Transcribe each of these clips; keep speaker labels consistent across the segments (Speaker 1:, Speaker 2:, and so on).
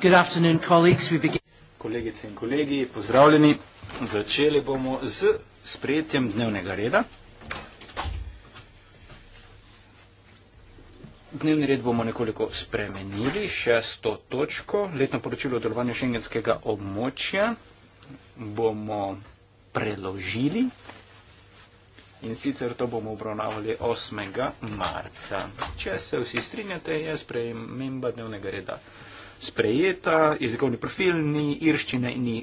Speaker 1: Good afternoon, colleagues. We begin...
Speaker 2: Kolegice in kolegi, pozdravljeni. Začeli bomo z sprejetjem dnevnega reda. Dnevni red bomo nekoliko spremenili, šesto točko, letno poročilo o delovanju šengenskega območja bomo preložili in sicer to bomo obravnavali 8. marca. Če se vsi strinjate, je sprememba dnevnega reda sprejeta, jezikovni profil ni irščine in ni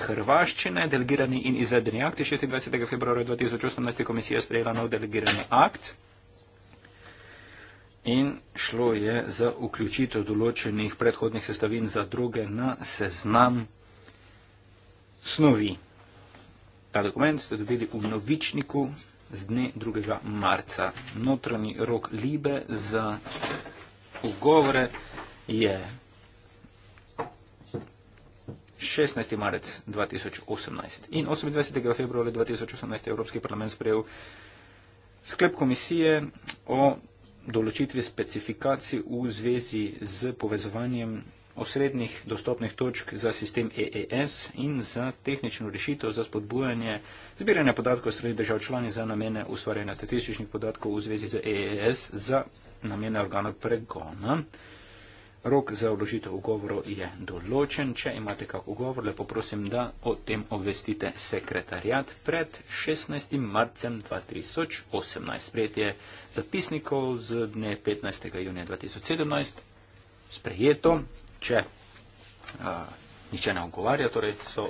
Speaker 2: hrvaščine, delegirani in izvedeni akti 26. februarja 2018 komisija sprejela nov delegirani akt in šlo je za vključitev določenih predhodnih sestavin za druge na seznam snovi. Ta dokument ste dobili v novičniku z dne 2. marca. Notranji rok Libe za ugovore je 16. marec 2018. In 28. februarja 2018 je Evropski parlament sprejel sklep komisije o določitvi specifikacij v zvezi z povezovanjem osrednjih dostopnih točk za sistem EES in za tehnično rešitev za spodbujanje zbiranja podatkov strani držav člani za namene ustvarjanja statističnih podatkov v zvezi z EES za namene organov pregona. Rok za vložitev ugovorov je določen. Če imate kak ugovor, lepo prosim, da o tem obvestite sekretarjat pred 16. marcem 2018. Sprejetje zapisnikov z dne 15. junija 2017. Sprejeto, če uh, niče ne ogovarja, torej so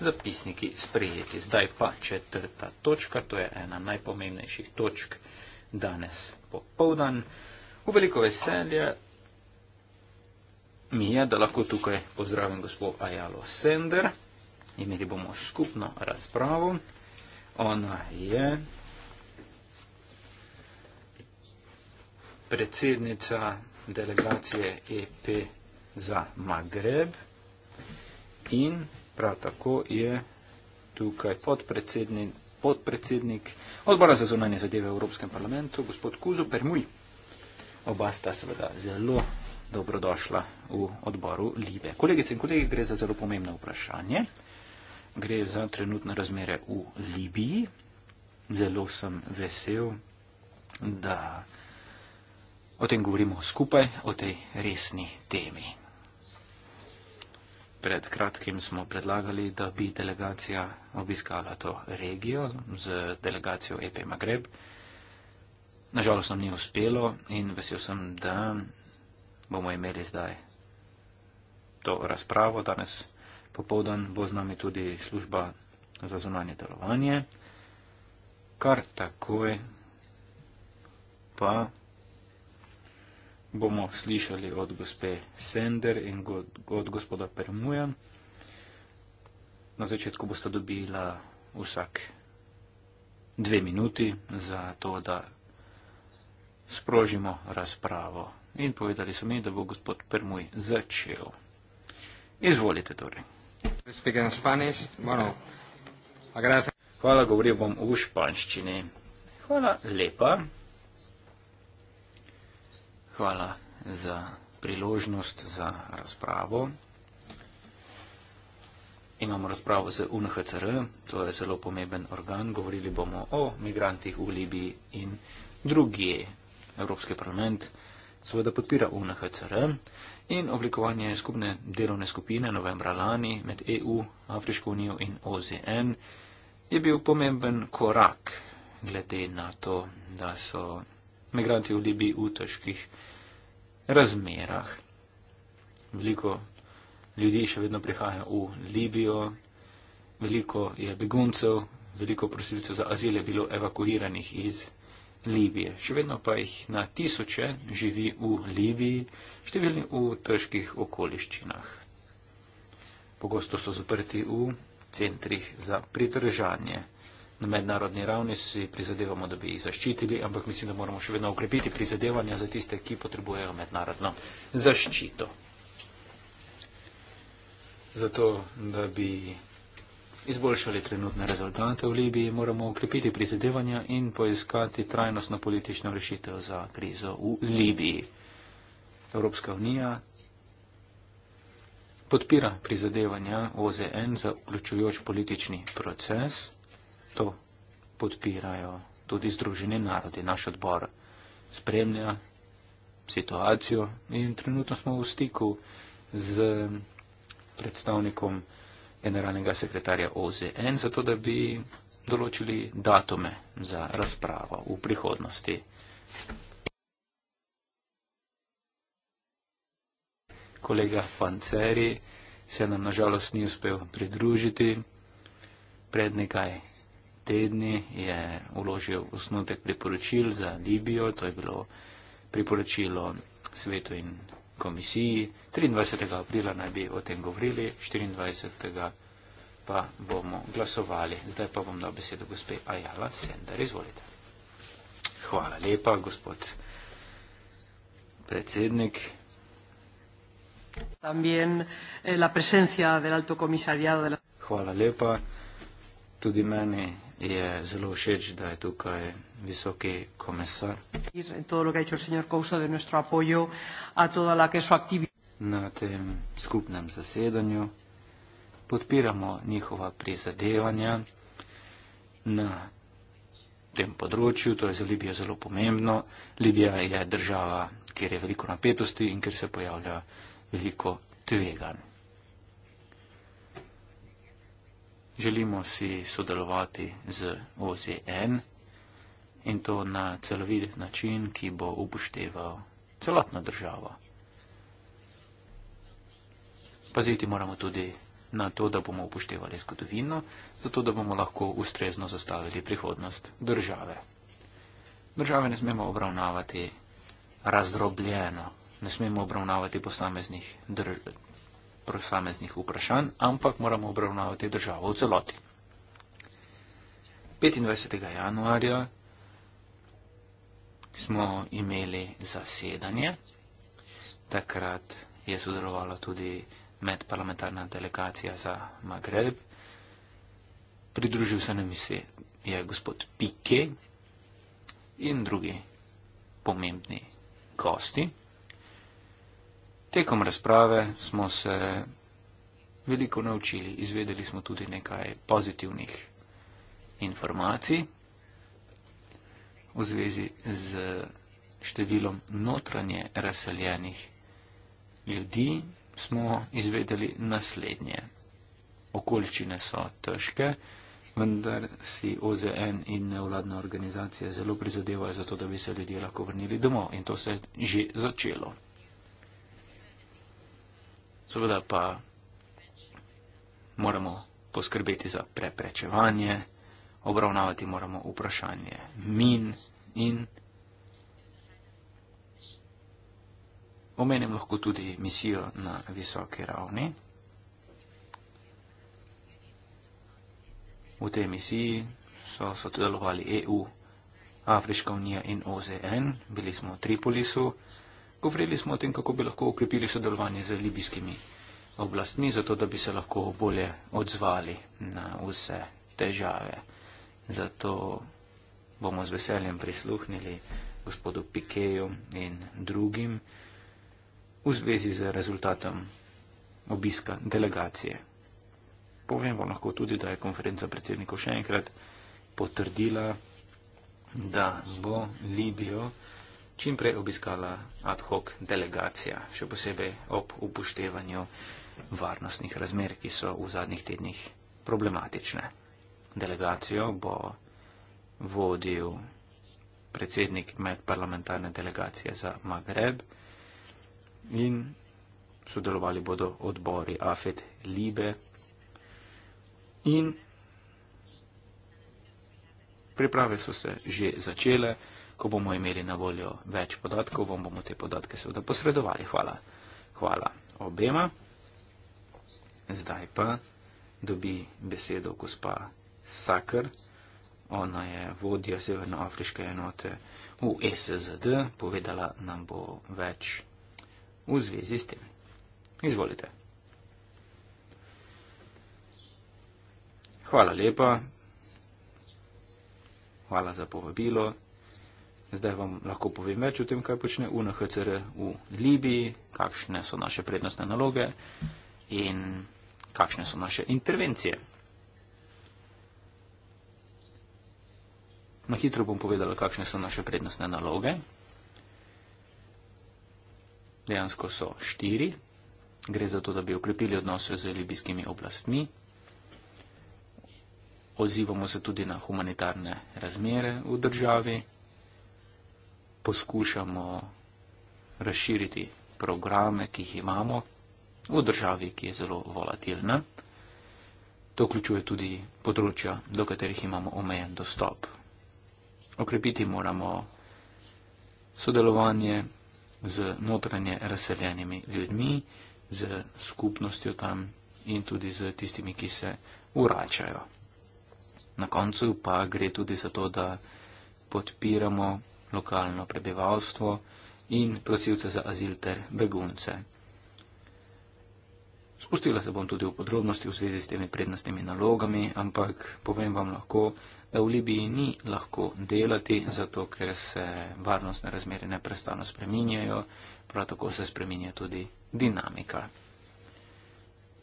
Speaker 2: zapisniki sprejeti. Zdaj pa četrta točka, to je ena najpomembnejših točk danes popovdan. V veliko veselje mi je, da lahko tukaj pozdravim gospod Ajalo Sender. Imeli bomo skupno razpravo. Ona je predsednica delegacije EP za Magreb in prav tako je tukaj podpredsednik, podpredsednik odbora za zunanje zadeve v Evropskem parlamentu, gospod Kuzo Permuj. Oba sta seveda zelo dobrodošla v odboru Libe. Kolegice in kolegi, gre za zelo pomembno vprašanje. Gre za trenutne razmere v Libiji. Zelo sem vesel, da o tem govorimo skupaj, o tej resni temi. Pred kratkim smo predlagali, da bi delegacija obiskala to regijo z delegacijo EP Magreb. Nažalost nam ni uspelo in vesel sem, da bomo imeli zdaj to razpravo. Danes popovdan bo z nami tudi služba za zunanje delovanje. Kar takoj pa bomo slišali od gospe Sender in od gospoda Permuja. Na začetku boste dobila vsak dve minuti za to, da sprožimo razpravo. In povedali so mi, da bo gospod Permuj začel. Izvolite torej. Hvala, govoril bom v španščini. Hvala lepa. Hvala za priložnost za razpravo. Imamo razpravo z UNHCR, to je zelo pomemben organ. Govorili bomo o migrantih v Libiji in drugi. Evropski parlament seveda podpira UNHCR in oblikovanje skupne delovne skupine novembra lani med EU, Afriško unijo in OZN je bil pomemben korak glede na to, da so migranti v Libiji v težkih razmerah. Veliko ljudi še vedno prihaja v Libijo, veliko je beguncev, veliko prosilcev za azil je bilo evakuiranih iz Libije. Libije. Še vedno pa jih na tisoče živi v Libiji, številni v težkih okoliščinah. Pogosto so zaprti v centrih za pridržanje. Na mednarodni ravni si prizadevamo, da bi jih zaščitili, ampak mislim, da moramo še vedno ukrepiti prizadevanja za tiste, ki potrebujejo mednarodno zaščito. Zato, da bi izboljšali trenutne rezultate v Libiji, moramo ukrepiti prizadevanja in poiskati trajnostno politično rešitev za krizo v Libiji. Evropska unija podpira prizadevanja OZN za vključujoč politični proces. To podpirajo tudi Združene narode, naš odbor spremlja situacijo in trenutno smo v stiku z predstavnikom generalnega sekretarja OZN, zato da bi določili datume za razpravo v prihodnosti. Kolega Panceri se nam nažalost ni uspel pridružiti. Pred nekaj tedni je uložil osnutek priporočil za Libijo, to je bilo priporočilo svetu in komisiji. 23. aprila naj bi o tem govorili, 24. pa bomo glasovali. Zdaj pa bom dal besedo gospe Ajala Sender. Izvolite. Hvala lepa, gospod predsednik.
Speaker 1: Eh,
Speaker 2: Hvala lepa. Tudi meni je zelo všeč, da je tukaj visoki komisar.
Speaker 1: Na tem
Speaker 2: skupnem zasedanju podpiramo njihova prizadevanja na tem področju, to je za Libijo zelo pomembno. Libija je država, kjer je veliko napetosti in kjer se pojavlja veliko tveganj. Želimo si sodelovati z OZN in to na celovit način, ki bo upošteval celotno državo. Paziti moramo tudi na to, da bomo upoštevali zgodovino, zato da bomo lahko ustrezno zastavili prihodnost države. Države ne smemo obravnavati razdrobljeno, ne smemo obravnavati posameznih posameznih vprašanj, ampak moramo obravnavati državo v celoti. 25. januarja smo imeli zasedanje, takrat je sodelovala tudi medparlamentarna delegacija za Magreb, pridružil se nam je gospod Pike in drugi pomembni gosti. Tekom razprave smo se veliko naučili, izvedeli smo tudi nekaj pozitivnih informacij v zvezi z številom notranje razseljenih ljudi, smo izvedeli naslednje. Okoličine so težke, vendar si OZN in nevladne organizacije zelo prizadevajo za to, da bi se ljudje lahko vrnili domov in to se je že začelo. Seveda pa moramo poskrbeti za preprečevanje, obravnavati moramo vprašanje min in omenim lahko tudi misijo na visoki ravni. V tej misiji so sodelovali EU, Afriška unija in OZN, bili smo v Tripolisu. Govorili smo o tem, kako bi lahko ukrepili sodelovanje z libijskimi oblastmi, zato da bi se lahko bolje odzvali na vse težave. Zato bomo z veseljem prisluhnili gospodu Pikeju in drugim v zvezi z rezultatom obiska delegacije. Povem vam lahko tudi, da je konferenca predsednikov še enkrat potrdila, da bo Libijo čimprej obiskala ad hoc delegacija, še posebej ob upoštevanju varnostnih razmer, ki so v zadnjih tednih problematične. Delegacijo bo vodil predsednik medparlamentarne delegacije za Magreb in sodelovali bodo odbori AFED Libe in priprave so se že začele ko bomo imeli na voljo več podatkov, vam bomo te podatke seveda posredovali. Hvala. Hvala obema. Zdaj pa dobi besedo gospa Saker. Ona je vodja Severnoafriške enote v SZD. Povedala nam bo več v zvezi s tem. Izvolite. Hvala lepa. Hvala za povabilo. Zdaj vam lahko povem več o tem, kaj počne UNHCR v Libiji, kakšne so naše prednostne naloge in kakšne so naše intervencije. Na hitro bom povedala, kakšne so naše prednostne naloge. Dejansko so štiri. Gre za to, da bi okrepili odnose z libijskimi oblastmi. Ozivamo se tudi na humanitarne razmere v državi, poskušamo razširiti programe, ki jih imamo v državi, ki je zelo volatilna. To vključuje tudi področja, do katerih imamo omejen dostop. Okrepiti moramo sodelovanje z notranje razseljenimi ljudmi, z skupnostjo tam in tudi z tistimi, ki se uračajo. Na koncu pa gre tudi za to, da podpiramo lokalno prebivalstvo in prosilce za azil ter begunce. Spustila se bom tudi v podrobnosti v zvezi s temi prednostnimi nalogami, ampak povem vam lahko, da v Libiji ni lahko delati, zato ker se varnostne razmere neprestano spreminjajo, prav tako se spreminja tudi dinamika.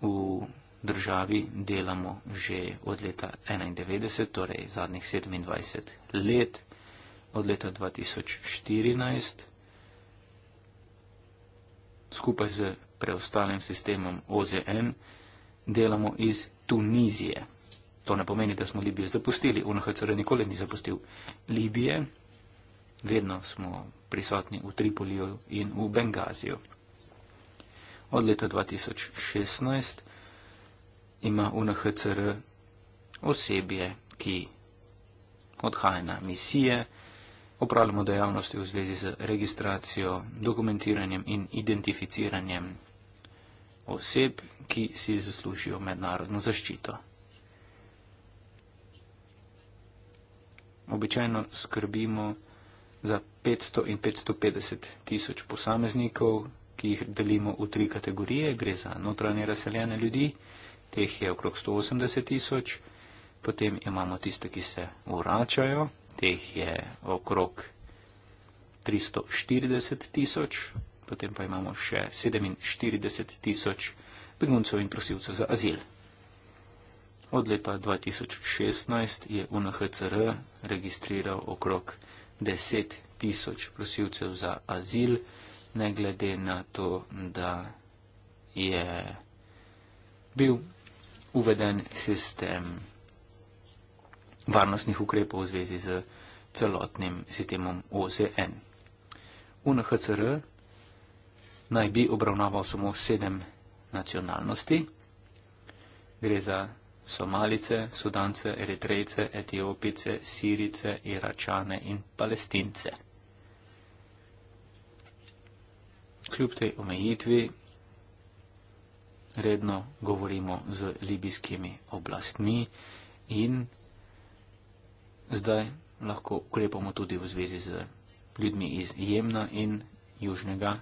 Speaker 2: V državi delamo že od leta 1991, torej zadnjih 27 let od leta 2014 skupaj z preostalim sistemom OZN delamo iz Tunizije. To ne pomeni, da smo Libijo zapustili. UNHCR nikoli ni zapustil Libije. Vedno smo prisotni v Tripoliju in v Bengaziju. Od leta 2016 ima UNHCR osebje, ki odhaja na misije, opravljamo dejavnosti v zvezi z registracijo, dokumentiranjem in identificiranjem oseb, ki si zaslužijo mednarodno zaščito. Običajno skrbimo za 500 in 550 tisoč posameznikov, ki jih delimo v tri kategorije. Gre za notranje razseljene ljudi, teh je okrog 180 tisoč, potem imamo tiste, ki se vračajo, teh je okrog 340 tisoč, potem pa imamo še 47 tisoč beguncev in prosilcev za azil. Od leta 2016 je UNHCR registriral okrog 10 tisoč prosilcev za azil, ne glede na to, da je bil uveden sistem varnostnih ukrepov v zvezi z celotnim sistemom OZN. UNHCR naj bi obravnaval samo sedem nacionalnosti. Gre za Somalice, Sudance, Eritrejce, Etiopice, Sirice, Iračane in Palestince. Kljub tej omejitvi redno govorimo z libijskimi oblastmi in zdaj lahko ukrepamo tudi v zvezi z ljudmi iz Jemna in Južnega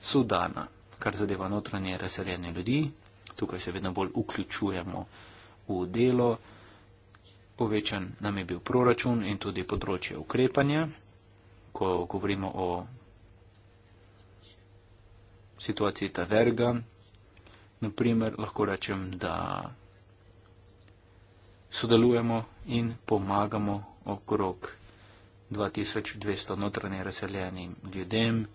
Speaker 2: Sudana, kar zadeva notranje razseljene ljudi. Tukaj se vedno bolj vključujemo v delo. Povečan nam je bil proračun in tudi področje ukrepanja, ko govorimo o situaciji Taverga. Naprimer, lahko rečem, da sodelujemo in pomagamo okrog 2200 notranje razseljenim ljudem,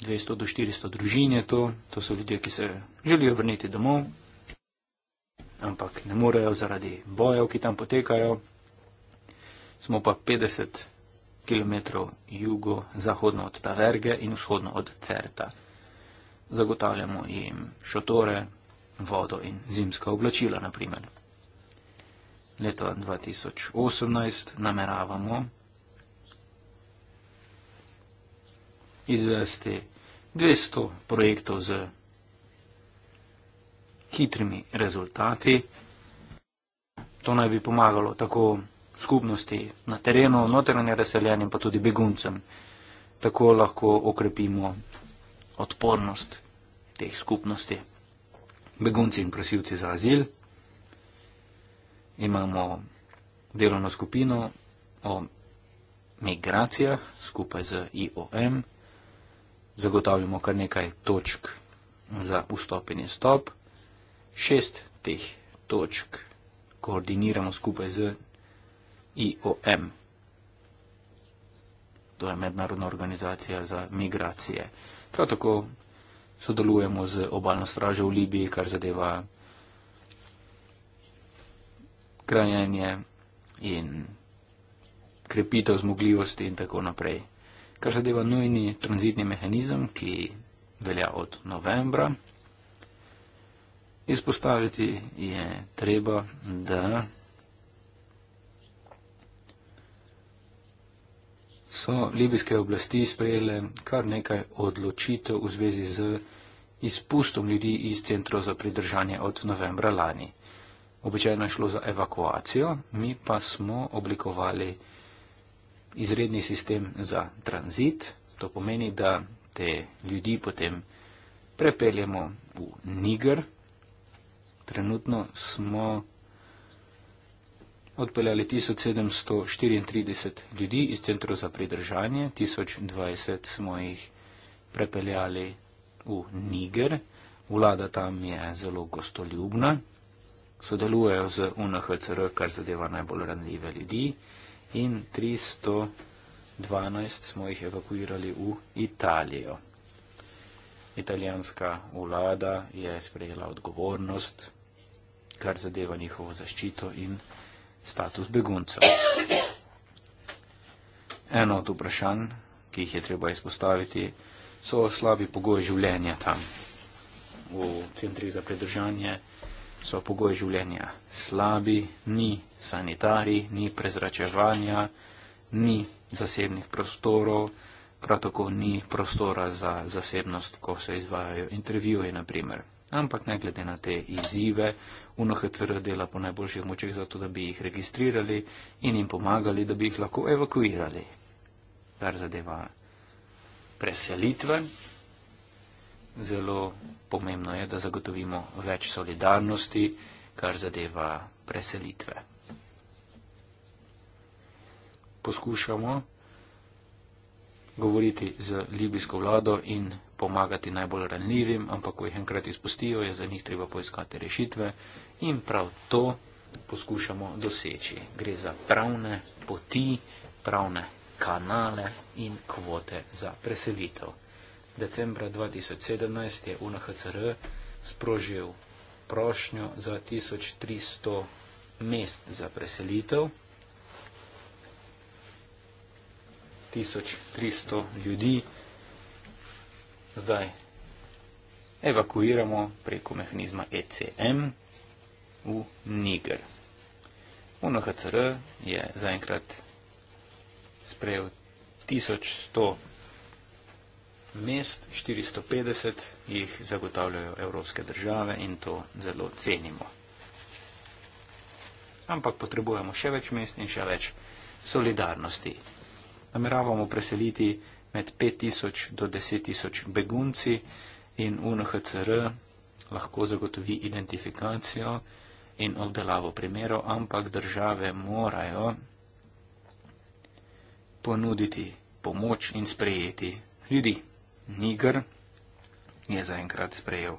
Speaker 2: 200 do 400 družine to, to so ljudje, ki se želijo vrniti domov, ampak ne morejo zaradi bojev, ki tam potekajo. Smo pa 50 km jugo-zahodno od Taverge in vzhodno od Certa. Zagotavljamo jim šotore, vodo in zimska oblačila, naprimer leta 2018 nameravamo izvesti 200 projektov z hitrimi rezultati. To naj bi pomagalo tako skupnosti na terenu, notranje razseljenim, pa tudi beguncem. Tako lahko okrepimo odpornost teh skupnosti, begunci in prosilci za azil imamo delovno skupino o migracijah skupaj z IOM. Zagotavljamo kar nekaj točk za vstop in izstop. Šest teh točk koordiniramo skupaj z IOM. To je Mednarodna organizacija za migracije. Prav tako sodelujemo z obalno stražo v Libiji, kar zadeva grajenje in krepitev zmogljivosti in tako naprej. Kar zadeva nujni tranzitni mehanizem, ki velja od novembra, izpostaviti je treba, da so libijske oblasti sprejele kar nekaj odločitev v zvezi z izpustom ljudi iz centrov za pridržanje od novembra lani običajno šlo za evakuacijo, mi pa smo oblikovali izredni sistem za tranzit. To pomeni, da te ljudi potem prepeljemo v Niger. Trenutno smo odpeljali 1734 ljudi iz centra za pridržanje, 1020 smo jih prepeljali v Niger. Vlada tam je zelo gostoljubna, sodelujejo z UNHCR, kar zadeva najbolj ranljive ljudi. In 312 smo jih evakuirali v Italijo. Italijanska vlada je sprejela odgovornost, kar zadeva njihovo zaščito in status beguncev. Eno od vprašanj, ki jih je treba izpostaviti, so slabi pogoji življenja tam. V centri za predržanje so pogoji življenja slabi, ni sanitari, ni prezračevanja, ni zasebnih prostorov, prav tako ni prostora za zasebnost, ko se izvajajo intervjuje, naprimer. Ampak ne glede na te izzive, UNHCR dela po najboljših močeh zato, da bi jih registrirali in jim pomagali, da bi jih lahko evakuirali. Kar zadeva preselitve, zelo pomembno je, da zagotovimo več solidarnosti, kar zadeva preselitve. Poskušamo govoriti z libijsko vlado in pomagati najbolj ranljivim, ampak ko jih enkrat izpustijo, je za njih treba poiskati rešitve in prav to poskušamo doseči. Gre za pravne poti, pravne kanale in kvote za preselitev decembra 2017 je UNHCR sprožil prošnjo za 1300 mest za preselitev. 1300 ljudi zdaj evakuiramo preko mehanizma ECM v Niger. UNHCR je zaenkrat sprejel 1100 mest mest, 450 jih zagotavljajo evropske države in to zelo cenimo. Ampak potrebujemo še več mest in še več solidarnosti. Nameravamo preseliti med 5000 do 10000 begunci in UNHCR lahko zagotovi identifikacijo in obdelavo primero, ampak države morajo ponuditi pomoč in sprejeti ljudi. Niger je zaenkrat sprejel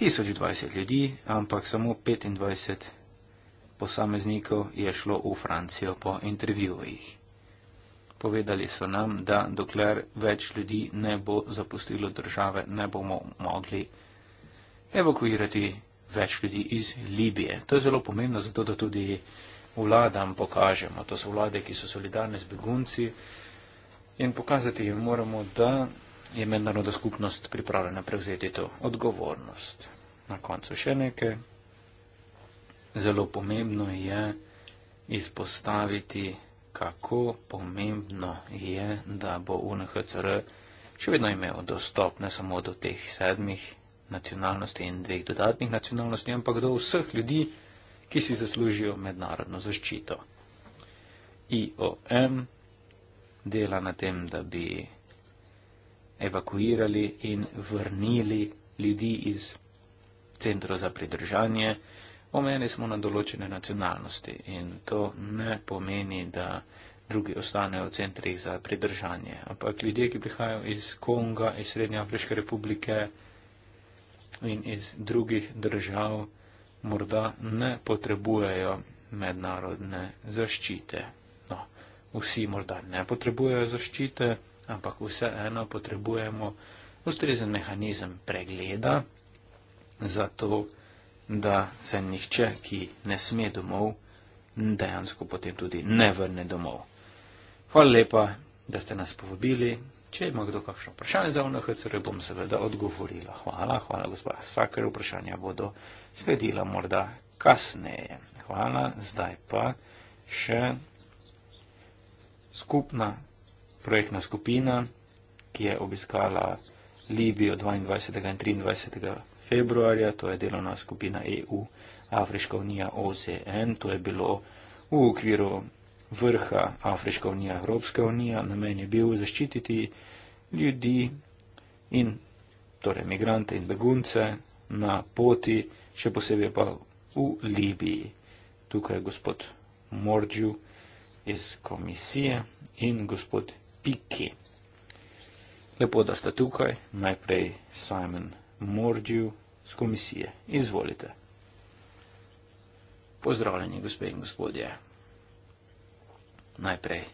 Speaker 2: 1020 ljudi, ampak samo 25 posameznikov je šlo v Francijo po intervjujih. Povedali so nam, da dokler več ljudi ne bo zapustilo države, ne bomo mogli evakuirati več ljudi iz Libije. To je zelo pomembno, zato da tudi vladam pokažemo. To so vlade, ki so solidarne z begunci in pokazati jim moramo, da je mednarodna skupnost pripravljena prevzeti to odgovornost. Na koncu še nekaj. Zelo pomembno je izpostaviti, kako pomembno je, da bo UNHCR še vedno imel dostop ne samo do teh sedmih nacionalnosti in dveh dodatnih nacionalnosti, ampak do vseh ljudi, ki si zaslužijo mednarodno zaščito. IOM dela na tem, da bi evakuirali in vrnili ljudi iz centrov za pridržanje, omenili smo na določene nacionalnosti in to ne pomeni, da drugi ostanejo v centrih za pridržanje. Ampak ljudje, ki prihajajo iz Konga, iz Srednje Afriške republike in iz drugih držav, morda ne potrebujejo mednarodne zaščite. No, vsi morda ne potrebujejo zaščite ampak vseeno potrebujemo ustrezen mehanizem pregleda, zato da se nihče, ki ne sme domov, dejansko potem tudi ne vrne domov. Hvala lepa, da ste nas povabili. Če ima kdo kakšno vprašanje za UNHCR, bom seveda odgovorila. Hvala, hvala gospa Saker, vprašanja bodo sledila morda kasneje. Hvala, zdaj pa še skupna projektna skupina, ki je obiskala Libijo 22. in 23. februarja, to je delovna skupina EU, Afriška unija OZN, to je bilo v okviru vrha Afriška unija, Evropska unija, namen je bil zaščititi ljudi in torej migrante in begunce na poti, še posebej pa v Libiji. Tukaj je gospod Mordžu iz komisije in gospod piki. Lepo, da ste tukaj, najprej Simon Mordiu z komisije. Izvolite. Pozdravljeni, gospe in gospodje. Najprej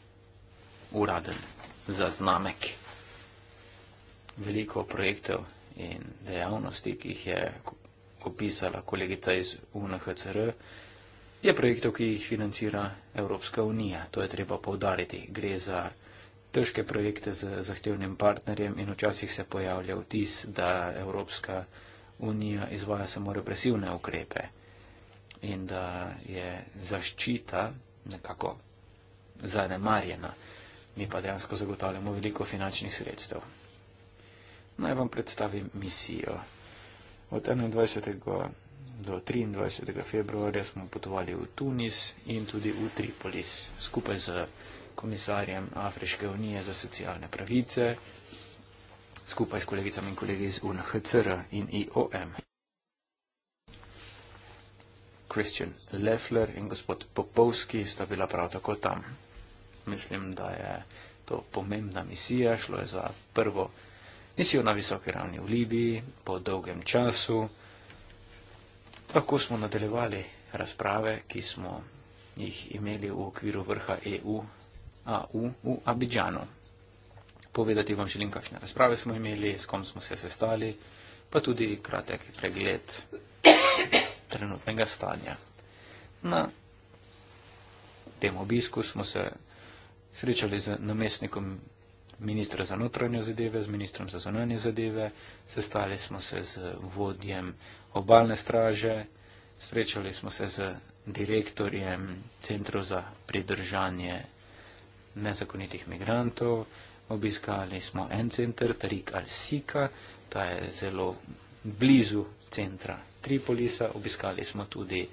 Speaker 2: uraden za znamek. Veliko projektov in dejavnosti, ki jih je opisala kolegica iz UNHCR, je projektov, ki jih financira Evropska unija. To je treba povdariti. Gre za težke projekte z zahtevnim partnerjem in včasih se pojavlja vtis, da Evropska unija izvaja samo represivne ukrepe in da je zaščita nekako zanemarjena. Mi pa dejansko zagotavljamo veliko finančnih sredstev. Naj vam predstavim misijo. Od 21. do 23. februarja smo potovali v Tunis in tudi v Tripolis skupaj z komisarjem Afriške unije za socialne pravice, skupaj s kolegicami in kolegi iz UNHCR in IOM. Christian Leffler in gospod Popovski sta bila prav tako tam. Mislim, da je to pomembna misija, šlo je za prvo misijo na visoki ravni v Libiji po dolgem času. Lahko smo nadaljevali razprave, ki smo jih imeli v okviru vrha EU v, v Abidžanu. Povedati vam želim, kakšne razprave smo imeli, s kom smo se sestali, pa tudi kratek pregled trenutnega stanja. Na tem obisku smo se srečali z namestnikom ministra za notranje zadeve, z ministrom za zunanje zadeve, sestali smo se z vodjem obalne straže, srečali smo se z direktorjem centrov za pridržanje nezakonitih migrantov, obiskali smo en center, Tarik al-Sika, ta je zelo blizu centra Tripolisa, obiskali smo tudi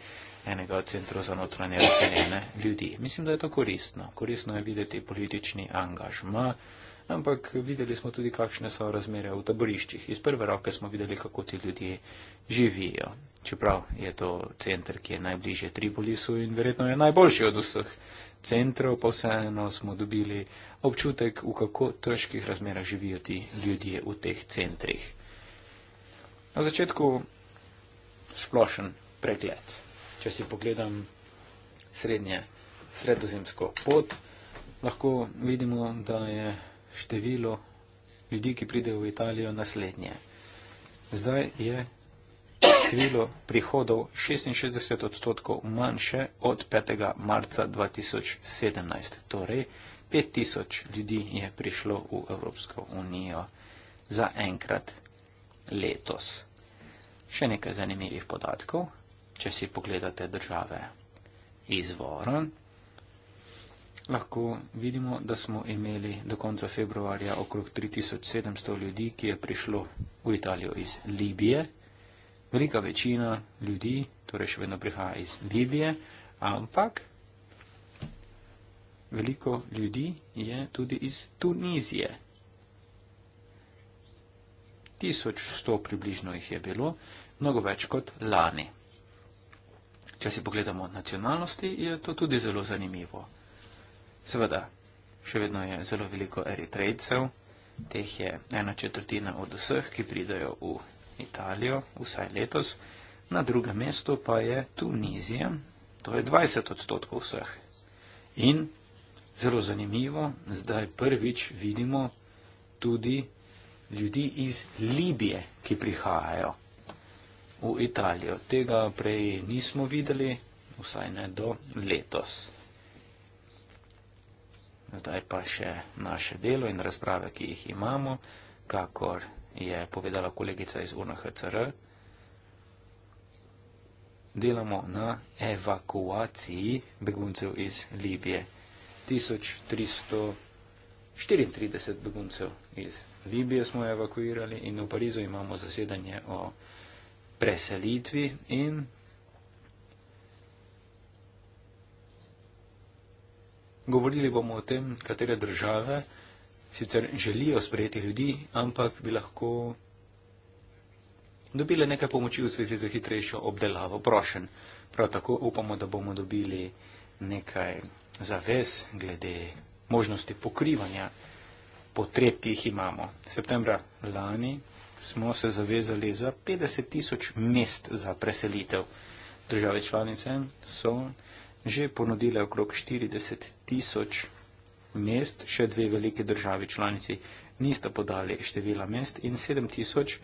Speaker 2: enega od centrov za notranje razseljene ljudi. Mislim, da je to koristno. Koristno je videti politični angažma, ampak videli smo tudi, kakšne so razmere v taboriščih. Iz prve roke smo videli, kako ti ljudje živijo. Čeprav je to center, ki je najbližje Tripolisu in verjetno je najboljši od vseh centrov, pa vseeno smo dobili občutek, v kako težkih razmerah živijo ti ljudje v teh centrih. Na začetku splošen pregled. Če si pogledam srednje, sredozemsko pot, lahko vidimo, da je število ljudi, ki pridejo v Italijo, naslednje. Zdaj je število prihodov 66 odstotkov manjše od 5. marca 2017. Torej, 5000 ljudi je prišlo v Evropsko unijo za enkrat letos. Še nekaj zanimivih podatkov, če si pogledate države izvora. Lahko vidimo, da smo imeli do konca februarja okrog 3700 ljudi, ki je prišlo v Italijo iz Libije velika večina ljudi, torej še vedno prihaja iz Libije, ampak veliko ljudi je tudi iz Tunizije. 1100 približno jih je bilo, mnogo več kot lani. Če si pogledamo nacionalnosti, je to tudi zelo zanimivo. Seveda, še vedno je zelo veliko eritrejcev, teh je ena četrtina od vseh, ki pridajo v Italijo, vsaj letos, na drugem mestu pa je Tunizija, to je 20 odstotkov vseh. In zelo zanimivo, zdaj prvič vidimo tudi ljudi iz Libije, ki prihajajo v Italijo. Tega prej nismo videli, vsaj ne do letos. Zdaj pa še naše delo in razprave, ki jih imamo, kakor je povedala kolegica iz UNHCR. Delamo na evakuaciji beguncev iz Libije. 1334 beguncev iz Libije smo evakuirali in v Parizu imamo zasedanje o preselitvi in govorili bomo o tem, katere države sicer želijo sprejeti ljudi, ampak bi lahko dobile nekaj pomoči v zvezi za hitrejšo obdelavo prošen. Prav tako upamo, da bomo dobili nekaj zavez glede možnosti pokrivanja potreb, ki jih imamo. Septembra lani smo se zavezali za 50 tisoč mest za preselitev. Države članice so že ponudile okrog 40 tisoč mest, še dve velike države članici nista podali števila mest in 7000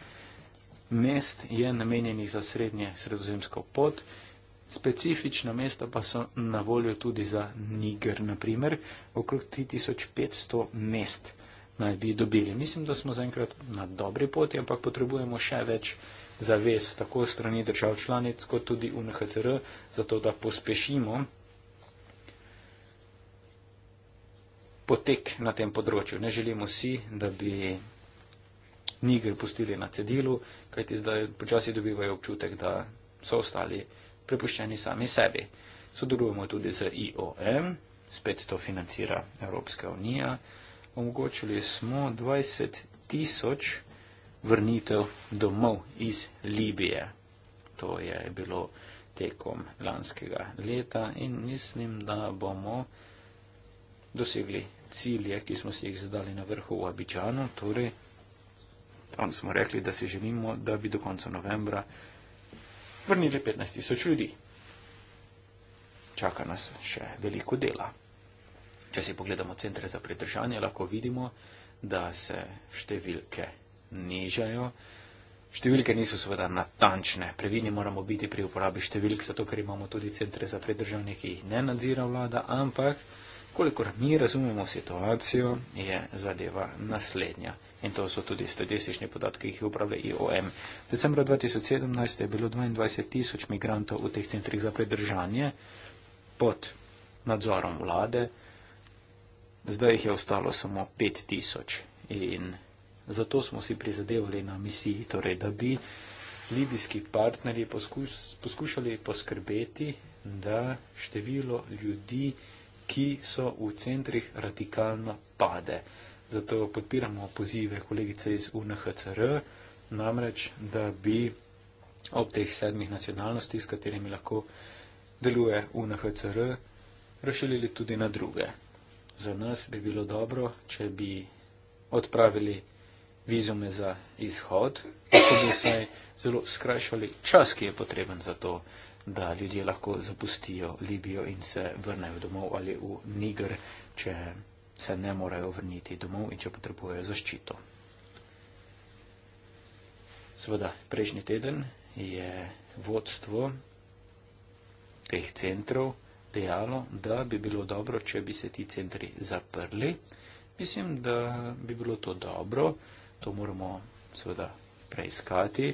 Speaker 2: mest je namenjenih za srednje sredozemsko pot. Specifična mesta pa so na voljo tudi za Niger, naprimer, okrog 3500 mest naj bi dobili. Mislim, da smo zaenkrat na dobri poti, ampak potrebujemo še več zavez, tako strani držav članic, kot tudi UNHCR, zato da pospešimo potek na tem področju. Ne želimo si, da bi niger pustili na cedilu, kajti zdaj počasi dobivajo občutek, da so ostali prepuščeni sami sebi. Sodelujemo tudi z IOM, spet to financira Evropska unija. Omogočili smo 20 tisoč vrnitev domov iz Libije. To je bilo tekom lanskega leta in mislim, da bomo dosegli cilje, ki smo si jih zadali na vrhu v Abidžanu. Torej, tam smo rekli, da si želimo, da bi do konca novembra vrnili 15 tisoč ljudi. Čaka nas še veliko dela. Če si pogledamo centre za pridržanje, lahko vidimo, da se številke nižajo. Številke niso seveda natančne. Previdni moramo biti pri uporabi številk, zato ker imamo tudi centre za pridržanje, ki jih ne nadzira vlada, ampak Kolikor mi razumemo situacijo, je zadeva naslednja. In to so tudi statistični podatki, ki jih upravlja IOM. Decembra 2017 je bilo 22 tisoč migrantov v teh centrih za predržanje pod nadzorom vlade, zdaj jih je ostalo samo 5 tisoč. In zato smo si prizadevali na misiji, torej, da bi libijski partnerji poskus, poskušali poskrbeti, da število ljudi, ki so v centrih, radikalno pade. Zato podpiramo pozive kolegice iz UNHCR, namreč, da bi ob teh sedmih nacionalnosti, s katerimi lahko deluje UNHCR, razširili tudi na druge. Za nas bi bilo dobro, če bi odpravili vizume za izhod, tako bi vsaj zelo skrajšali čas, ki je potreben za to da ljudje lahko zapustijo Libijo in se vrnejo domov ali v Niger, če se ne morejo vrniti domov in če potrebujejo zaščito. Sveda, prejšnji teden je vodstvo teh centrov dejalo, da bi bilo dobro, če bi se ti centri zaprli. Mislim, da bi bilo to dobro, to moramo seveda preiskati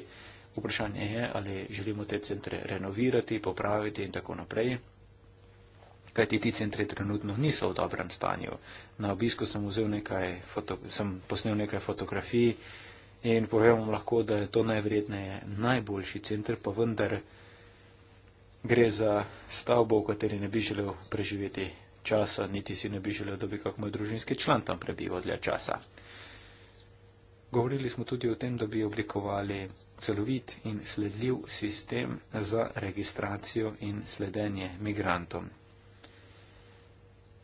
Speaker 2: vprašanje je, ali želimo te centre renovirati, popraviti in tako naprej. Kajti ti centri trenutno niso v dobrem stanju. Na obisku sem, nekaj foto, sem posnel nekaj fotografij in povem vam lahko, da je to najvredneje najboljši center, pa vendar gre za stavbo, v kateri ne bi želel preživeti časa, niti si ne bi želel, da bi kak moj družinski član tam prebival dlje časa. Govorili smo tudi o tem, da bi oblikovali celovit in sledljiv sistem za registracijo in sledenje migrantom.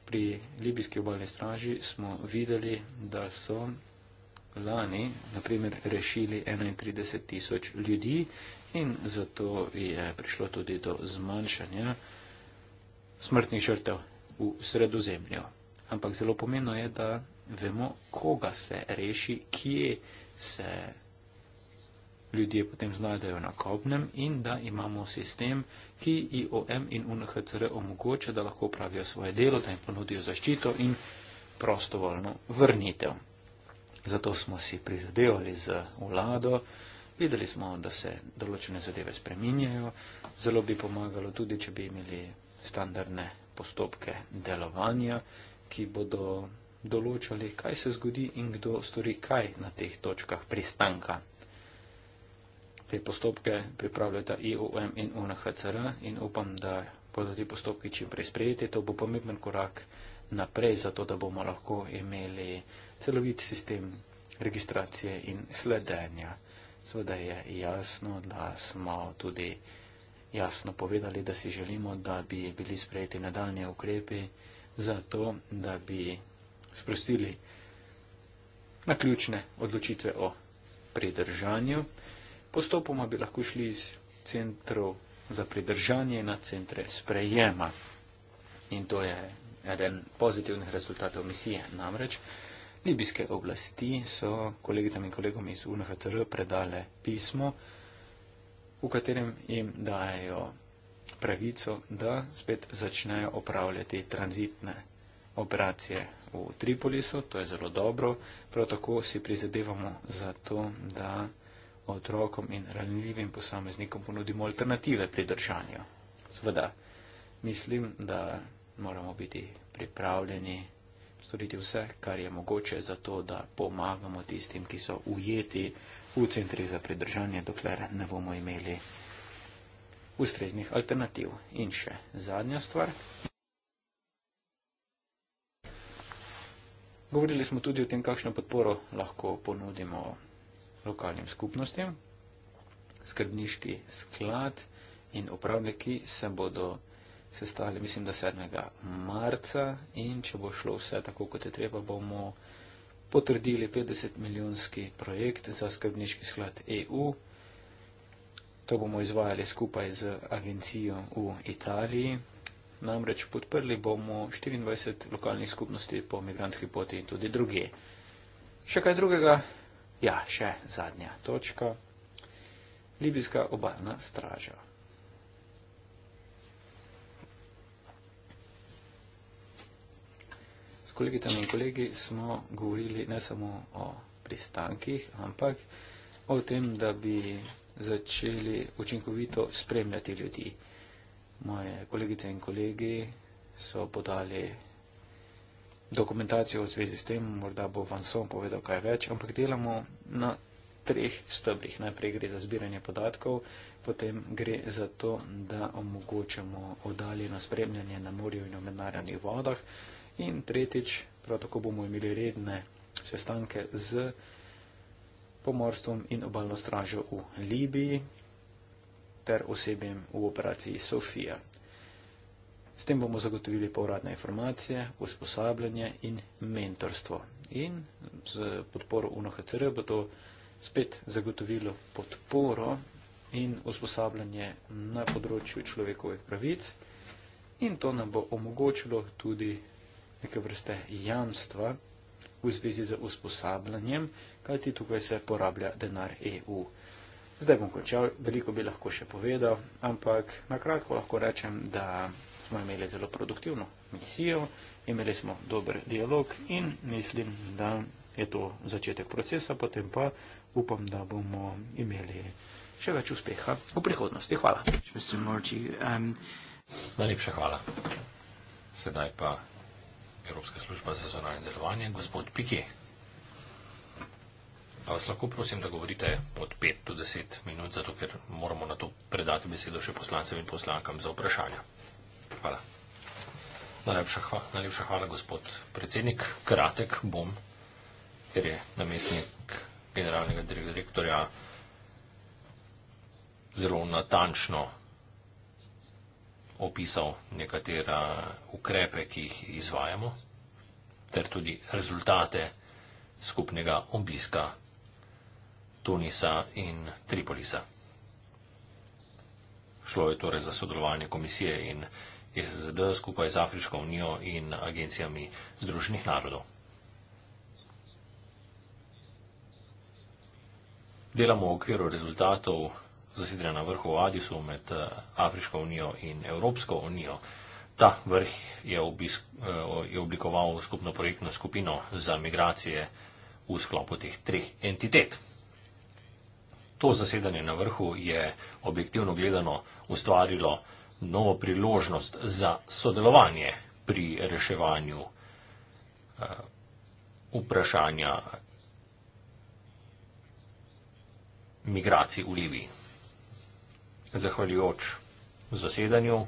Speaker 2: Pri Libijski obalni straži smo videli, da so lani, naprimer, rešili 31 tisoč ljudi in zato je prišlo tudi do zmanjšanja smrtnih žrtev v sredozemlju. Ampak zelo pomembno je, da vemo, koga se reši, kje se ljudje potem znajdejo na kobnem in da imamo sistem, ki IOM in UNHCR omogoča, da lahko pravijo svoje delo, da jim ponudijo zaščito in prostovoljno vrnitev. Zato smo si prizadevali z vlado, videli smo, da se določene zadeve spreminjajo, zelo bi pomagalo tudi, če bi imeli standardne postopke delovanja, ki bodo določali, kaj se zgodi in kdo stori kaj na teh točkah pristanka. Te postopke pripravljata IOM in UNHCR in upam, da bodo ti postopki čim prej sprejeti. To bo pomemben korak naprej, zato da bomo lahko imeli celovit sistem registracije in sledenja. Sveda je jasno, da smo tudi jasno povedali, da si želimo, da bi bili sprejeti nadaljne ukrepe za to, da bi sprostili na ključne odločitve o pridržanju. Postopoma bi lahko šli iz centrov za pridržanje na centre sprejema. In to je eden pozitivnih rezultatov misije. Namreč libijske oblasti so kolegicam in kolegom iz UNHCR predale pismo, v katerem jim dajo pravico, da spet začnejo opravljati tranzitne operacije v Tripolisu, to je zelo dobro. Prav tako si prizadevamo za to, da otrokom in ranljivim posameznikom ponudimo alternative pri držanju. Sveda, mislim, da moramo biti pripravljeni storiti vse, kar je mogoče za to, da pomagamo tistim, ki so ujeti v centri za pridržanje, dokler ne bomo imeli ustreznih alternativ. In še zadnja stvar. Govorili smo tudi o tem, kakšno podporo lahko ponudimo lokalnim skupnostim. Skrbniški sklad in upravniki se bodo sestali, mislim, da 7. marca in če bo šlo vse tako, kot je treba, bomo potrdili 50 milijonski projekt za skrbniški sklad EU. To bomo izvajali skupaj z agencijo v Italiji, namreč podprli bomo 24 lokalnih skupnosti po migranski poti in tudi druge. Še kaj drugega? Ja, še zadnja točka. Libijska obalna straža. S kolegitami in kolegi smo govorili ne samo o pristankih, ampak o tem, da bi začeli učinkovito spremljati ljudi moje kolegice in kolegi so podali dokumentacijo v zvezi s tem, morda bo Vanson povedal kaj več, ampak delamo na treh stebrih. Najprej gre za zbiranje podatkov, potem gre za to, da omogočamo oddaljeno spremljanje na morju in v mednarodnih vodah in tretjič, prav tako bomo imeli redne sestanke z pomorstvom in obalno stražo v Libiji, ter osebjem v operaciji Sofija. S tem bomo zagotovili povratne informacije, usposabljanje in mentorstvo. In z podporo UNHCR bo to spet zagotovilo podporo in usposabljanje na področju človekovih pravic. In to nam bo omogočilo tudi neke vrste jamstva v zvezi z usposabljanjem, kajti tukaj se porablja denar EU. Zdaj bom končal, veliko bi lahko še povedal, ampak na kratko lahko rečem, da smo imeli zelo produktivno misijo, imeli smo dober dialog in mislim, da je to začetek procesa, potem pa upam, da bomo imeli še več uspeha v prihodnosti. Hvala.
Speaker 3: Um, Najlepša hvala. Sedaj pa Evropska služba za zonalno delovanje, gospod Piki. A vas lahko prosim, da govorite pod 5 do 10 minut, zato ker moramo na to predati besedo še poslancem in poslankam za vprašanja. Hvala. Najlepša hvala, najlepša hvala gospod predsednik. Kratek bom, ker je namestnik generalnega direktorja zelo natančno opisal nekatera ukrepe, ki jih izvajamo, ter tudi rezultate skupnega obiska Tunisa in Tripolisa. Šlo je torej za sodelovanje komisije in SZD skupaj z Afriško unijo in agencijami Združenih narodov. Delamo v okviru rezultatov zasedanja vrhu v Adisu med eh, Afriško unijo in Evropsko unijo. Ta vrh je, obisk, eh, je oblikoval skupno projektno skupino za migracije v sklopu teh treh entitet to zasedanje na vrhu je objektivno gledano ustvarilo novo priložnost za sodelovanje pri reševanju uh, vprašanja migracij v Libiji. Zahvaljujoč zasedanju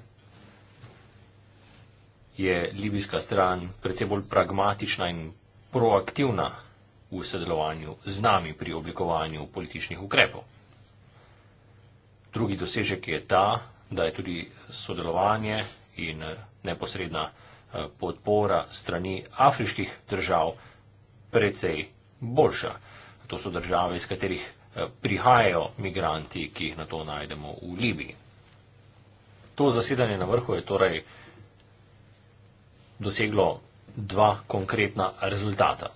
Speaker 3: je libijska stran predvsem bolj pragmatična in proaktivna v sodelovanju z nami pri oblikovanju političnih ukrepov. Drugi dosežek je ta, da je tudi sodelovanje in eh, neposredna eh, podpora strani afriških držav precej boljša. To so države, iz katerih eh, prihajajo migranti, ki jih na to najdemo v Libiji. To zasedanje na vrhu je torej doseglo dva konkretna rezultata.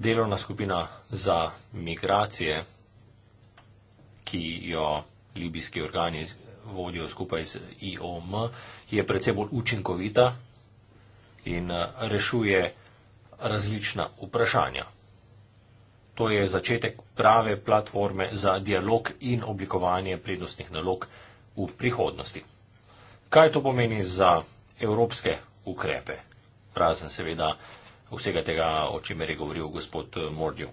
Speaker 3: delovna skupina za migracije, ki jo libijski organi vodijo skupaj z IOM, je predvsem bolj učinkovita in eh, rešuje različna vprašanja. To je začetek prave platforme za dialog in oblikovanje prednostnih nalog v prihodnosti. Kaj to pomeni za evropske ukrepe, razen seveda vsega tega, o čemer je govoril gospod eh, Mordjo.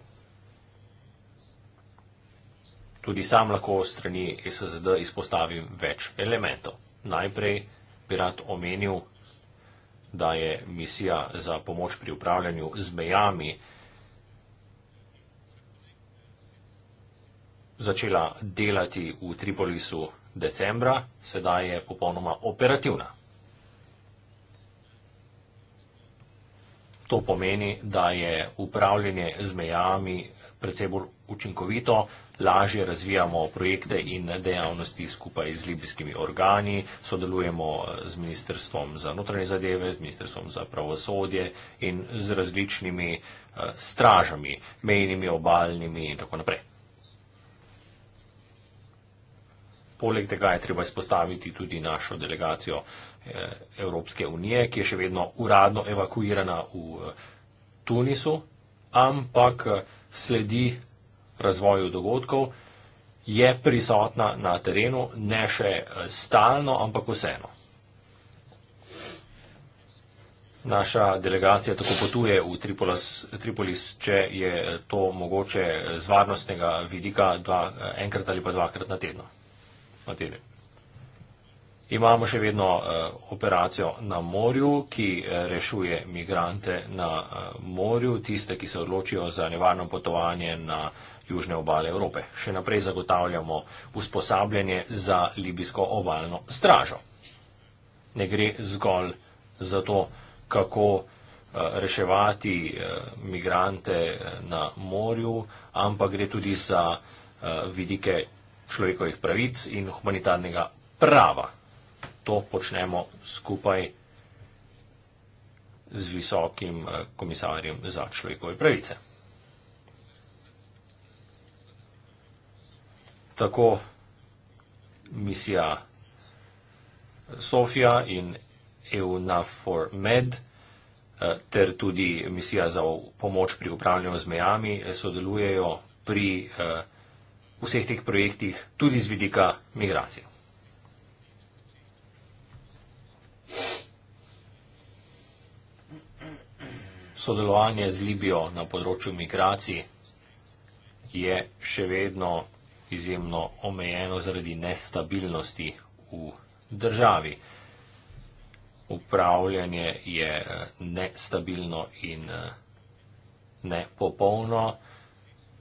Speaker 3: Tudi sam lahko strani SSD izpostavim več elementov. Najprej bi rad omenil, da je misija za pomoč pri upravljanju z mejami začela delati v Tripolisu decembra, sedaj je popolnoma operativna. to pomeni, da je upravljanje z mejami predvsej bolj učinkovito, lažje razvijamo projekte in dejavnosti skupaj z libijskimi organi, sodelujemo eh, z Ministrstvom za notranje zadeve, z Ministrstvom za pravosodje in z različnimi uh, stražami, mejnimi, obaljnimi in tako naprej. Poleg tega je treba izpostaviti tudi našo delegacijo uh, Eh, Evropske unije, ki je še vedno uradno evakuirana v eh, Tunisu, ampak eh, sledi razvoju dogodkov, je prisotna na terenu, ne še stalno, ampak vseeno. Naša delegacija tako potuje v Tripolis, Tripolis, če je to mogoče z varnostnega vidika dva, enkrat ali pa dvakrat na teden. Na teden. Imamo še vedno uh, operacijo na morju, ki eh, rešuje migrante na uh, morju, tiste, ki se odločijo za nevarno potovanje na južne obale Evrope. Še naprej zagotavljamo usposabljanje za libijsko obalno stražo. Ne gre zgolj za to, kako reševati migrante na morju, ampak gre tudi za vidike človekovih pravic in humanitarnega prava to počnemo skupaj z visokim eh, komisarjem za človekove pravice. Tako misija eh, Sofia in EUNAFOR MED eh, ter tudi misija za pomoč pri upravljanju z mejami sodelujejo pri vseh teh projektih tudi z vidika migracije. sodelovanje z Libijo na področju migracij je še vedno izjemno omejeno zaradi nestabilnosti v državi. Upravljanje je eh, nestabilno in eh, nepopolno,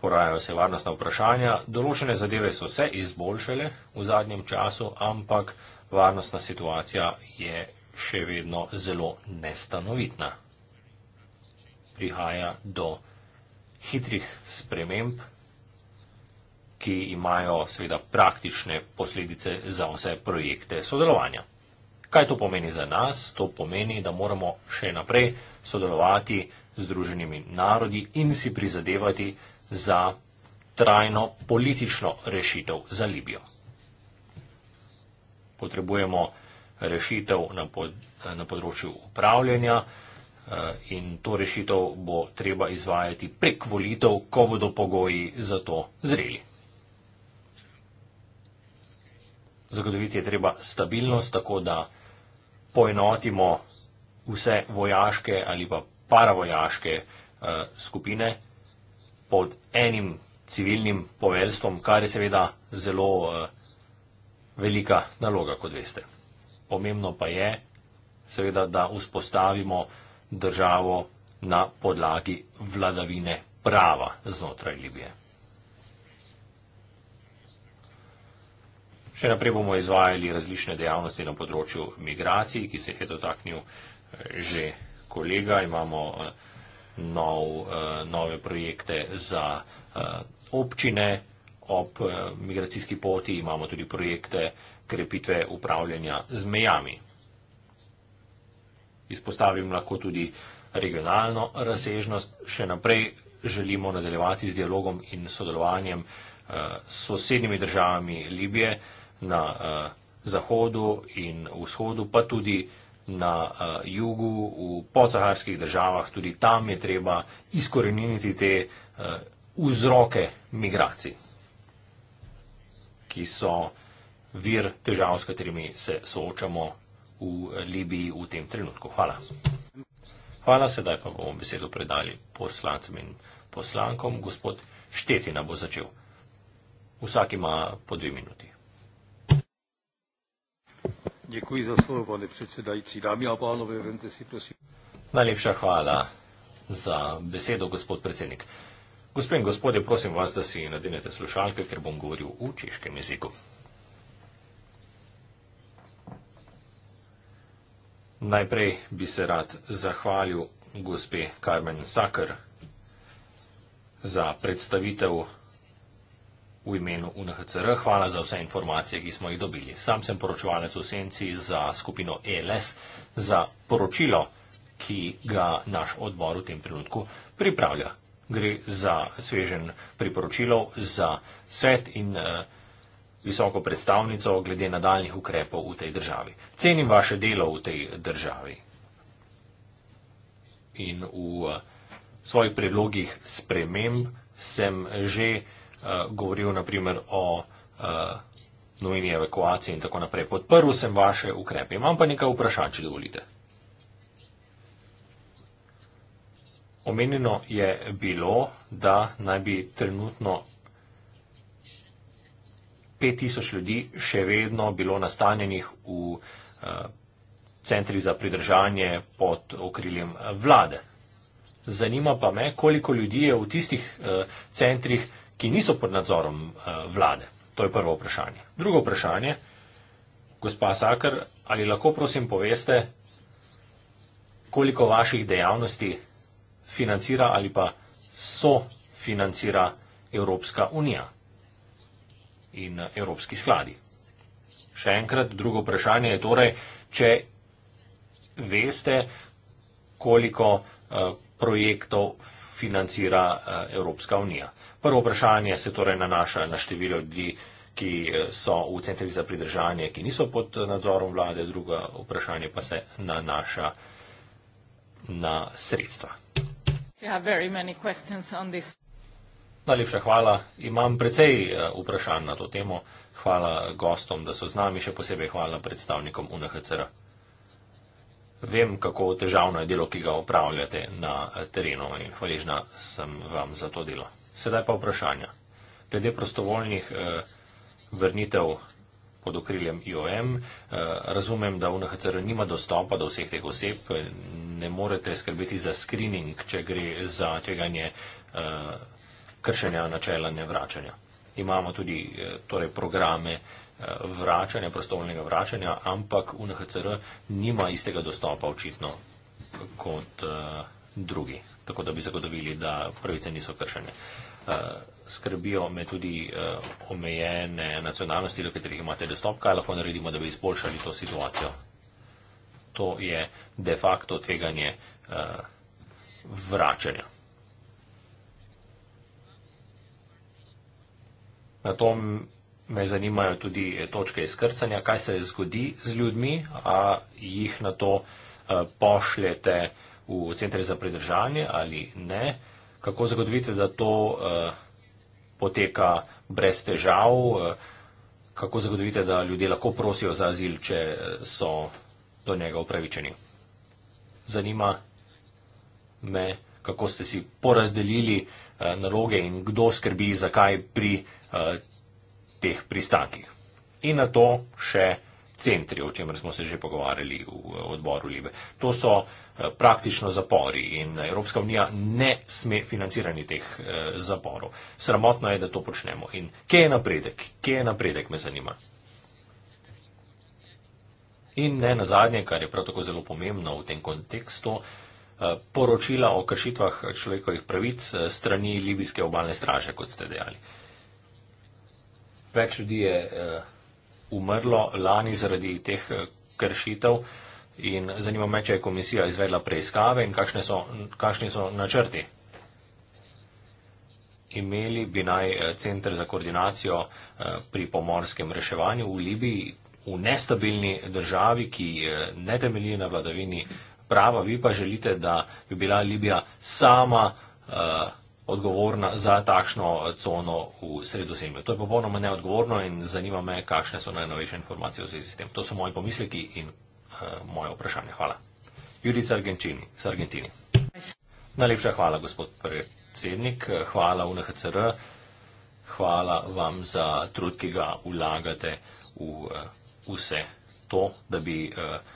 Speaker 3: porajajo se varnostna vprašanja, določene zadeve so se izboljšale v zadnjem času, ampak varnostna situacija je še vedno zelo nestanovitna prihaja do hitrih sprememb, ki imajo seveda praktične posledice za vse projekte sodelovanja. Kaj to pomeni za nas? To pomeni, da moramo še naprej sodelovati z druženimi narodi in si prizadevati za trajno politično rešitev za Libijo. Potrebujemo rešitev na, pod, na področju upravljanja, Eh, in to rešitev bo treba izvajati prek volitev, ko bodo pogoji za to zreli. Zagotoviti je treba stabilnost, tako da poenotimo vse vojaške ali pa paravojaške eh, skupine pod enim civilnim poveljstvom, kar je seveda zelo eh, velika naloga, kot veste. Pomembno pa je, seveda, da vzpostavimo državo na podlagi vladavine prava znotraj Libije. Še naprej bomo izvajali različne dejavnosti na področju migracij, ki se je dotaknil eh, že kolega. Imamo eh, nov, eh, nove projekte za občine ob migracijski poti, imamo tudi projekte krepitve upravljanja z mejami izpostavim lahko tudi regionalno razsežnost. Še naprej želimo nadaljevati z dialogom in sodelovanjem eh, s sosednjimi državami Libije na eh, zahodu in vzhodu, pa tudi na eh, jugu, v podsaharskih državah. Tudi tam je treba izkoreniniti te vzroke migracij, ki so vir težav, s katerimi se soočamo v Libiji v tem trenutku. Hvala. Hvala, sedaj pa bomo besedo predali poslancem in poslankom. Gospod Štetina bo začel. Vsak ima po dve minuti. Děkuji za slovo, pane předsedající. Dámy a pánové, vente si prosím. Najlepša hvala za besedo, gospod predsednik. Gospod in gospodje, prosim vas, da si nadenete slušalke, ker bom govoril v češkem jeziku. Najprej bi se rad zahvalil gospe Carmen Saker za predstavitev v imenu UNHCR. Hvala za vse informacije, ki smo jih dobili. Sam sem poročevalec v Senci za skupino ELS za poročilo, ki ga naš odbor v tem trenutku pripravlja. Gre za svežen priporočilov za svet in uh, visoko predstavnico glede nadaljnih ukrepov v tej državi. Cenim vaše delo v tej državi in v eh, svojih predlogih sprememb sem že uh, govoril naprimer o uh, nujni evakuaciji in tako naprej. Podprl sem vaše ukrepe. Imam pa nekaj vprašanj, če dovolite. Omenjeno je bilo, da naj bi trenutno 5000 ljudi še vedno bilo nastanjenih v eh, centrih za pridržanje pod okriljem eh, vlade. Zanima pa me, koliko ljudi je v tistih eh, centrih, ki niso pod nadzorom vlade. To je prvo vprašanje. Drugo vprašanje, gospa Sakr, ali lahko prosim poveste, koliko vaših dejavnosti financira ali pa sofinancira Evropska unija? in eh, evropski skladi. Še enkrat, drugo vprašanje je torej, če veste, koliko eh, projektov financira eh, Evropska unija. Prvo vprašanje se torej nanaša na število ljudi, ki so v centrih za pridržanje, ki niso pod nadzorom vlade, drugo vprašanje pa se nanaša na sredstva.
Speaker 2: Yeah, very many questions on this.
Speaker 3: Najlepša hvala. Imam precej eh, vprašanj na to temo. Hvala gostom, da so z nami, še posebej hvala predstavnikom UNHCR. Vem, kako težavno je delo, ki ga upravljate na eh, terenu in hvaležna sem vam za to delo. Sedaj pa vprašanja. Glede prostovoljnih eh, vrnitev pod okriljem IOM, eh, razumem, da UNHCR nima dostopa do vseh teh oseb, ne morete skrbeti za screening, če gre za tveganje. Eh, kršenja načela nevračanja. Imamo tudi eh, torej, programe eh, vračanja, prostovoljnega vračanja, ampak UNHCR nima istega dostopa očitno kot uh, drugi, tako da bi zagotovili, da pravice niso kršene. Uh, skrbijo me tudi uh, omejene nacionalnosti, do katerih imate dostop, kaj lahko naredimo, da bi izboljšali to situacijo. To je de facto tveganje uh, vračanja. Na to me zanimajo tudi eh, točke izkrcanja, kaj se zgodi z ljudmi, a jih na to eh, pošljete v centre za pridržanje ali ne. Kako zagotovite, da to eh, poteka brez težav, kako zagotovite, da ljudje lahko prosijo za azil, če so do njega upravičeni. Zanima me kako ste si porazdelili eh, naloge in kdo skrbi za kaj pri eh, teh pristankih. In na to še centri, o čemer smo se že pogovarjali v eh, odboru Libe. To so praktično zapori in Evropska unija ne sme financirati teh zaporov. Sramotno je, da to počnemo. In kje je napredek? Kje je napredek, me zanima. In ne na zadnje, kar je prav tako zelo pomembno v tem kontekstu, Eh, poročila o kršitvah človekovih pravic eh, strani libijske obalne straže, kot ste dejali. Več ljudi je eh, umrlo lani zaradi teh kršitev in zanima me, če je komisija izvedla preiskave in kakšne so, kakšni so načrti. Imeli bi naj centr za koordinacijo pri pomorskem reševanju v Libiji, v nestabilni državi, ki ne temelji na vladavini prava, vi pa želite, da bi bila Libija sama uh, odgovorna za takšno cono v sredozemlju. To je popolnoma neodgovorno in zanima me, kakšne so najnovejše informacije v zvezi s tem. To so moji pomisleki in uh, moje vprašanje. Hvala. Judica Argentini, z Argentini. Najlepša hvala, gospod predsednik. Hvala UNHCR. Hvala vam za trud, ki ga vlagate v uh, vse to, da bi. Uh,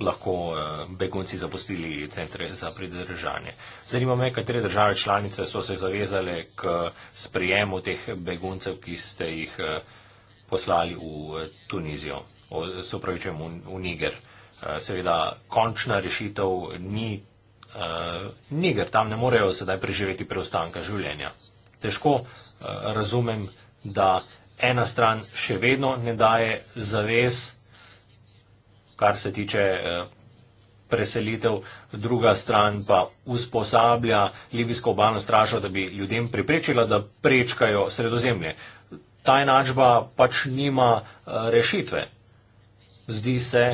Speaker 3: lahko eh, begunci zapustili centre za pridržanje. Zanima me, katere države članice so se zavezale k eh, sprijemu teh beguncev, ki ste jih eh, poslali v Tunizijo, se pravi, če v Niger. Seveda, končna rešitev ni Niger, tam ne morejo sedaj preživeti preostanka življenja. Težko razumem, da ena stran še vedno ne daje zavez, kar se tiče eh, preselitev, druga stran pa usposablja libijsko obalno stražo, da bi ljudem priprečila, da prečkajo sredozemlje. Ta enačba pač nima eh, rešitve. Zdi se,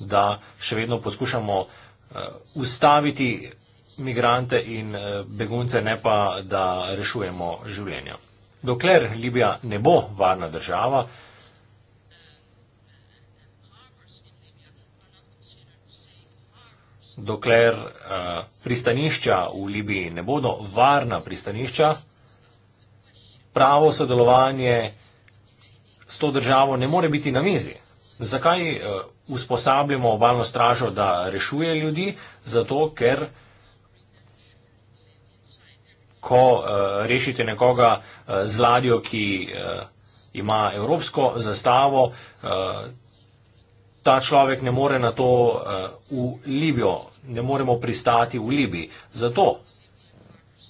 Speaker 3: da še vedno poskušamo eh, ustaviti migrante in begunce, ne pa da rešujemo življenja. Dokler Libija ne bo varna država, dokler uh, pristanišča v Libiji ne bodo varna pristanišča, pravo sodelovanje s to državo ne more biti na mizi. Zakaj uh, usposabljamo obalno stražo, da rešuje ljudi? Zato, ker ko uh, rešite nekoga uh, z ladjo, ki uh, ima evropsko zastavo, uh, ta človek ne more na to uh, v Libijo, ne moremo pristati v Libiji. Zato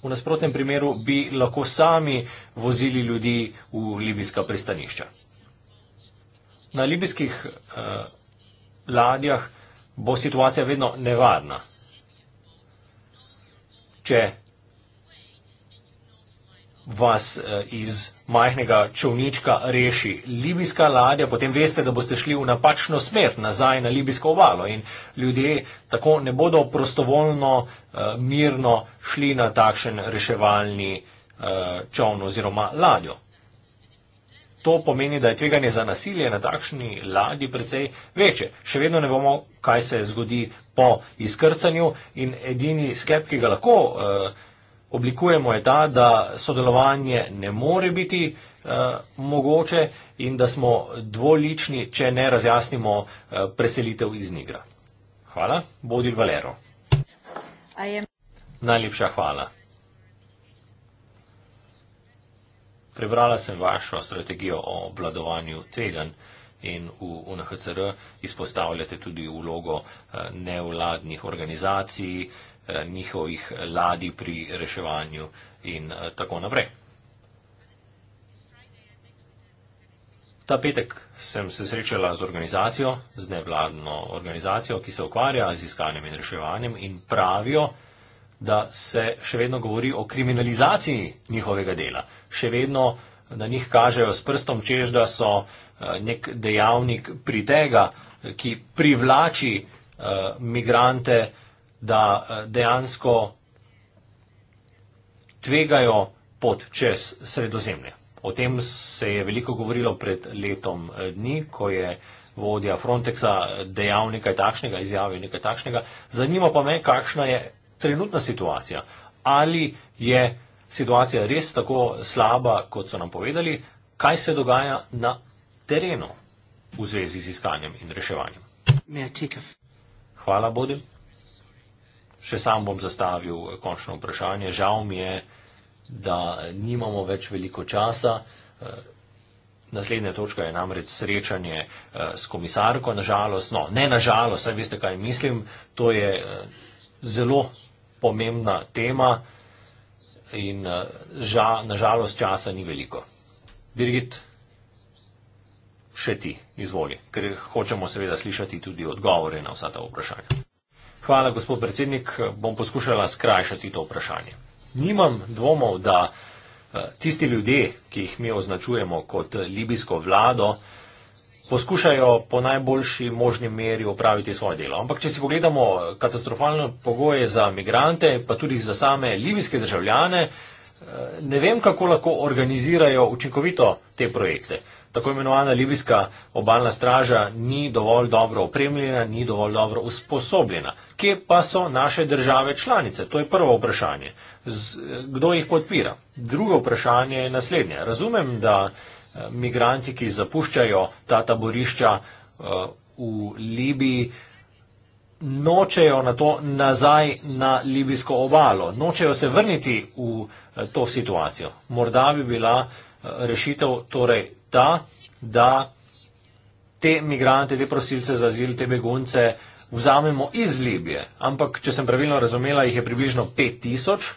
Speaker 3: v nasprotnem primeru bi lahko sami vozili ljudi v libijska pristanišča. Na libijskih uh, ladjah bo situacija vedno nevarna. Če vas eh, iz majhnega čovnička reši libijska ladja, potem veste, da boste šli v napačno smer nazaj na libijsko obalo in ljudje tako ne bodo prostovoljno, eh, mirno šli na takšen reševalni eh, čovn oziroma ladjo. To pomeni, da je tveganje za nasilje na takšni ladji precej večje. Še vedno ne bomo, kaj se zgodi po izkrcanju in edini sklep, ki ga lahko vsega, oblikujemo je ta, da sodelovanje ne more biti uh, mogoče in da smo dvolični, če ne razjasnimo uh, preselitev iz Nigra. Hvala, Bodil Valero. Am... Najlepša hvala. Prebrala sem vašo strategijo o obladovanju tveganj in v UNHCR izpostavljate tudi vlogo eh, nevladnih organizacij, Eh, njihovih ladi pri reševanju in eh, tako naprej. Ta petek sem se srečala z organizacijo, z nevladno organizacijo, ki se ukvarja z iskanjem in reševanjem in pravijo, da se še vedno govori o kriminalizaciji njihovega dela. Še vedno na njih kažejo s prstom, čež da so eh, nek dejavnik pri tega, ki privlači uh, migrante uh, da eh, dejansko tvegajo pot čez sredozemlje. O tem se je veliko govorilo pred letom eh, dni, ko je vodja Frontexa eh, dejal nekaj takšnega, izjavil nekaj takšnega. Zanima pa me, kakšna je trenutna situacija. Ali je situacija res tako slaba, kot so nam povedali, kaj se dogaja na terenu v zvezi z iskanjem in reševanjem. Hvala, Bodim še sam bom zastavil eh, končno vprašanje. Žal mi je, da nimamo več veliko časa. Eh, naslednja točka je namreč srečanje eh, s komisarko, nažalost, no, ne nažalost, saj veste, kaj mislim, to je zelo pomembna tema in ža, nažalost časa ni veliko. Birgit, še ti, izvoli, ker hočemo seveda slišati tudi odgovore na vsa ta vprašanja. Hvala, gospod predsednik. Bom poskušala skrajšati to vprašanje. Nimam dvomov, da eh, tisti ljudje, ki jih mi označujemo kot eh, libijsko vlado, poskušajo po najboljši možni meri opraviti svoje delo. Ampak, če si pogledamo eh, katastrofalne pogoje za migrante, pa tudi za same libijske državljane, ne vem, kako lahko organizirajo učinkovito te projekte tako imenovana libijska obalna straža ni dovolj dobro opremljena, ni dovolj dobro usposobljena. Kje pa so naše države članice? To je prvo vprašanje. Z, kdo jih podpira? Drugo vprašanje je naslednje. Razumem, da eh, migranti, ki zapuščajo ta taborišča eh, v Libiji, nočejo na to nazaj na libijsko obalo, nočejo se vrniti v eh, to situacijo. Morda bi bila rešitev torej ta, da te migrante, te prosilce za azil, te begunce vzamemo iz Libije. Ampak, če sem pravilno razumela, jih je približno 5000.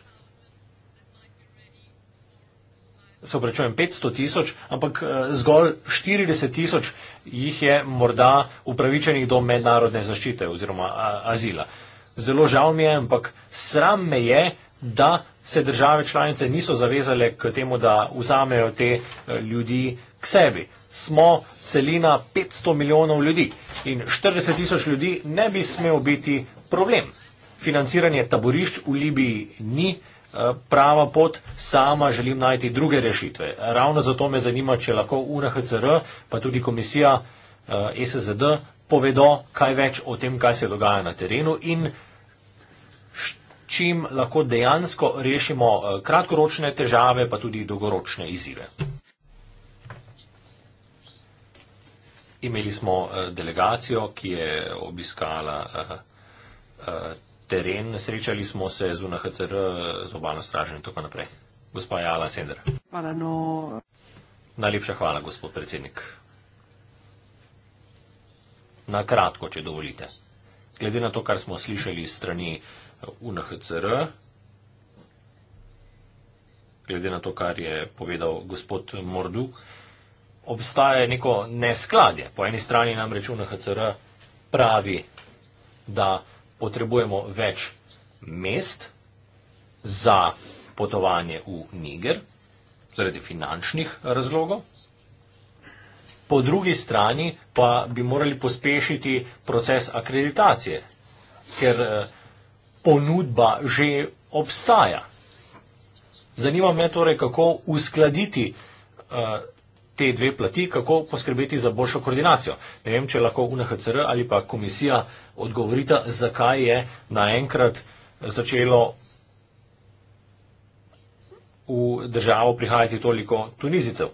Speaker 3: Se oprečujem, 500 tisoč, ampak eh, zgolj 40 tisoč jih je morda upravičenih do mednarodne zaščite oziroma azila. Zelo žal mi je, ampak sram me je, da se države članice niso zavezale k temu, da vzamejo te eh, ljudi k sebi. Smo celina 500 milijonov ljudi in 40 tisoč ljudi ne bi smel biti problem. Financiranje taborišč v Libiji ni eh, prava pot, sama želim najti druge rešitve. Ravno zato me zanima, če lahko UNHCR, pa tudi komisija eh, SZD povedo kaj več o tem, kaj se dogaja na terenu in čim lahko dejansko rešimo eh, kratkoročne težave, pa tudi dolgoročne izzive. Imeli smo eh, delegacijo, ki je obiskala eh, teren, srečali smo se z UNHCR, z obalno stražen in tako naprej. Gospa Jala Sender. Hvala, no. Najlepša hvala, gospod predsednik. Na kratko, če dovolite glede na to, kar smo slišali strani eh, UNHCR, glede na to, kar je povedal gospod Mordu, obstaja neko neskladje. Po eni strani namreč UNHCR pravi, da potrebujemo več mest za potovanje v Niger zaradi finančnih razlogov, po drugi strani pa bi morali pospešiti proces akreditacije, ker eh, ponudba že obstaja. Zanima me torej, kako uskladiti eh, te dve plati, kako poskrbeti za boljšo koordinacijo. Ne vem, če lahko UNHCR ali pa komisija odgovorita, zakaj je naenkrat začelo v državo prihajati toliko tunizicev.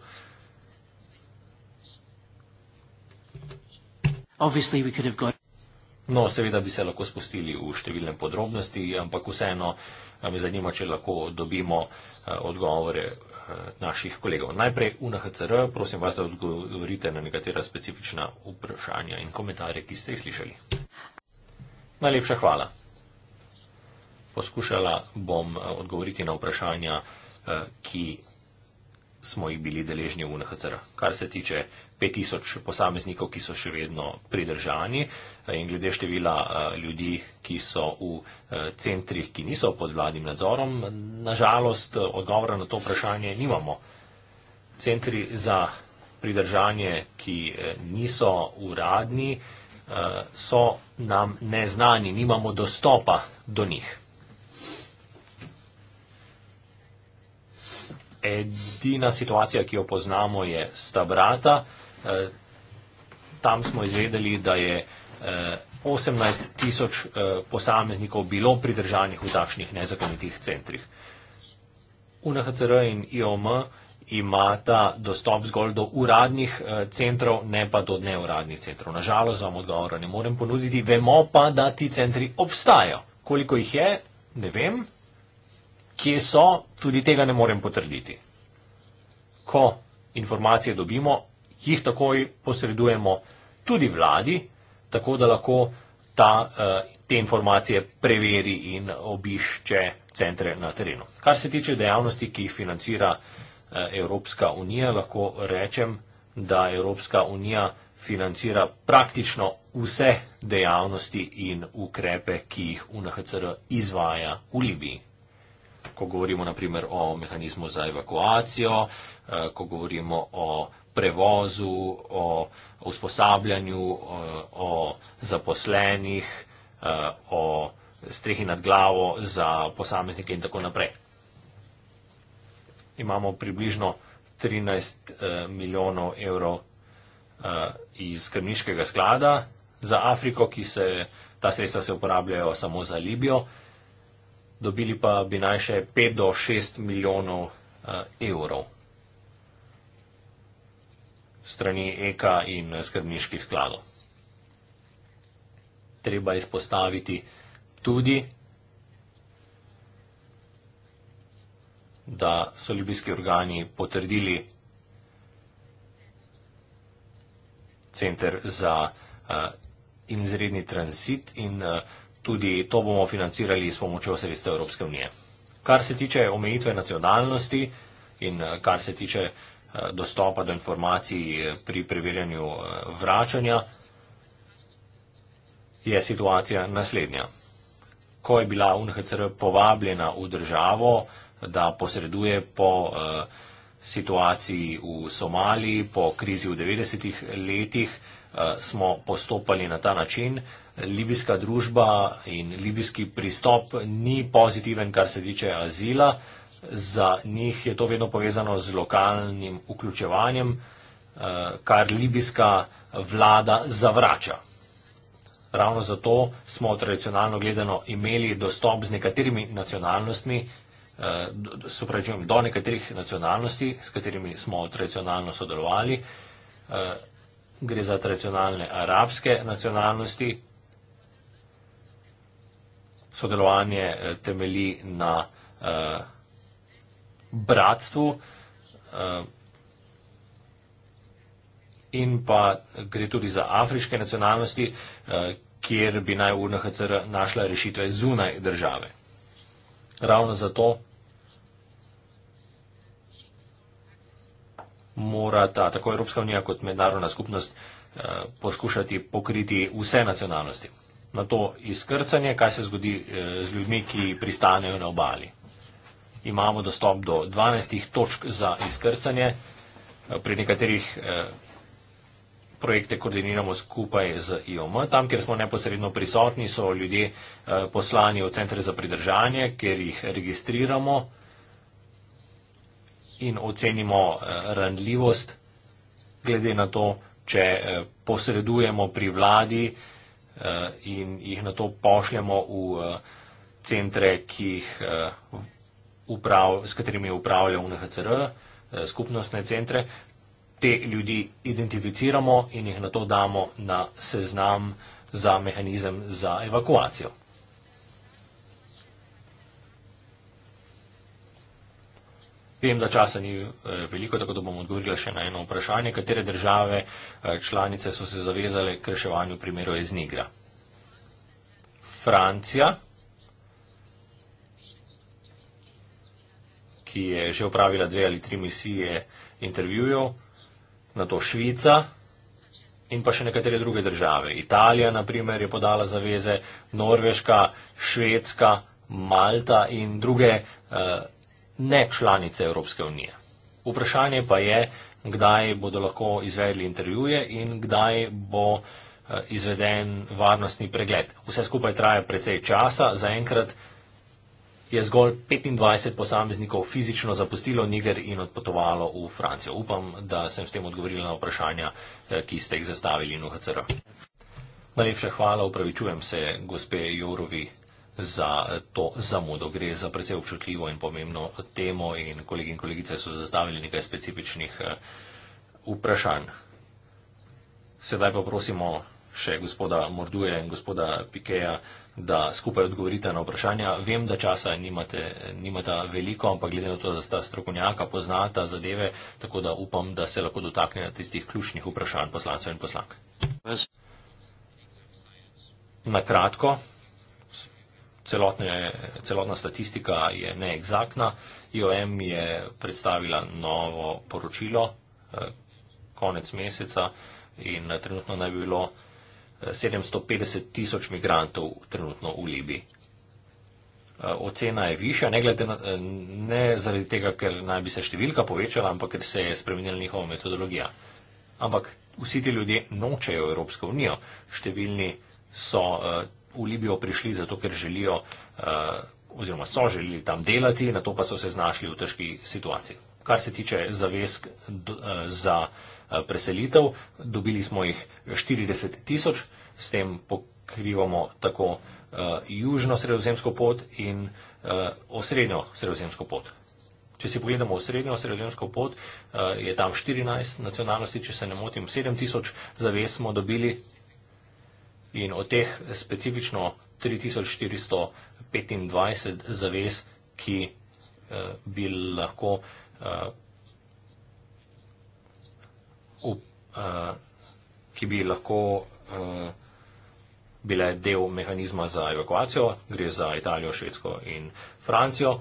Speaker 3: No, seveda bi se lahko spustili v številne podrobnosti, ampak vseeno me zanima, če lahko dobimo odgovore naših kolegov. Najprej UNHCR, prosim vas, da odgovorite na nekatera specifična vprašanja in komentarje, ki ste jih slišali. Najlepša hvala. Poskušala bom odgovoriti na vprašanja, ki smo jih bili deležni v UNHCR. Kar se tiče 5000 posameznikov, ki so še vedno pridržani eh, in glede števila eh, ljudi, ki so v eh, centrih, ki niso pod vladnim nadzorom, nažalost odgovora na to vprašanje nimamo. Centri za pridržanje, ki niso uradni, so nam neznani, nimamo dostopa do njih. Edina situacija, ki jo poznamo, je sta brata. Eh, tam smo izvedeli, da je 18 eh, tisoč eh, posameznikov bilo pridržanih v takšnih nezakonitih centrih. UNHCR in IOM imata dostop zgolj do uradnih centrov, ne pa do neuradnih centrov. Nažalost vam odgovora ne morem ponuditi, vemo pa, da ti centri obstajajo. Koliko jih je, ne vem, kje so, tudi tega ne morem potrditi. Ko informacije dobimo, jih takoj posredujemo tudi vladi, tako da lahko ta, eh, te informacije preveri in obišče centre na terenu. Kar se tiče dejavnosti, ki jih financira eh, Evropska unija, lahko rečem, da Evropska unija financira praktično vse dejavnosti in ukrepe, ki jih UNHCR izvaja v Libiji. Ko govorimo naprimer o mehanizmu za evakuacijo, eh, ko govorimo o prevozu, o usposabljanju, o zaposlenih, e, o strehi nad glavo za posameznike in tako naprej. Imamo približno 13 e, milijonov evrov e, iz krmiškega sklada za Afriko, ki se ta sredstva se uporabljajo samo za Libijo. Dobili pa bi naj še 5 do 6 milijonov evrov strani EKA in skrbniških skladov. Treba izpostaviti tudi, da so libijski organi potrdili centr za uh, eh, inzredni transit in uh, tudi to bomo financirali s pomočjo sredstev Evropske unije. Kar se tiče omejitve nacionalnosti in uh, kar se tiče uh, dostopa do informacij eh, pri preverjanju eh, vračanja, je situacija naslednja. Ko je bila UNHCR povabljena v državo, da posreduje po eh, situaciji v Somaliji, po krizi v 90-ih letih, smo postopali na ta način. Libijska družba in libijski pristop ni pozitiven, kar se tiče azila, Za njih je to vedno povezano z lokalnim vključevanjem, eh, kar libijska vlada zavrača. Ravno zato smo tradicionalno gledano imeli dostop z nekaterimi nacionalnostmi, eh, suprečujem, do nekaterih nacionalnosti, s katerimi smo tradicionalno sodelovali. Eh, gre za tradicionalne arabske nacionalnosti. Sodelovanje temeli na bratstvu eh, in pa gre tudi za afriške nacionalnosti, eh, kjer bi naj UNHCR našla rešitve zunaj države. Ravno zato mora ta tako Evropska unija kot mednarodna skupnost eh, poskušati pokriti vse nacionalnosti. Na to izkrcanje, kaj se zgodi z ljudmi, ki pristanejo na obali imamo dostop do 12 točk za izkrcanje. Pri nekaterih eh, projekte koordiniramo skupaj z IOM. Tam, kjer smo neposredno prisotni, so ljudje eh, poslani v centre za pridržanje, kjer jih registriramo in ocenimo eh, randljivost glede na to, če posredujemo pri vladi in jih na to pošljemo v centre, ki jih vsega uprav, s katerimi upravlja UNHCR, eh, skupnostne centre, te ljudi identificiramo in jih na to damo na seznam za mehanizem za evakuacijo. Vem, da časa ni eh, veliko, tako da bom odgovorila še na eno vprašanje. Katere države eh, članice so se zavezale k reševanju primerov iz Nigra? Francija, ki je že opravila dve ali tri misije intervjujev, na to Švica in pa še nekatere druge države. Italija, na primer, je podala zaveze, Norveška, Švedska, Malta in druge eh, ne članice Evropske unije. Vprašanje pa je, kdaj bodo lahko izvedli intervjuje in kdaj bo eh, izveden varnostni pregled. Vse skupaj traja precej časa, zaenkrat je zgolj 25 posameznikov fizično zapustilo Niger in odpotovalo v Francijo. Upam, da sem s tem odgovorila na vprašanja, eh, ki ste jih zastavili in uhacera. Najlepša hvala, upravičujem se gospe Jourovi za eh, to zamudo. Gre za precej občutljivo in pomembno temo in kolegi in kolegice so zastavili nekaj specifičnih eh, vprašanj. Sedaj pa prosimo še gospoda Morduje in gospoda Pikeja, da skupaj odgovorite na vprašanja. Vem, da časa nimate, nimate veliko, ampak glede na to, da sta strokovnjaka, poznata zadeve, tako da upam, da se lahko dotaknete tistih ključnih vprašanj poslancev in poslank. Na kratko, celotna statistika je neegzaktna. IOM je predstavila novo poročilo eh, konec meseca in eh, trenutno naj bi bilo 750 tisoč migrantov trenutno v Libiji. Eh, ocena je višja, ne, glede, eh, ne zaradi tega, ker naj bi se številka povečala, ampak ker se je spremenila njihova metodologija. Ampak vsi ti ljudje nočejo Evropsko unijo. Številni so eh, v Libijo prišli zato, ker želijo oziroma so želeli tam delati, na to pa so se znašli v težki situaciji. Kar se tiče zavesk za. Eh, preselitev. Dobili smo jih 40 tisoč, s tem pokrivamo tako eh, južno sredozemsko pot in eh, osrednjo sredozemsko pot. Če si pogledamo osrednjo sredozemsko pot, je tam 14 nacionalnosti, če se ne motim, 7 tisoč zavez smo dobili in od teh specifično 3425 zavez, ki bi lahko uh, ki bi lahko uh, bile del mehanizma za evakuacijo, gre za Italijo, Švedsko in Francijo. Uh,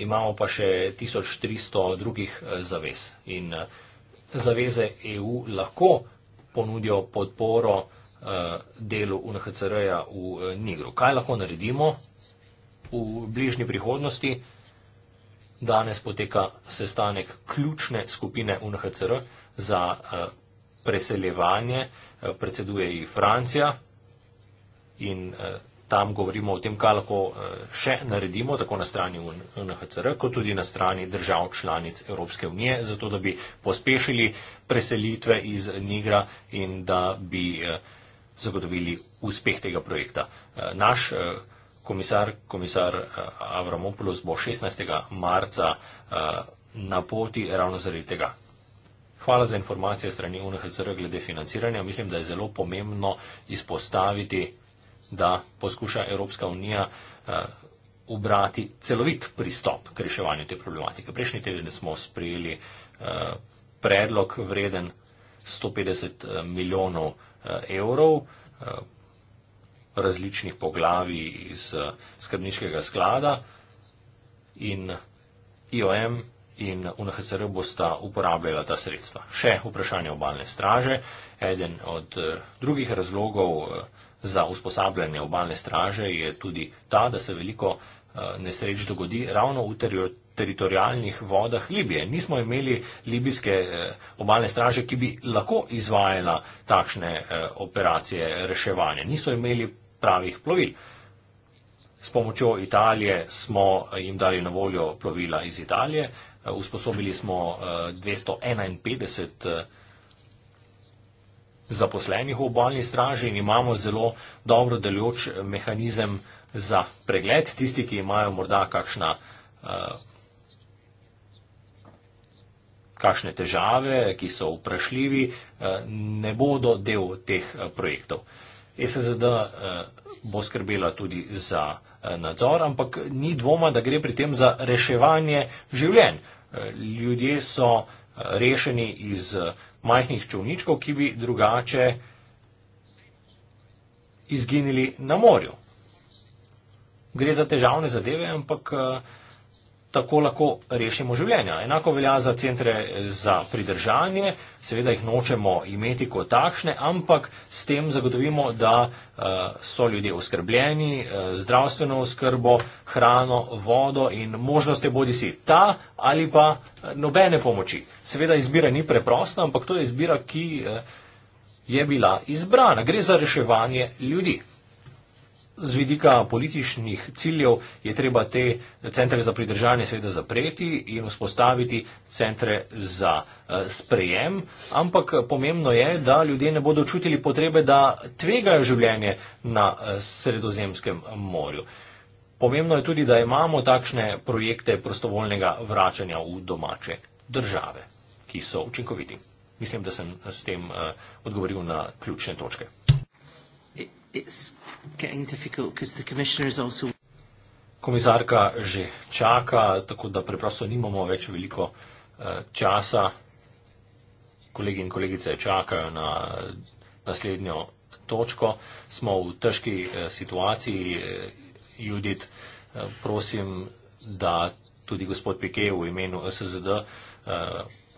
Speaker 3: imamo pa še 1300 drugih uh, zavez in uh, zaveze EU lahko ponudijo podporo uh, delu UNHCR-ja v uh, Nigru. Kaj lahko naredimo v bližnji prihodnosti? Danes poteka sestanek ključne skupine UNHCR, za eh, preseljevanje, eh, predseduje ji Francija in eh, tam govorimo o tem, kaj lahko še naredimo, tako na strani UNHCR, kot tudi na strani držav članic Evropske unije, zato da bi pospešili preselitve iz Nigra in da bi zagotovili uspeh tega projekta. Naš komisar, komisar Avramopoulos bo 16. marca na poti ravno zaradi tega, hvala za informacije strani UNHCR glede financiranja. Mislim, da je zelo pomembno izpostaviti, da poskuša Evropska unija uh, ubrati celovit pristop k reševanju te problematike. Prejšnji teden smo sprejeli uh, predlog vreden 150 eh, milijonov uh, evrov. Uh, različnih poglavi iz uh, skrbniškega sklada in IOM in v NHCR bosta uporabljala ta sredstva. Še vprašanje obalne straže. Eden od eh, drugih razlogov eh, za usposabljanje obalne straže je tudi ta, da se veliko eh, nesreč dogodi ravno v teritorijalnih vodah Libije. Nismo imeli libijske obalne straže, ki bi lahko izvajala takšne operacije reševanja. Niso imeli pravih plovil. S pomočjo Italije smo jim dali na voljo plovila iz Italije, Eh, usposobili smo 251 eh, eh, zaposlenih v obaljni straži in imamo zelo dobro deloč mehanizem za pregled. Tisti, ki imajo morda kakšna kakšne težave, ki so vprašljivi, ne bodo del teh projektov. E SSD bo skrbela tudi za projekte, Eh, nadzor, ampak ni dvoma, da gre pri tem za reševanje življenj. Eh, ljudje so eh, rešeni iz majhnih čovničkov, ki bi drugače izginili na morju. Gre za težavne zadeve, ampak uh, tako lahko rešimo življenja. Enako velja za centre za pridržanje, seveda jih nočemo imeti kot takšne, ampak s tem zagotovimo, da eh, so ljudje oskrbljeni, eh, zdravstveno oskrbo, hrano, vodo in možnosti bodi si ta ali pa eh, nobene pomoči. Seveda izbira ni preprosta, ampak to je izbira, ki je bila izbrana. Gre za reševanje ljudi z vidika političnih ciljev je treba te centre za pridržanje seveda zapreti in vzpostaviti centre za eh, sprejem, ampak eh, pomembno je, da ljudje ne bodo čutili potrebe, da tvegajo življenje na eh, sredozemskem morju. Pomembno je tudi, da imamo takšne projekte prostovoljnega vračanja v domače države, ki so učinkoviti. Mislim, da sem s tem odgovoril na ključne točke. It's getting difficult because the commissioner is also Komisarka že čaka, tako da preprosto nimamo več veliko eh, časa. Kolegi in kolegice čakajo na naslednjo točko. Smo v težki eh, situaciji. Eh, Judit, prosim, da tudi gospod Pike v imenu SZD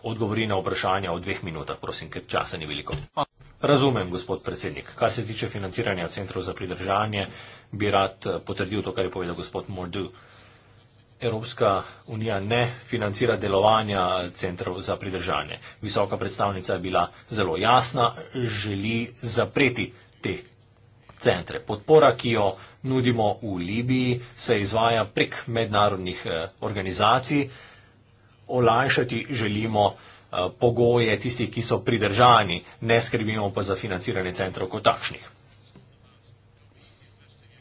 Speaker 3: odgovori na vprašanja v dveh minutah, prosim, ker časa ni veliko. Hvala. Razumem, gospod predsednik. Kar se tiče financiranja centrov za pridržanje, bi rad eh, potrdil to, kar je povedal gospod Mordu. Evropska unija ne financira delovanja eh, centrov za pridržanje. Visoka predstavnica je bila zelo jasna, želi zapreti te centre. Podpora, ki jo nudimo v Libiji, se izvaja prek mednarodnih eh, organizacij. Olajšati želimo. Eh, pogoje tistih, ki so pridržani, ne skrbimo pa za financiranje centrov kot takšnih.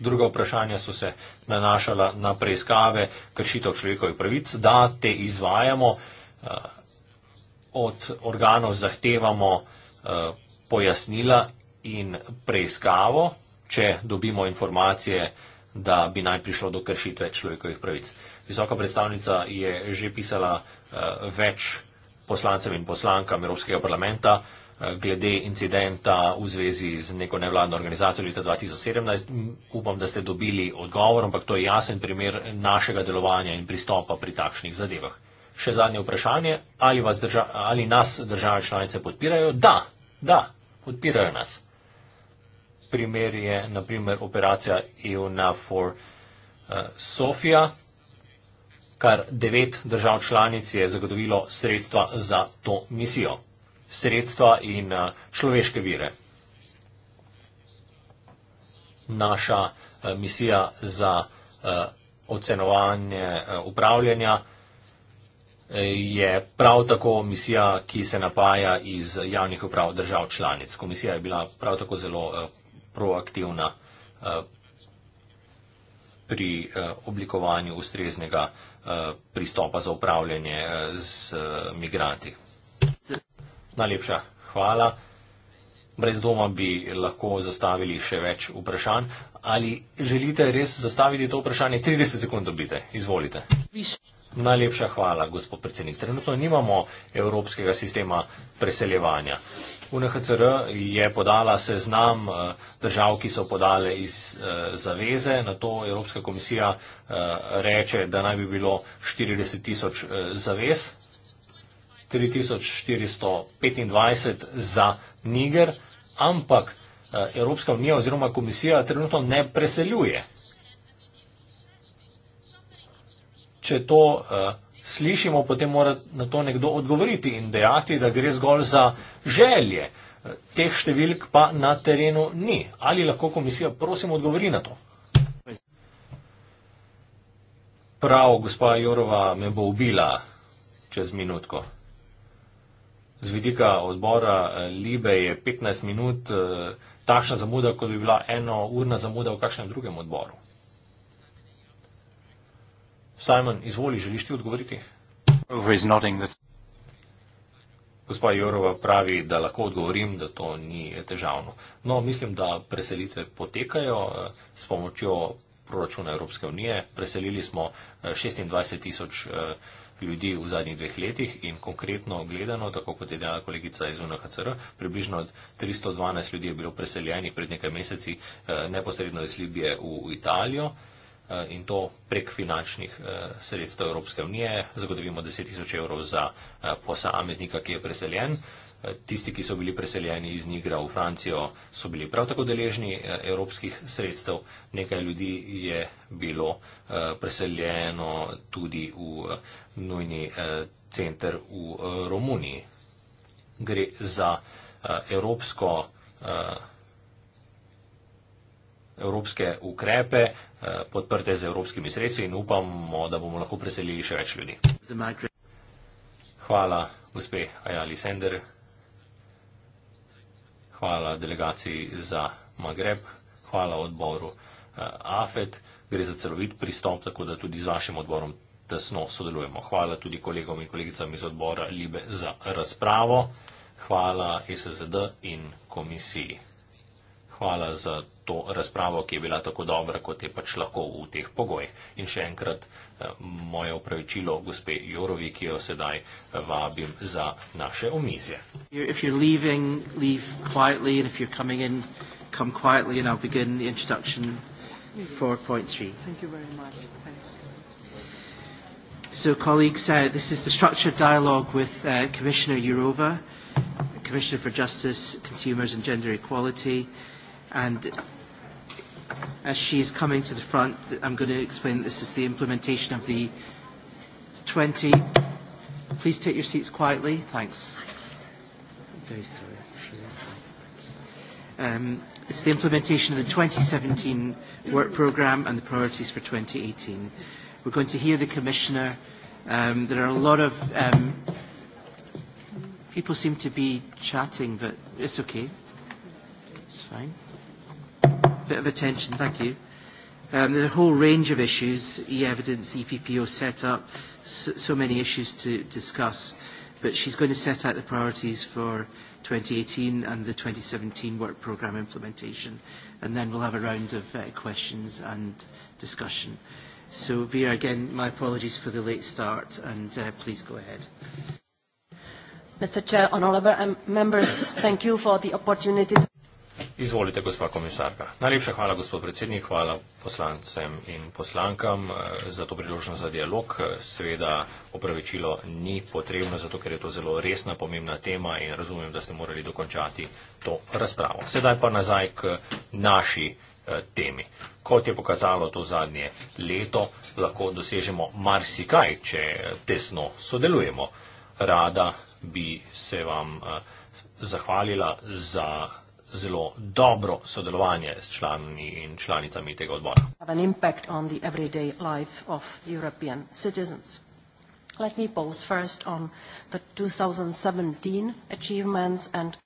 Speaker 3: Druga vprašanja so se nanašala na preiskave kršitev človekovih pravic, da te izvajamo, eh, od organov zahtevamo eh, pojasnila in preiskavo, če dobimo informacije, da bi naj prišlo do kršitve človekovih pravic. Visoka predstavnica je že pisala več poslancem in poslankam Evropskega parlamenta eh, glede incidenta v zvezi z neko nevladno organizacijo leta 2017. Upam, da ste dobili odgovor, ampak to je jasen primer našega delovanja in pristopa pri takšnih zadevah. Še zadnje vprašanje, ali, drža, ali nas države članice podpirajo? Da, da, podpirajo nas. Primer je naprimer operacija EUNAFOR uh, eh, Sofia, Kar devet držav članic je zagotovilo sredstva za to misijo. Sredstva in eh, človeške vire. Naša eh, misija za eh, ocenovanje upravljanja je prav tako misija, ki se napaja iz javnih uprav držav članic. Komisija je bila prav tako zelo proaktivna pri eh, oblikovanju ustreznega eh, pristopa za upravljanje eh, z migranti. Najlepša hvala. Brez doma bi lahko zastavili še več vprašanj. Ali želite res zastaviti to vprašanje? 30 sekund dobite. Izvolite. Više. Najlepša hvala, gospod predsednik. Trenutno nimamo evropskega sistema preseljevanja. UNHCR je podala seznam eh, držav, ki so podale iz eh, zaveze, na to Evropska komisija eh, reče, da naj bi bilo 40 tisoč zavez, 3425 za Niger, ampak Evropska unija oziroma komisija trenutno ne preseljuje. če to uh, slišimo, potem mora na to nekdo odgovoriti in dejati, da gre zgolj za želje. Eh, teh številk pa na terenu ni. Ali lahko komisija, prosim, odgovori na to? Prav, gospa Jorova me bo ubila čez minutko. Z vidika odbora eh, Libe je 15 minut takšna zamuda, kot bi bila eno urna zamuda v kakšnem drugem odboru. Simon, izvoli, želiš ti odgovoriti? Gospa Jorova pravi, da lahko odgovorim, da to ni težavno. No, mislim, da preselitve potekajo eh, s pomočjo proračuna Evropske unije. Preselili smo 26 eh, tisoč eh, ljudi v zadnjih dveh letih in konkretno gledano, tako kot je dejala kolegica iz UNHCR, približno 312 ljudi je bilo preseljeni pred nekaj meseci neposredno iz Libije v Italijo. Eh, in to prek finančnih eh, sredstev Evropske unije. Zagotovimo 10 tisoč evrov za eh, posameznika, ki je preseljen. Tisti, ki so bili preseljeni iz Nigra v Francijo, so bili prav tako deležni evropskih sredstev. Nekaj ljudi je bilo preseljeno tudi v nujni center v Romuniji. Gre za evropsko evropske ukrepe, eh, podprte z evropskimi sredstvi in upamo, da bomo lahko preselili še več ljudi. Hvala, gospe Ajali Sender. Hvala delegaciji za Magreb. Hvala odboru eh, AFET. Gre za celovit pristop, tako da tudi z vašim odborom tesno sodelujemo. Hvala tudi kolegom in kolegicam iz odbora Libe za razpravo. Hvala ISZD in komisiji hvala za to razpravo, ki je bila tako dobra, kot je pač lahko v teh pogojih. In še enkrat eh, moje upravičilo gospe Jorovi, ki jo sedaj eh, vabim za naše omizje.
Speaker 1: So, colleagues, uh, this is the structured dialogue with uh, Commissioner Jourova, Commissioner for Justice, Consumers and Gender Equality and as she is coming to the front, I'm going to explain that this is the implementation of the 20. Please take your seats quietly. Thanks. I'm very sorry. Um, it's the implementation of the 2017 work programme and the priorities for 2018. We're going to hear the Commissioner. Um, there are a lot of um, people seem to be chatting, but it's okay. It's fine bit of attention. Thank you. Um, there's a whole range of issues, e-evidence, EPPO set up, so, so many issues to discuss, but she's going to set out the priorities for 2018 and the 2017 work programme implementation, and then we'll have a round of uh, questions and discussion. So, Via, again, my apologies for the late start, and uh, please go ahead. Mr Chair, Honourable Members, thank you for the opportunity. To
Speaker 3: Izvolite, gospa komisarka. Najlepša hvala, gospod predsednik, hvala poslancem in poslankam eh, za to priložnost za dialog. Eh, seveda opravičilo ni potrebno, zato ker je to zelo resna, pomembna tema in razumem, da ste morali dokončati to razpravo. Sedaj pa nazaj k naši eh, temi. Kot je pokazalo to zadnje leto, lahko dosežemo marsikaj, če tesno sodelujemo. Rada bi se vam zahvalila za zelo dobro sodelovanje s člani in članicami tega odbora.
Speaker 1: Let me pause first on the 2017 achievements and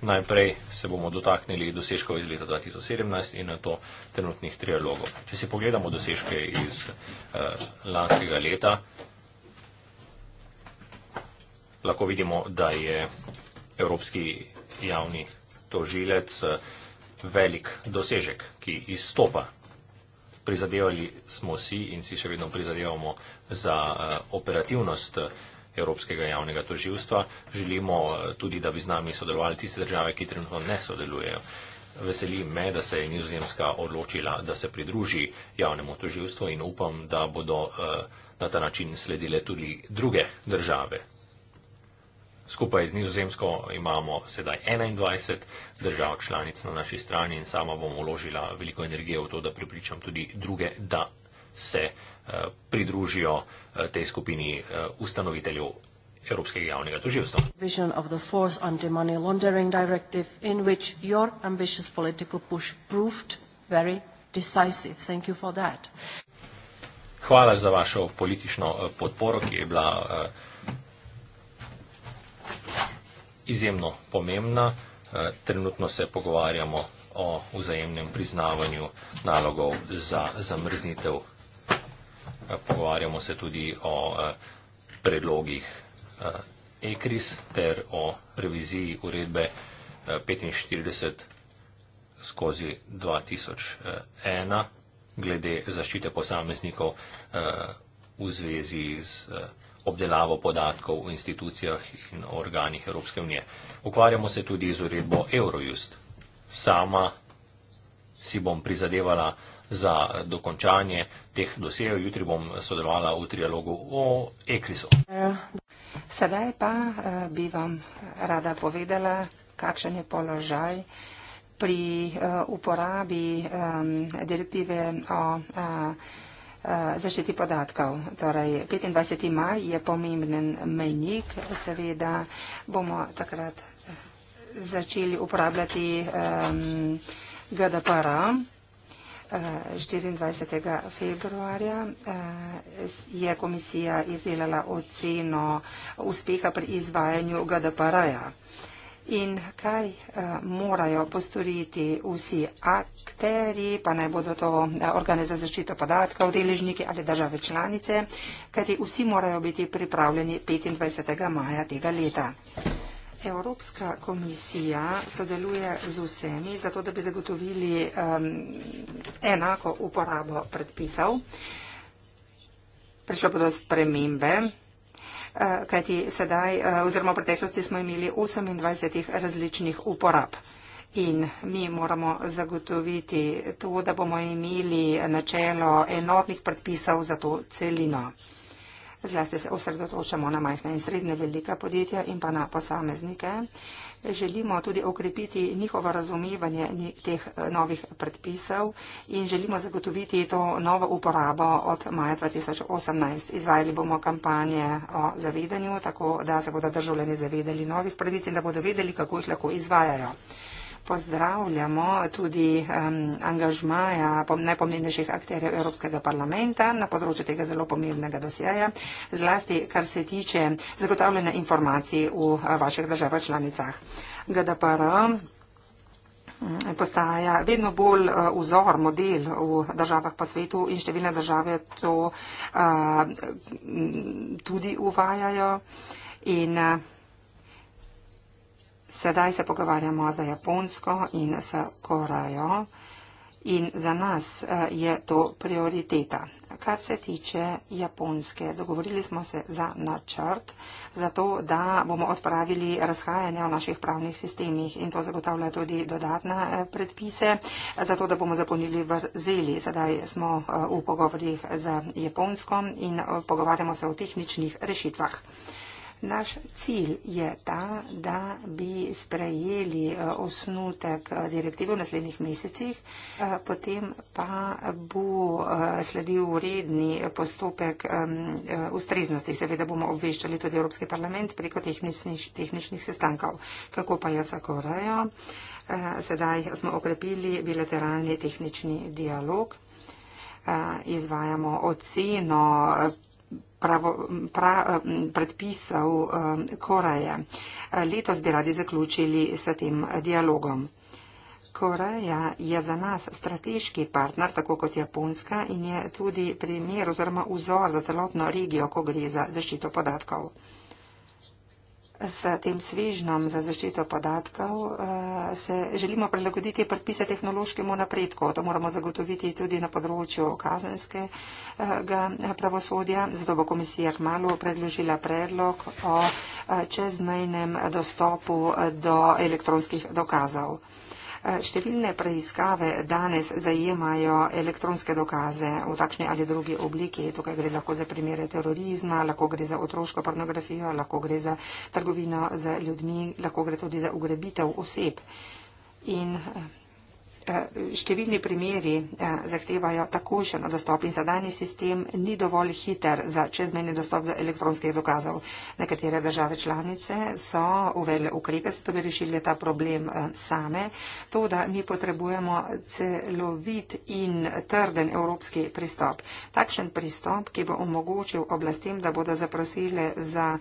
Speaker 3: Najprej se bomo dotaknili dosežkov iz leta 2017 in na to trenutnih trialogov. Če si pogledamo dosežke iz eh, lanskega leta, lahko vidimo, da je evropski javni tožilec eh, velik dosežek, ki izstopa. Prizadevali smo si in si še vedno prizadevamo za eh, operativnost eh, Evropskega javnega toživstva. Želimo tudi, da bi z nami sodelovali tiste države, ki trenutno ne sodelujejo. Veseli me, da se je Nizozemska odločila, da se pridruži javnemu toživstvu in upam, da bodo na ta način sledile tudi druge države Skupaj z Nizozemsko imamo sedaj 21 držav članic na naši strani in sama bom uložila veliko energije v to, da pripričam tudi druge, da se eh, pridružijo eh, tej skupini eh, ustanoviteljev Evropskega javnega tožilstva.
Speaker 1: Vision of the fourth anti-money laundering directive in which your ambitious political push proved very decisive. Thank you for that.
Speaker 3: Hvala za vašo politično podporo, ki je bila uh, izjemno pomembna. Eh, trenutno se pogovarjamo o vzajemnem priznavanju nalogov za zamrznitev. Eh, pogovarjamo se tudi o eh, predlogih ECRIS ter o reviziji uredbe 45 skozi 2001 glede zaščite posameznikov v zvezi z obdelavo podatkov v institucijah in organih Evropske unije. Ukvarjamo se tudi z uredbo Eurojust. Sama si bom prizadevala za dokončanje teh dosejev. Jutri bom sodelovala v trialogu o ECRIS-u.
Speaker 4: Sedaj pa eh, bi vam rada povedala, kakšen je položaj pri eh, uporabi eh, direktive o Eh, zaščiti podatkov. Torej, 25. maj je pomemben menjik, seveda bomo takrat eh, začeli uporabljati GDPR. 24. Eh, februarja je komisija izdelala oceno uspeha pri izvajanju GDPR-ja in kaj eh, morajo postoriti vsi akteri, pa naj bodo to eh, organe za zaščito podatkov, deležniki ali države članice, kajti vsi morajo biti pripravljeni 25. maja tega leta. Evropska komisija sodeluje z vsemi, zato da bi zagotovili um, enako uporabo predpisov. Prišlo bodo spremembe Eh, kajti sedaj eh, oziroma v preteklosti smo imeli 28 različnih uporab. In mi moramo zagotoviti to, da bomo imeli načelo enotnih predpisov za to celino. Zlasti se osredotočamo na majhna in srednje velika podjetja in pa na posameznike želimo tudi okrepiti njihovo razumevanje teh eh, novih predpisov in želimo zagotoviti to novo uporabo od maja 2018. Izvajali bomo kampanje o zavedanju, tako da se bodo državljani zavedali novih pravic in da bodo vedeli, kako jih lahko izvajajo pozdravljamo tudi um, angažmaja najpomembnejših akterjev Evropskega parlamenta na področju tega zelo pomembnega dosjeja, zlasti kar se tiče zagotavljanja informacij v eh, vaših državah članicah. GDPR mm, postaja vedno bolj eh, vzor, model v državah po svetu in številne države to uh, tudi uvajajo. In uh, Sedaj se pogovarjamo za Japonsko in s Korejo in za nas eh, je to prioriteta. Kar se tiče Japonske, dogovorili smo se za načrt, zato da bomo odpravili razhajanja v naših pravnih sistemih in to zagotavlja tudi dodatne eh, predpise, zato da bomo zapolnili vrzeli. Sedaj smo eh, v pogovorih z Japonsko in pogovarjamo se o tehničnih rešitvah. Naš cilj je ta, da bi sprejeli eh, osnutek eh, direktive v naslednjih mesecih, eh, potem pa bo sledil uredni postopek ustreznosti. Seveda bomo obveščali tudi Evropski parlament preko tehničnih, tehničnih sestankov. Kako pa je za Korejo? Sedaj smo okrepili bilateralni tehnični dialog, izvajamo oceno pravo, pra, predpisov eh, Koreje. Letos bi radi zaključili s tem dialogom. Koreja je za nas strateški partner, tako kot Japonska, in je tudi primer oziroma vzor za celotno regijo, ko gre za zaščito podatkov. S tem svežnjem za zaščito podatkov eh, se želimo prilagoditi predpise tehnološkemu napredku. To moramo zagotoviti tudi na področju kazenskega eh, pravosodja. Zato bo komisija kmalo predložila predlog o eh, čezmejnem dostopu do elektronskih dokazov. Eh, številne preiskave danes zajemajo elektronske dokaze v takšni ali drugi obliki. Tukaj gre lahko za primere terorizma, lahko gre za otroško pornografijo, lahko gre za trgovino z ljudmi, lahko gre tudi za ugrebitev oseb. In eh, Eh, številni primeri eh, zahtevajo takošen dostop in sedajni sistem ni dovolj hiter za čezmeni dostop do elektronskih dokazov. Nekatere države članice so uvele ukrepe, so tudi rešili ta problem eh, same. To, da mi potrebujemo celovit in trden evropski pristop. Takšen pristop, ki bo omogočil oblastem, da bodo zaprosile za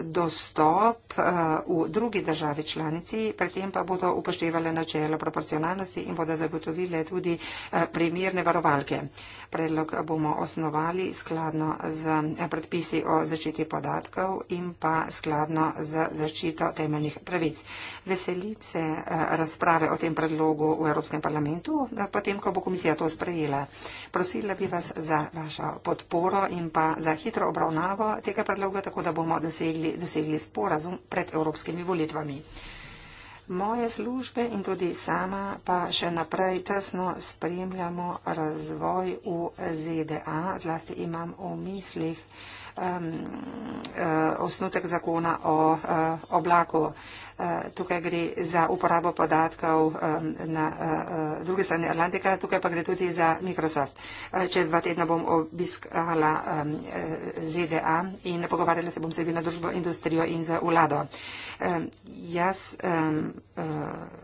Speaker 4: dostop v drugi državi članici, predtem pa bodo upoštevali načelo proporcionalnosti in bodo zagotovile tudi eh, primirne varovalke. Predlog bomo osnovali skladno z eh, predpisi o zaščiti podatkov in pa skladno z zaščito temeljnih pravic. Veselim se eh, razprave o tem predlogu v Evropskem parlamentu, potem, ko bo komisija to sprejela. Prosila bi vas za vašo podporo in pa za hitro obravnavo tega predloga, tako da bomo dosegli, dosegli sporazum pred evropskimi volitvami moje službe in tudi sama pa še naprej tesno spremljamo razvoj v ZDA. Zlasti imam v mislih um, uh, osnutek zakona o uh, oblaku. Uh, Eh, tukaj gre za uporabo podatkov na eh, eh, druge strani Atlantika, tukaj pa gre tudi za Microsoft. Čez dva tedna bom obiskala ZDA in pogovarjala se bom s civilno družbo, industrijo in za vlado. Jaz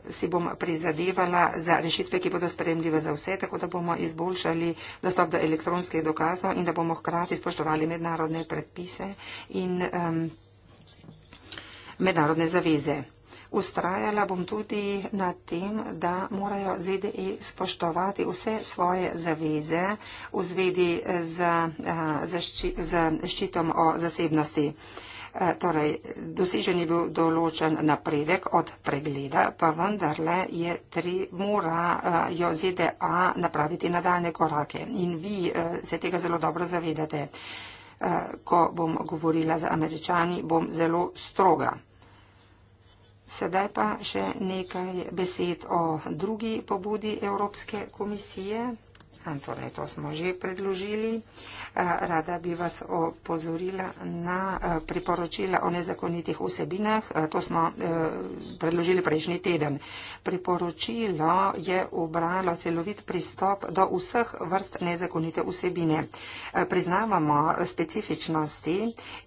Speaker 4: si bom prizadevala za rešitve, ki bodo spremljive za vse, tako da bomo izboljšali dostop do elektronskih dokazov in da bomo hkrati spoštovali mednarodne predpise in um, mednarodne zaveze. Ustrajala bom tudi na tem, da morajo ZDE spoštovati vse svoje zaveze v zvedi z, eh, z ščitom o zasebnosti. Eh, torej, dosežen je bil določen napredek od pregleda, pa vendarle je tri mora eh, jo ZDA napraviti nadaljne korake. In vi se tega zelo dobro zavedate. Ko bom govorila z američani, bom zelo stroga. Sedaj pa še nekaj besed o drugi pobudi Evropske komisije. Hm, torej, to smo že predložili. Rada bi vas opozorila na priporočila o nezakonitih vsebinah. To smo e, predložili prejšnji teden. Priporočilo je obralo celovit pristop do vseh vrst nezakonite vsebine. Priznavamo specifičnosti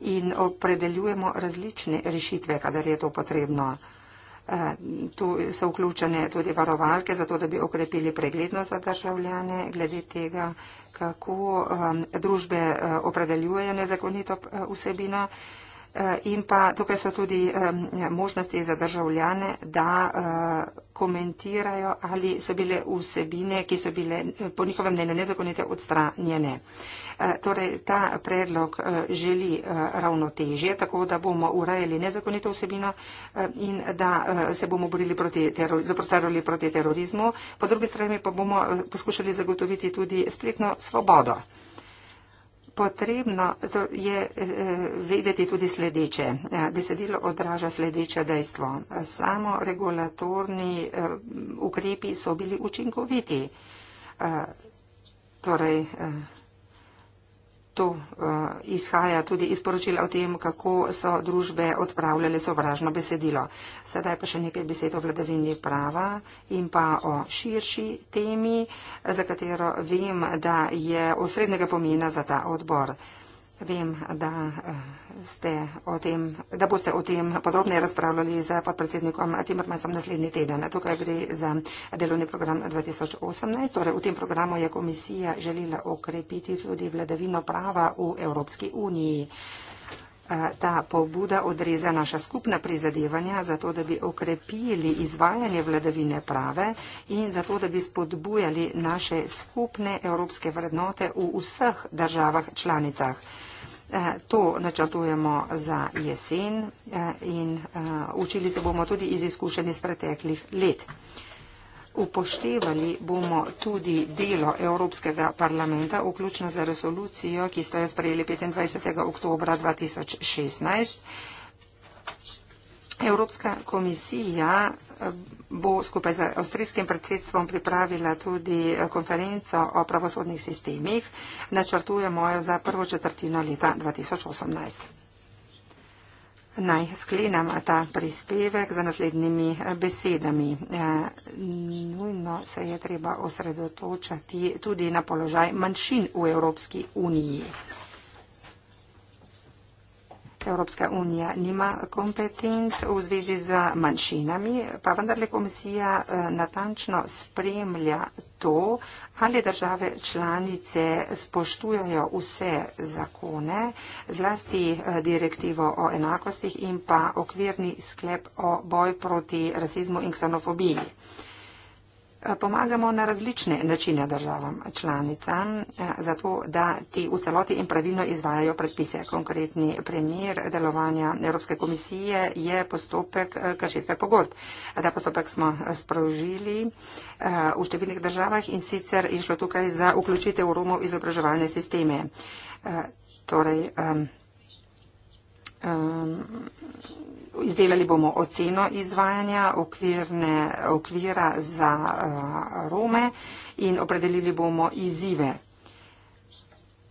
Speaker 4: in opredeljujemo različne rešitve, kadar je to potrebno. Eh, tu so vključene tudi varovalke, zato da bi okrepili pregledno za državljane glede tega, kako družbe eh, opredeljujejo nezakonito eh, vsebino. In pa tukaj so tudi možnosti za državljane, da komentirajo, ali so bile vsebine, ki so bile po njihovem mnenju nezakonite, odstranjene. Eh, torej, ta predlog eh, želi eh, ravnotežje, tako da bomo urajali nezakonito vsebino in da se bomo borili proti zaprostarili proti terorizmu, po drugi strani pa bomo poskušali zagotoviti tudi spletno svobodo. Potrebno je vedeti tudi sledeče. Besedilo odraža sledeče dejstvo. Samo regulatorni ukrepi so bili učinkoviti. Torej, To uh, izhaja tudi iz poročila o tem, kako so družbe odpravljale sovražno besedilo. Sedaj pa še nekaj besed o vladavini prava in pa o širši temi, za katero vem, da je osrednjega pomena za ta odbor. Vem, da. Uh, o tem, da boste o tem podrobneje razpravljali z podpredsednikom Timrmasom naslednji teden. Tukaj gre za delovni program 2018. Torej, v tem programu je komisija želela okrepiti tudi vladavino prava v Evropski uniji. Ta pobuda odreza naša skupna prizadevanja za to, da bi okrepili izvajanje vladavine prave in za to, da bi spodbujali naše skupne evropske vrednote v vseh državah članicah. Eh, to načrtujemo za jesen eh, in eh, učili se bomo tudi iz izkušenj iz preteklih let. Upoštevali bomo tudi delo Evropskega parlamenta, vključno za resolucijo, ki ste jo sprejeli 25. oktober 2016. Evropska komisija bo skupaj z avstrijskim predsedstvom pripravila tudi eh, konferenco o pravosodnih sistemih, načrtujemo jo za prvo četrtino leta 2018. Naj sklenem ta prispevek za naslednjimi eh, besedami. Eh, nujno se je treba osredotočati tudi na položaj manjšin v Evropski uniji. Evropska unija nima kompetenc v zvezi z manjšinami, pa vendarle komisija eh, natančno spremlja to, ali države članice spoštujajo vse zakone, zlasti eh, direktivo o enakostih in pa okvirni sklep o boj proti rasizmu in ksenofobiji pomagamo na različne načine državam članicam, eh, zato da ti v celoti in pravilno izvajajo predpise. Konkretni primer delovanja Evropske komisije je postopek eh, kašitve pogodb. Ta postopek smo eh, sprožili v številnih državah in sicer je šlo tukaj za vključitev Romov v izobraževalne sisteme. Torej, um, um, Izdelali bomo oceno izvajanja okvirne, okvira za eh, Rome in opredelili bomo izzive.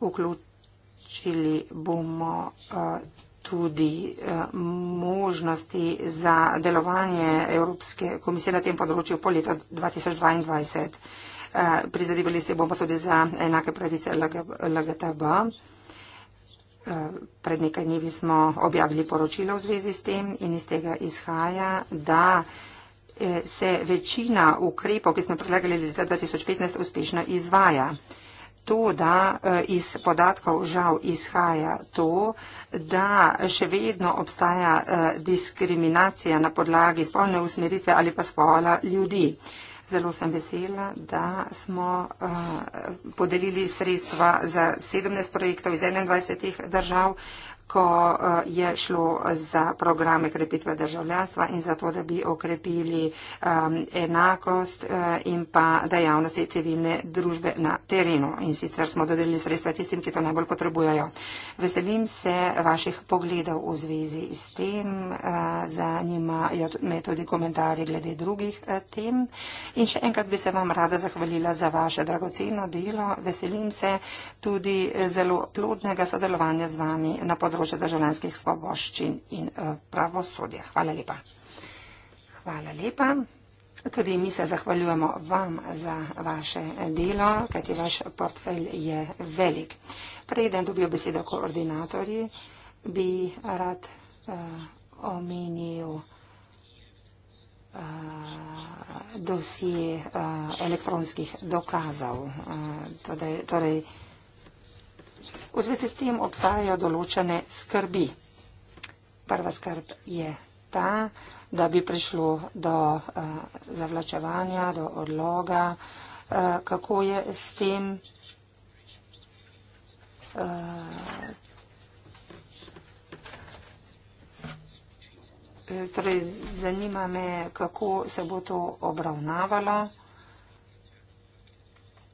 Speaker 4: Vključili bomo eh, tudi eh, možnosti za delovanje Evropske komisije na tem področju po leto 2022. Prizadevali se bomo tudi za enake pravice LGTB. LG, LG, LG, LG, LG, LG, LG, LG, Eh, pred nekaj dnevi smo objavili poročilo v zvezi s tem in iz tega izhaja, da eh, se večina ukrepov, ki smo predlagali leta 2015, uspešno izvaja. To, da eh, iz podatkov žal izhaja to, da še vedno obstaja diskriminacija na podlagi spolne usmeritve ali pa spola ljudi. Zelo sem vesela, da smo uh, podelili sredstva za 17 projektov iz 21 držav. Uh, ko eh, je šlo za programe krepitve državljanstva in za to, da bi okrepili um, enakost uh, in pa dejavnosti civilne družbe na terenu. In sicer smo dodelili sredstva tistim, ki to najbolj potrebujejo. Veselim se vaših pogledov v zvezi s tem. Uh, zanimajo me tudi komentarji glede drugih uh, tem. In še enkrat bi se vam rada zahvalila za vaše dragoceno delo. Veselim se tudi zelo plodnega sodelovanja z vami na področju področja državljanskih svoboščin in eh, pravosodja. Hvala lepa. Hvala lepa. Tudi mi se zahvaljujemo vam za vaše delo, kajti vaš portfelj je velik. Preden dobijo besedo koordinatorji, bi rad uh, omenil uh, dosje uh, elektronskih dokazov. Uh, torej, torej, V zvezi s tem obstajajo določene skrbi. Prva skrb je ta, da bi prišlo do uh, zavlačevanja, do odloga. Uh, kako je s tem? Uh, torej, zanima me, kako se bo to obravnavalo.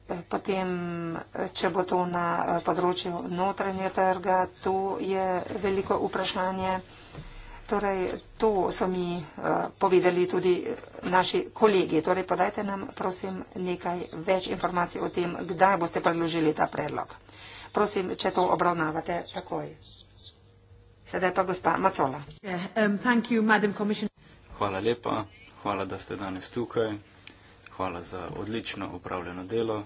Speaker 4: Potem, če bo to na eh, področju notranje trga, to je veliko vprašanje. Torej, to so mi eh, povedali tudi eh, naši kolegi. Torej, podajte nam, prosim, nekaj več informacij o tem, kdaj boste predložili ta predlog. Prosim, če to obravnavate takoj. Sedaj pa gospa Macola.
Speaker 1: Um,
Speaker 2: hvala lepa, hvala, da ste danes tukaj. Hvala za odlično upravljeno delo.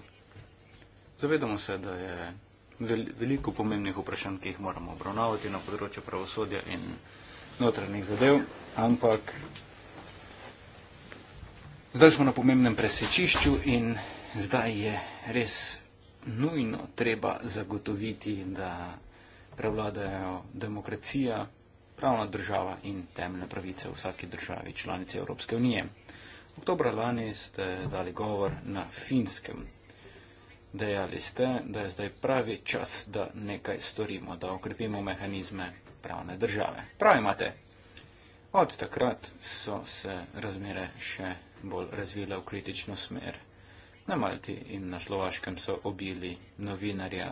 Speaker 2: Zavedamo se, da je veliko pomembnih vprašanj, ki jih moramo obravnavati na področju pravosodja in notranjih zadev, ampak zdaj smo na pomembnem presečišču in zdaj je res nujno treba zagotoviti, da prevladajo demokracija, pravna država in temne pravice v vsaki državi članice Evropske unije. Oktober lani ste dali govor na finskem. Dejali ste, da je zdaj pravi čas, da nekaj storimo, da okrepimo mehanizme pravne države. Prav imate. Od takrat so se razmere še bolj razvile v kritično smer. Na Malti in na Slovaškem so obili novinarja,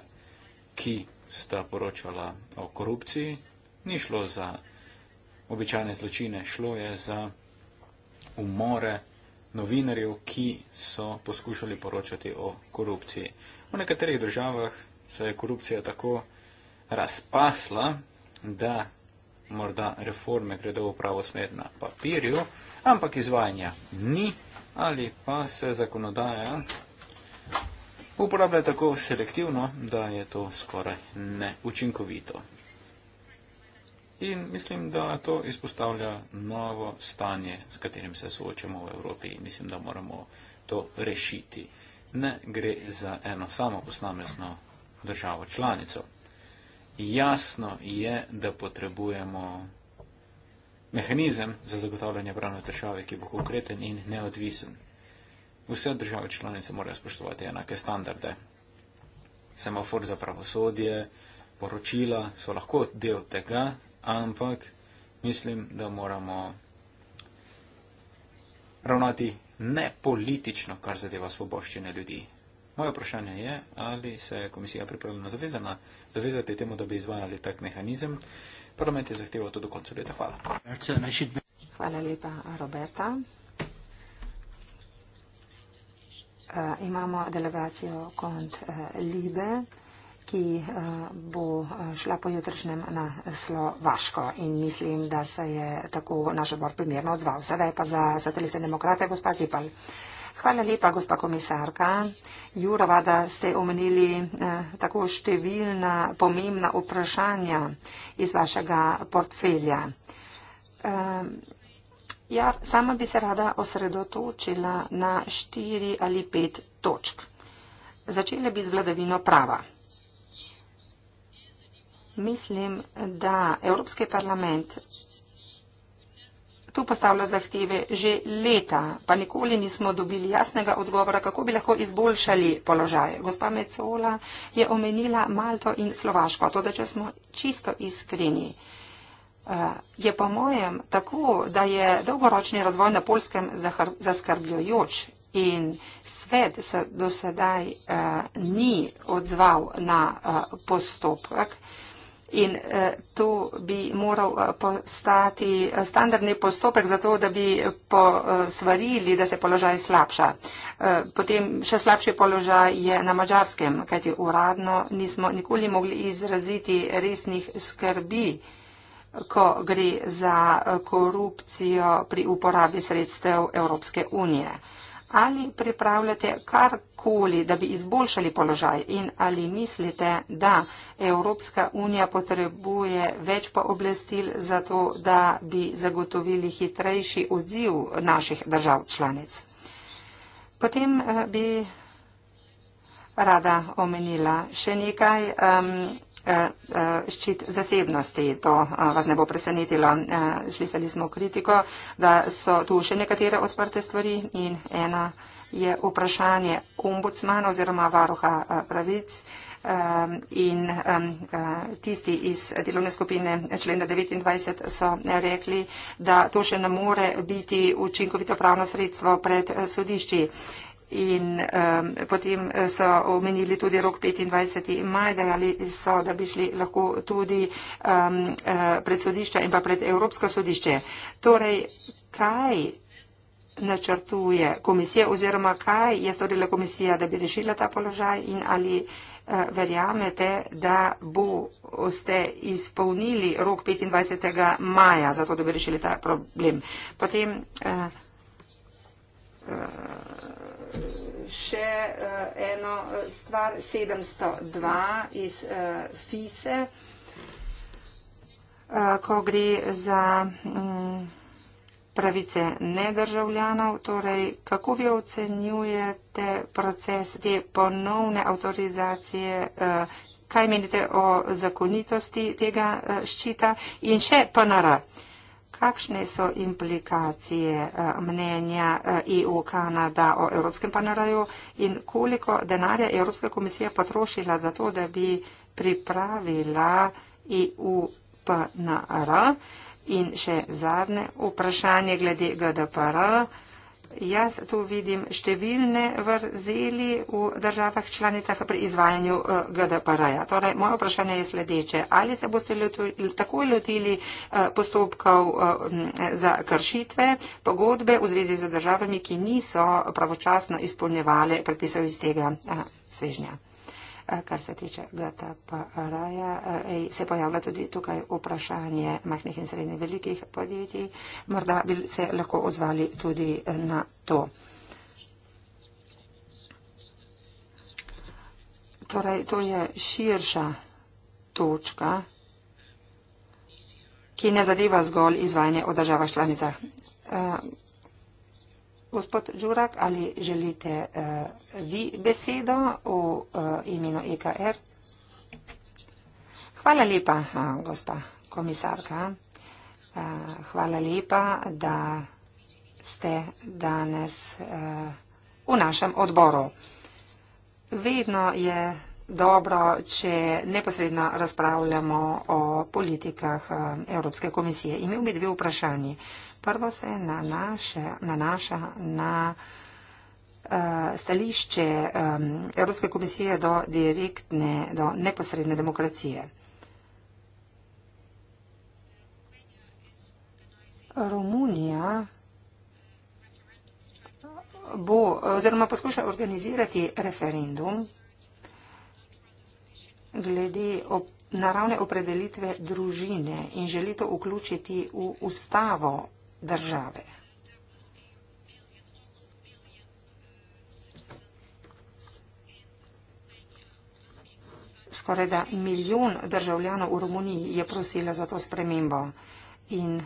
Speaker 2: ki sta poročala o korupciji. Ni šlo za običajne zločine, šlo je za umore novinarjev, ki so poskušali poročati o korupciji. V nekaterih državah se je korupcija tako razpasla, da morda reforme gredo v pravo smer na papirju, ampak izvajanja ni ali pa se zakonodaja uporablja tako selektivno, da je to skoraj neučinkovito. In mislim, da to izpostavlja novo stanje, s katerim se soočamo v Evropi in mislim, da moramo to rešiti. Ne gre za eno samo posamezno državo članico. Jasno je, da potrebujemo mehanizem za zagotavljanje pravne države, ki bo konkreten in neodvisen. Vse države članice morajo spoštovati enake standarde. Semafor za pravosodje, poročila so lahko del tega, ampak mislim, da moramo ravnati nepolitično, kar zadeva svoboščine ljudi. Moje vprašanje je, ali se je komisija pripravljena zavezana, zavezati temu, da bi izvajali tak mehanizem. Parlament je zahteval to do konca leta. Hvala.
Speaker 4: Hvala lepa, Roberta. Uh, imamo delegacijo kont uh, Libe ki eh, bo eh, šla po jutrišnjem na Slovaško. In mislim, da se je tako naš odbor primerno odzval. Sedaj pa za socialiste demokrate, gospa Zipal. Hvala lepa, gospa komisarka. Jurova, da ste omenili eh, tako številna pomembna vprašanja iz vašega portfelja. Eh, ja, sama bi se rada osredotočila na štiri ali pet točk. Začela bi z vladavino prava mislim, da Evropski parlament tu postavlja zahteve že leta, pa nikoli nismo dobili jasnega odgovora, kako bi lahko izboljšali položaje. Gospa Mecola je omenila Malto in Slovaško, to, da če smo čisto iskreni, eh, je po mojem tako, da je dolgoročni razvoj na polskem zaskrbljujoč. In svet se do sedaj uh, ni odzval na uh, postopek. Uh, in eh, to bi moral eh, postati eh, standardni postopek za to, da bi posvarili, eh, da se položaj slabša. Eh, potem še slabši položaj je na mačarskem, kajti uradno nismo nikoli mogli izraziti resnih skrbi ko gre za eh, korupcijo pri uporabi sredstev Evropske unije. Ali pripravljate karkoli, da bi izboljšali položaj in ali mislite, da Evropska unija potrebuje več pa oblastil za to, da bi zagotovili hitrejši odziv naših držav članic? Potem eh, bi rada omenila še nekaj. Um, Eh, eh, ščit zasebnosti. To eh, vas ne bo presenetilo. Slišali smo kritiko, da so tu še nekatere odprte stvari in ena je vprašanje ombudsmana oziroma varuha pravic in tisti iz delovne skupine člena 29 so rekli, da to še ne more biti učinkovito pravno sredstvo pred sodišči in um, potem eh, so omenili tudi rok 25. maja, dejali so, da bi šli lahko tudi um, eh, pred sodišče in pa pred Evropsko sodišče. Torej, kaj načrtuje komisija oziroma kaj je storila komisija, da bi rešila ta položaj in ali uh, verjamete, da boste izpolnili rok 25. maja za to, da bi rešili ta problem. Potem, uh, uh, še uh, eno eh, stvar, 702 iz uh, FISE, uh, ko gre za um, pravice nedržavljanov. Torej, kako vi ocenjujete proces te ponovne avtorizacije? Uh, kaj menite o zakonitosti tega uh, ščita? In še PNR. Uh, kakšne so implikacije eh, mnenja EU eh, e Kanada o Evropskem panoraju in koliko denarja Evropska komisija potrošila za to, da bi pripravila EU PNR. In še zadnje vprašanje glede GDPR. -a. Jaz tu vidim številne vrzeli v državah članicah pri izvajanju eh, GDPR-ja. Torej, moje vprašanje je sledeče. Ali se boste takoj lotili eh, postopkov eh, za kršitve pogodbe v zvezi z državami, ki niso pravočasno izpolnjevale predpisov iz tega svežnja? Eh, kar se tiče Gata pa Raja. Eh, se pojavlja tudi tukaj vprašanje majhnih in srednjih velikih podjetij. Morda bi se lahko odzvali tudi eh, na to. Torej, to je širša točka, ki ne zadeva zgolj izvajanje v državah članicah. Gospod Đurak, ali želite uh, vi besedo v uh, imenu EKR? Hvala lepa, uh, gospa komisarka. Uh, hvala lepa, da ste danes uh, v našem odboru. Vedno je dobro, če neposredno razpravljamo o politikah eh, Evropske komisije. Imel bi dve vprašanje. Prvo se nanaša, nanaša na eh, stališče Evropske komisije do direktne, do neposredne demokracije. Romunija bo oziroma poskuša organizirati referendum glede op naravne opredelitve družine in želi to vključiti v ustavo države. Skoraj da milijon državljanov v Romuniji je prosila za to spremembo in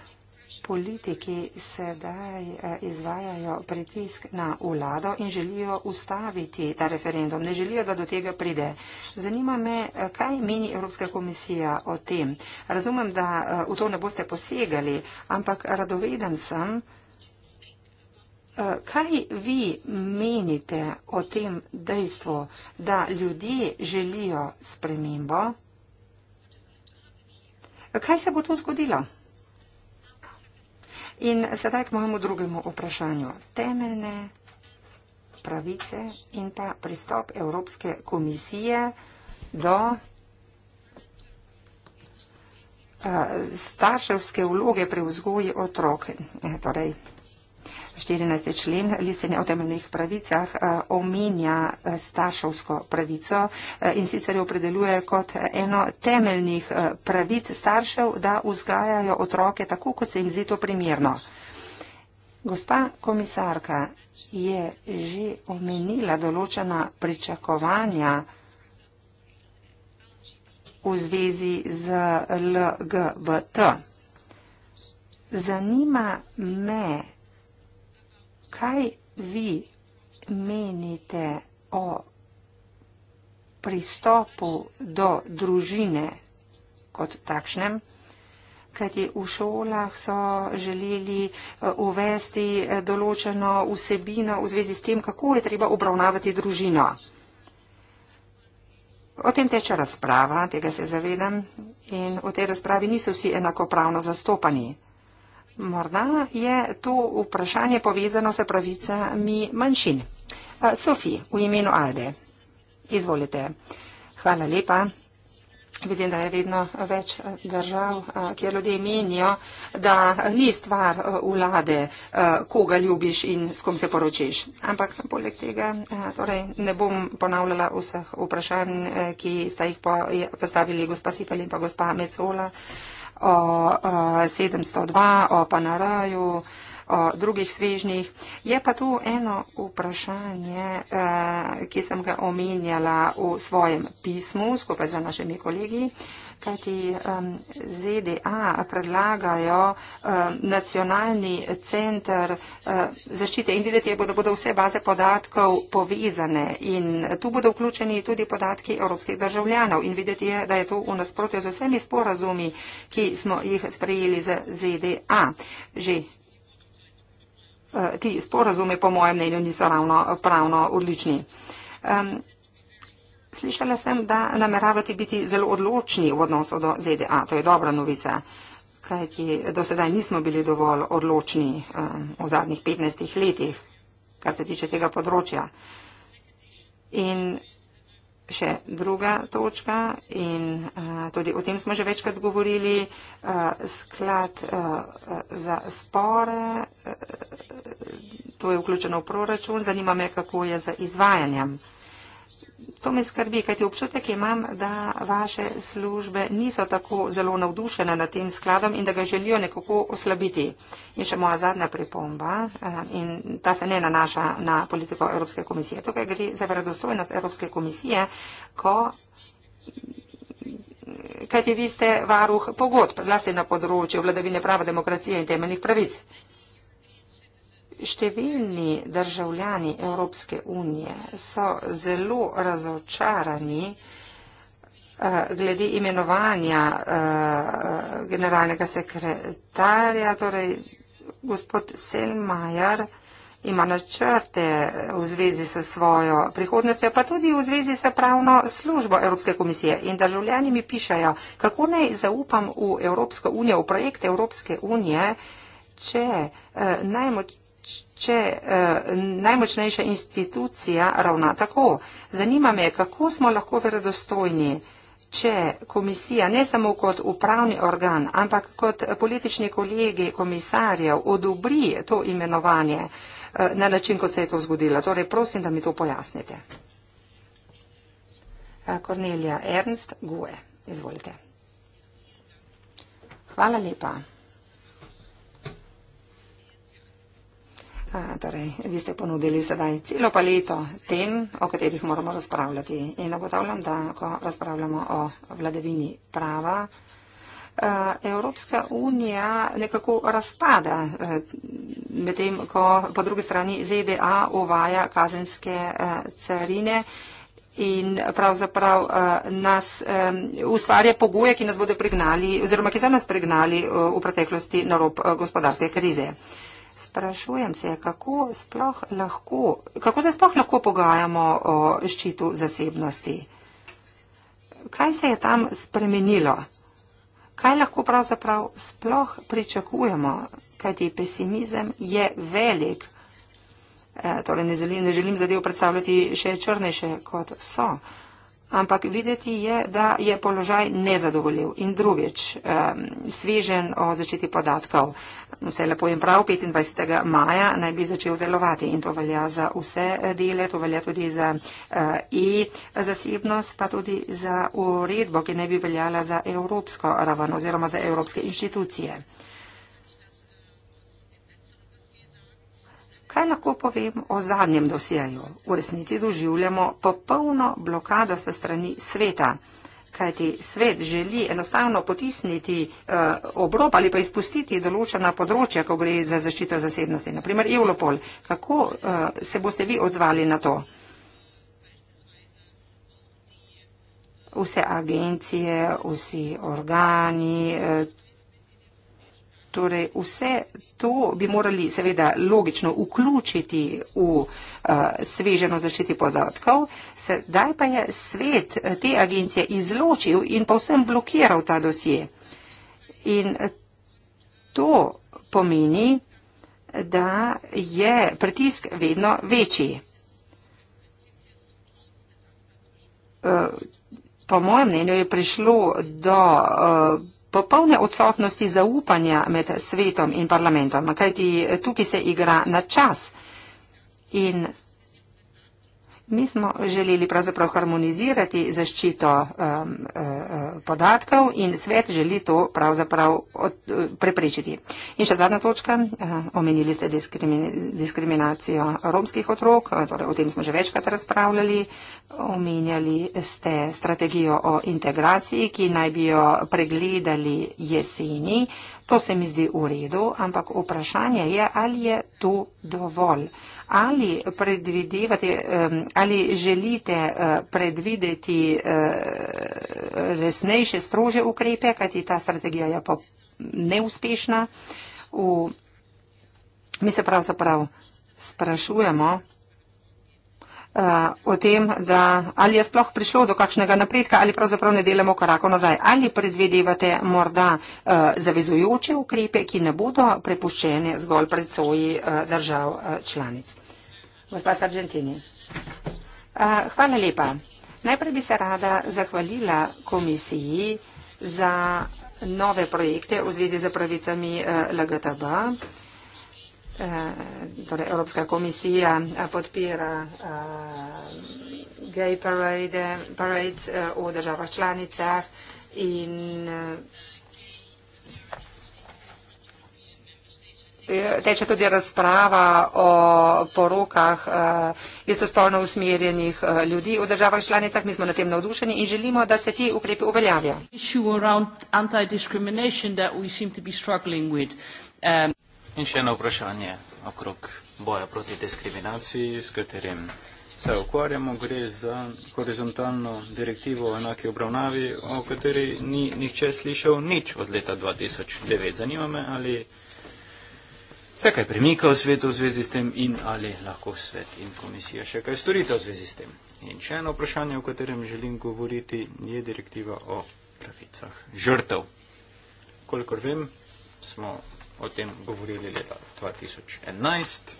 Speaker 4: politiki sedaj eh, izvajajo pritisk na vlado in želijo ustaviti ta referendum. Ne želijo, da do tega pride. Zanima me, eh, kaj meni Evropska komisija o tem. Razumem, da eh, v to ne boste posegali, ampak radoveden sem, kaj vi menite o tem dejstvu, da ljudje želijo spremembo. Kaj se bo to zgodilo? In sedaj k mojemu drugemu vprašanju. Temeljne pravice in pa pristop Evropske komisije do eh, starševske vloge pri vzgoji otroke. Eh, torej, 14. člen listine o temeljnih pravicah eh, omenja eh, staršovsko pravico eh, in sicer jo opredeljuje kot eno temeljnih pravic staršev, da vzgajajo otroke tako, kot se jim zdi to primerno. Gospa komisarka je že omenila določena pričakovanja v zvezi z LGBT. Zanima me, kaj vi menite o pristopu do družine kot takšnem? kajti v šolah so želeli eh, uvesti eh, določeno vsebino v zvezi s tem, kako je treba obravnavati družino. O tem teče razprava, tega se zavedam, in v tej razpravi niso vsi enakopravno zastopani. Morda je to vprašanje povezano s pravicami manjšin. Eh, Sofi, v imenu Alde, izvolite. Hvala lepa. Vidim, da je vedno več eh, držav, eh, kjer ljudje menijo, da ni stvar vlade, koga ljubiš in s kom se poročiš. Ampak poleg tega torej, ne bom ponavljala vseh vprašanj, ki sta jih postavili gospa Sipel in pa gospa Mecola o 702, o Panaraju, o drugih svežnjih. Je pa tu eno vprašanje, eh, ki sem ga omenjala v svojem pismu skupaj z našimi kolegi kajti um, ZDA predlagajo um, nacionalni centr uh, zaščite in videti je, da bodo vse baze podatkov povezane in tu bodo vključeni tudi podatki evropskih državljanov in videti je, da je to v nasprotju z vsemi sporazumi, ki smo jih sprejeli z ZDA. Že uh, ti sporazumi, po mojem mnenju, niso ravno pravno odlični. Um, Slišala sem, da nameravate biti zelo odločni v odnosu do ZDA. To je dobra novica, kajti do sedaj nismo bili dovolj odločni eh, v zadnjih 15 letih, kar se tiče tega področja. In še druga točka in eh, tudi o tem smo že večkrat govorili, eh, sklad za spore, to je vključeno v proračun, zanima me, kako je za izvajanjem to me skrbi, kajti občutek imam, da vaše službe niso tako zelo navdušene nad tem skladom in da ga želijo nekako oslabiti. In še moja zadnja pripomba, eh, in ta se ne nanaša na politiko Evropske komisije. Tukaj gre za verodostojnost Evropske komisije, ko kajti vi ste varuh pogodb, zlasti na področju vladavine prava, demokracije in temeljnih pravic. Številni državljani Evropske unije so zelo razočarani eh, glede imenovanja eh, generalnega sekretarja, torej gospod Selmajer ima načrte v zvezi s svojo prihodnostjo, pa tudi v zvezi s pravno službo Evropske komisije. In državljani mi pišajo, kako naj zaupam v Evropsko unijo, v projekte Evropske unije, če eh, najmoč če eh, najmočnejša institucija ravna tako. Zanima me, kako smo lahko verodostojni, če komisija ne samo kot upravni organ, ampak kot politični kolegi komisarjev odobri to imenovanje eh, na način, kot se je to zgodilo. Torej, prosim, da mi to pojasnite. Eh, Kornelija Ernst, Gue, izvolite. Hvala lepa. Torej, vi ste ponudili sedaj celo paleto tem, o katerih moramo razpravljati. In ugotavljam, da ko razpravljamo o vladavini prava, Evropska unija nekako razpada, medtem ko po drugi strani ZDA uvaja kazenske carine. In pravzaprav uh, nas um, ustvarja pogoje, ki nas bodo pregnali, oziroma ki so nas pregnali uh, v preteklosti na rob uh, gospodarske krize. Uh, sprašujem se, kako, lahko, kako se sploh lahko pogajamo o ščitu zasebnosti. Kaj se je tam spremenilo? Kaj lahko pravzaprav sploh pričakujemo, kajti pesimizem je velik. E, torej ne, želim, ne želim zadev predstavljati še črnejše, kot so ampak videti je, da je položaj nezadovoljiv. In drugič, um, svežen o začeti podatkov, vse lepo in prav, 25. maja naj bi začel delovati in to velja za vse dele, to velja tudi za uh, e-zasebnost, pa tudi za uredbo, ki naj bi veljala za evropsko raven oziroma za evropske inštitucije. Kaj lahko povem o zadnjem dosijaju? V resnici doživljamo popolno blokado se strani sveta, kajti svet želi enostavno potisniti eh, obrob ali pa izpustiti določena področja, ko gre za zaščito zasebnosti, naprimer Evropol. Kako eh, se boste vi odzvali na to? Vse agencije, vsi organi. Eh, Torej, vse to bi morali seveda logično vključiti v uh, sveženo zaščiti podatkov, sedaj pa je svet eh, te agencije izločil in povsem blokiral ta dosje. In eh, to pomeni, da je pritisk vedno večji. Uh, po mojem mnenju je prišlo do. Uh, popolne odsotnosti zaupanja med svetom in parlamentom, kajti tukaj se igra na čas. In mi smo želeli pravzaprav harmonizirati zaščito um, um, podatkov in svet želi to pravzaprav od, preprečiti. In še zadnja točka, eh, omenili ste diskrimi, diskriminacijo romskih otrok, eh, torej o tem smo že večkrat razpravljali, omenjali ste strategijo o integraciji, ki naj bi jo pregledali jeseni, To se mi zdi v redu, ampak vprašanje je, ali je to dovolj. Ali predvidevate, ali želite eh, predvideti eh, resnejše, strože ukrepe, kajti ta strategija je pa neuspešna. V, mi se pravzaprav sprašujemo, Eh, o tem, da ali je sploh prišlo do kakšnega napredka ali pravzaprav ne delamo korakov nazaj. Ali predvidevate morda eh, zavezujoče ukrepe, ki ne bodo prepuščene zgolj pred soji eh, držav članic? Gospa Sargentini. Hvala lepa. Najprej bi se rada zahvalila komisiji za nove projekte v zvezi z pravicami LGTB. Eh, torej Evropska komisija eh, podpira eh, gay parade, parade v državah članicah in teče tudi razprava o porokah istospolno usmerjenih ljudi v državah članicah. Mi smo na tem navdušeni in želimo, da se ti ukrepi uveljavijo.
Speaker 2: In še eno vprašanje okrog boja proti diskriminaciji, s katerim se ukvarjamo, gre za horizontalno direktivo o enaki obravnavi, o kateri ni nihče slišal nič od leta 2009. Zanima me, ali se kaj premika v svetu v zvezi s tem in ali lahko svet in komisija še kaj storita v zvezi s tem. In še eno vprašanje, o katerem želim govoriti, je direktiva o pravicah žrtev. Kolikor vem, smo o tem govorili leta 2011.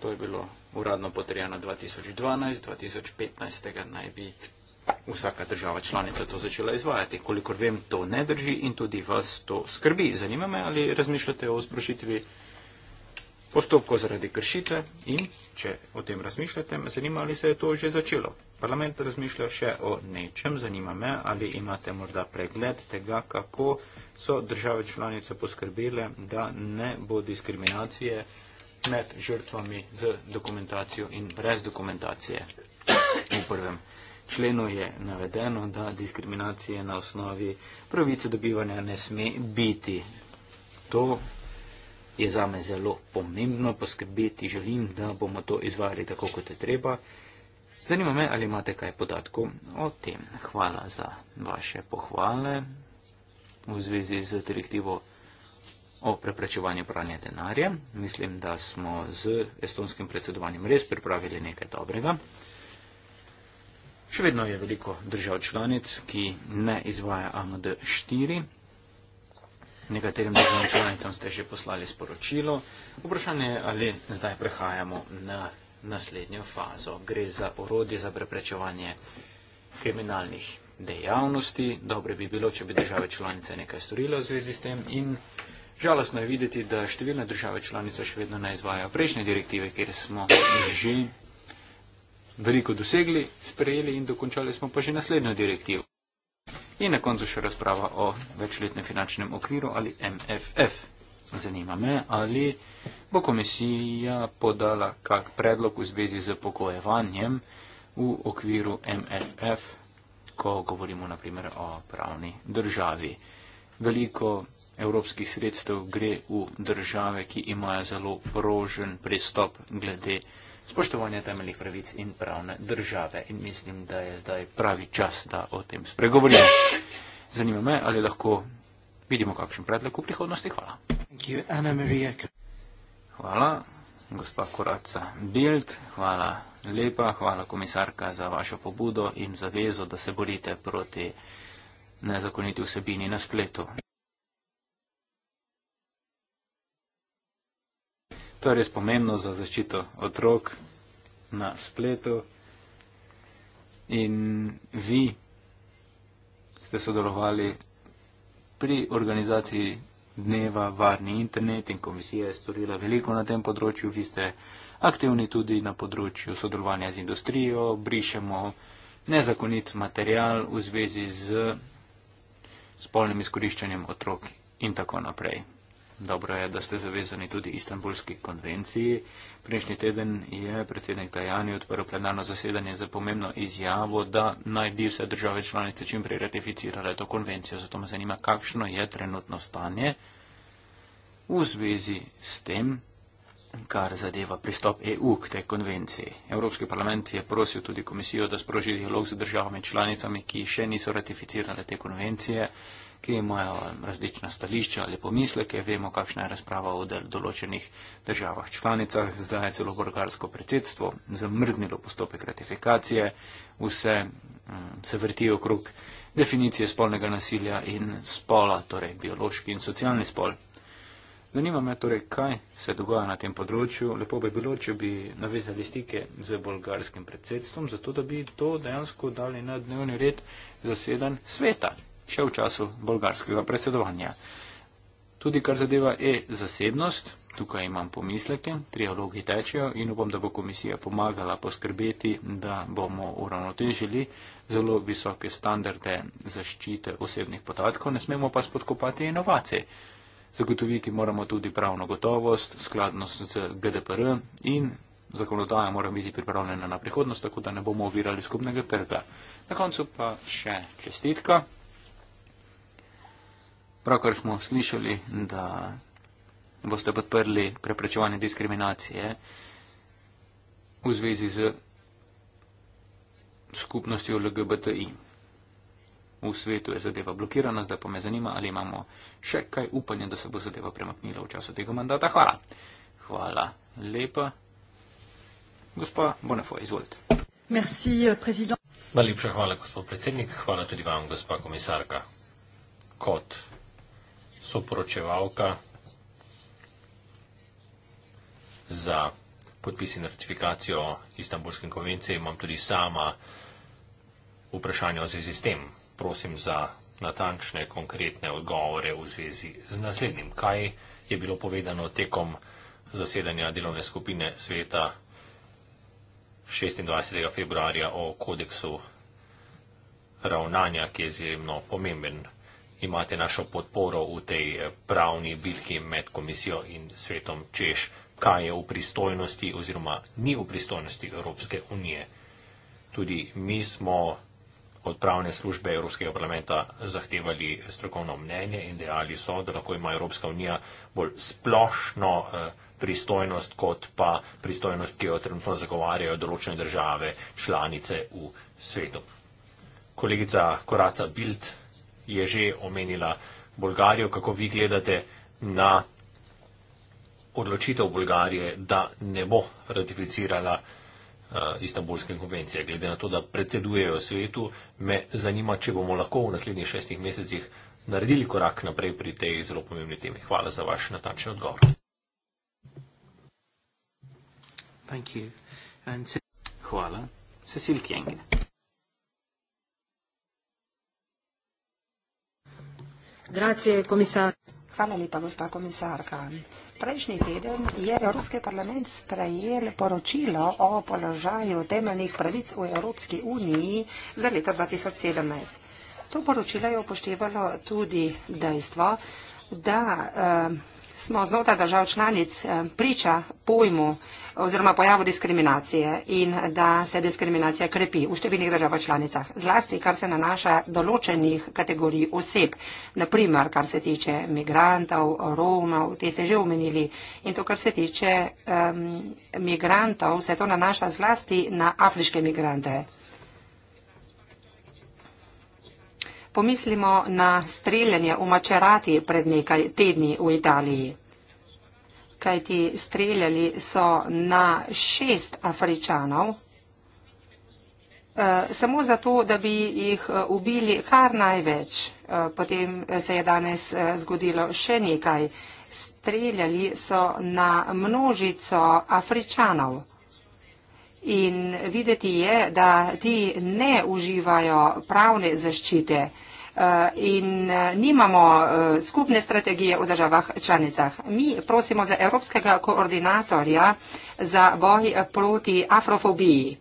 Speaker 2: To je bilo uradno potrjeno 2012, 2015. naj bi vsaka država članica to začela izvajati. Kolikor vem, to ne drži in tudi vas to skrbi. Zanima me, ali razmišljate o sprošitvi postopkov zaradi kršitve in, če o tem razmišljate, me zanima, ali se je to že začelo parlament razmišlja še o nečem. Zanima me, ali imate morda pregled tega, kako so države članice poskrbele, da ne bo diskriminacije med žrtvami z dokumentacijo in brez dokumentacije. V prvem členu je navedeno, da diskriminacije na osnovi pravice dobivanja ne sme biti. To je zame zelo pomembno poskrbeti. Želim, da bomo to izvajali tako, kot je treba. Zanima me, ali imate kaj podatkov o tem. Hvala za vaše pohvale v zvezi z direktivo o preprečevanju pranja denarja. Mislim, da smo z estonskim predsedovanjem res pripravili nekaj dobrega. Še vedno je veliko držav članic, ki ne izvaja AMD 4. Nekaterim državam članicam ste že poslali sporočilo. Vprašanje je, ali zdaj prehajamo na naslednjo fazo. Gre za orodje za preprečevanje kriminalnih dejavnosti. Dobre bi bilo, če bi države članice nekaj storile v zvezi s tem in žalostno je videti, da številne države članice še vedno ne izvajajo prejšnje direktive, kjer smo že veliko dosegli, sprejeli in dokončali smo pa že naslednjo direktivo. In na koncu še razprava o večletnem finančnem okviru ali MFF. Zanima me, ali bo komisija podala kak predlog v zvezi z pokojevanjem v okviru MFF, ko govorimo naprimer o pravni državi. Veliko evropskih sredstev gre v države, ki imajo zelo prožen pristop glede spoštovanja temeljnih pravic in pravne države. In mislim, da je zdaj pravi čas, da o tem spregovorimo. Zanima me, ali lahko vidimo kakšen predlog v prihodnosti. Hvala. Hvala, gospa Koraca Bild, hvala lepa, hvala komisarka za vašo pobudo in zavezo, da se borite proti nezakoniti vsebini na spletu. To je res pomembno za zaščito otrok na spletu. In vi ste sodelovali pri organizaciji dneva varni internet in komisija je storila veliko na tem področju. Vi ste aktivni tudi na področju sodelovanja z industrijo, brišemo nezakonit material v zvezi z spolnim izkoriščanjem otrok in tako naprej. Dobro je, da ste zavezani tudi Istanbulski konvenciji. Prejšnji teden je predsednik Tajani odprl plenarno zasedanje za pomembno izjavo, da naj bi vse države članice čimprej ratificirale to konvencijo. Zato me zanima, kakšno je trenutno stanje v zvezi s tem, kar zadeva pristop EU k tej konvenciji. Evropski parlament je prosil tudi komisijo, da sproži dialog z državami članicami, ki še niso ratificirale te konvencije ki imajo različna stališča ali pomisleke. Vemo, kakšna je razprava v določenih državah članicah. Zdaj je celo bolgarsko predsedstvo zamrznilo postopek ratifikacije. Vse se vrti okrog definicije spolnega nasilja in spola, torej biološki in socialni spol. Zanima me torej, kaj se dogaja na tem področju. Lepo bi bilo, če bi navezali stike z bolgarskim predsedstvom, zato da bi to dejansko dali na dnevni red zaseden sveta še v času bolgarskega predsedovanja. Tudi kar zadeva e-zasebnost, tukaj imam pomisleke, trialogi tečejo in upam, da bo komisija pomagala poskrbeti, da bomo uravnotežili zelo visoke standarde zaščite osebnih podatkov, ne smemo pa spodkopati inovacije. Zagotoviti moramo tudi pravno gotovost, skladnost z GDPR in zakonodaja mora biti pripravljena na prihodnost, tako da ne bomo ovirali skupnega trga. Na koncu pa še čestitka. Pravkar smo slišali, da boste podprli preprečevanje diskriminacije v zvezi z skupnostjo LGBTI. V svetu je zadeva blokirana, zdaj pa me zanima, ali imamo še kaj upanja, da se bo zadeva premaknila v času tega mandata. Hvala. Hvala lepa. Gospa
Speaker 3: Bonafoy, izvolite. Merci, Najlepša hvala, gospod predsednik. Hvala tudi vam, gospa komisarka. Kot soporočevalka za podpis in ratifikacijo Istanbulske konvencije, imam tudi sama vprašanje o zvezi s tem. Prosim za natančne, konkretne odgovore v zvezi z naslednjim. Kaj je bilo povedano tekom zasedanja delovne skupine sveta 26. februarja o kodeksu ravnanja, ki je izjemno pomemben? imate našo podporo v tej eh, pravni bitki med komisijo in svetom, češ, kaj je v pristojnosti oziroma ni v pristojnosti Evropske unije. Tudi mi smo od pravne službe Evropskega parlamenta zahtevali strokovno mnenje in dejali so, da lahko ima Evropska unija bolj splošno eh, pristojnost kot pa pristojnost, ki jo trenutno zagovarjajo določene države, članice v svetu. Kolegica Koraca Bild, je že omenila Bolgarijo, kako vi gledate na odločitev Bolgarije, da ne bo ratificirala eh, Istanbulske konvencije. Glede na to, da predsedujejo svetu, me zanima, če bomo lahko v naslednjih šestih mesecih naredili korak naprej pri tej zelo pomembni temi. Hvala za vaš natančen odgovor.
Speaker 1: Hvala. Cecil Kienge.
Speaker 4: Hvala lepa, gospa komisarka. Prejšnji teden je Evropski parlament sprejel poročilo o položaju temeljnih pravic v Evropski uniji za leto 2017. To poročilo je upoštevalo tudi dejstvo, da. Uh, smo znotraj držav članic eh, priča pojmu oziroma pojavu diskriminacije in da se diskriminacija krepi v številnih državah članicah. Zlasti, kar se nanaša določenih kategorij oseb, naprimer, kar se tiče migrantov, romov, te ste že omenili. In to, kar se tiče um, migrantov, se to nanaša zlasti na afriške migrante. Pomislimo na streljanje v Mačerati pred nekaj tedni v Italiji. Kajti streljali so na šest Afričanov, eh, samo zato, da bi jih eh, ubili kar največ. Eh, potem se je danes zgodilo še nekaj. Streljali so na množico Afričanov. In videti je, da ti ne uživajo pravne zaščite. Eh, in eh, nimamo eh, skupne strategije v državah članicah. Mi prosimo za evropskega koordinatorja za boj proti afrofobiji.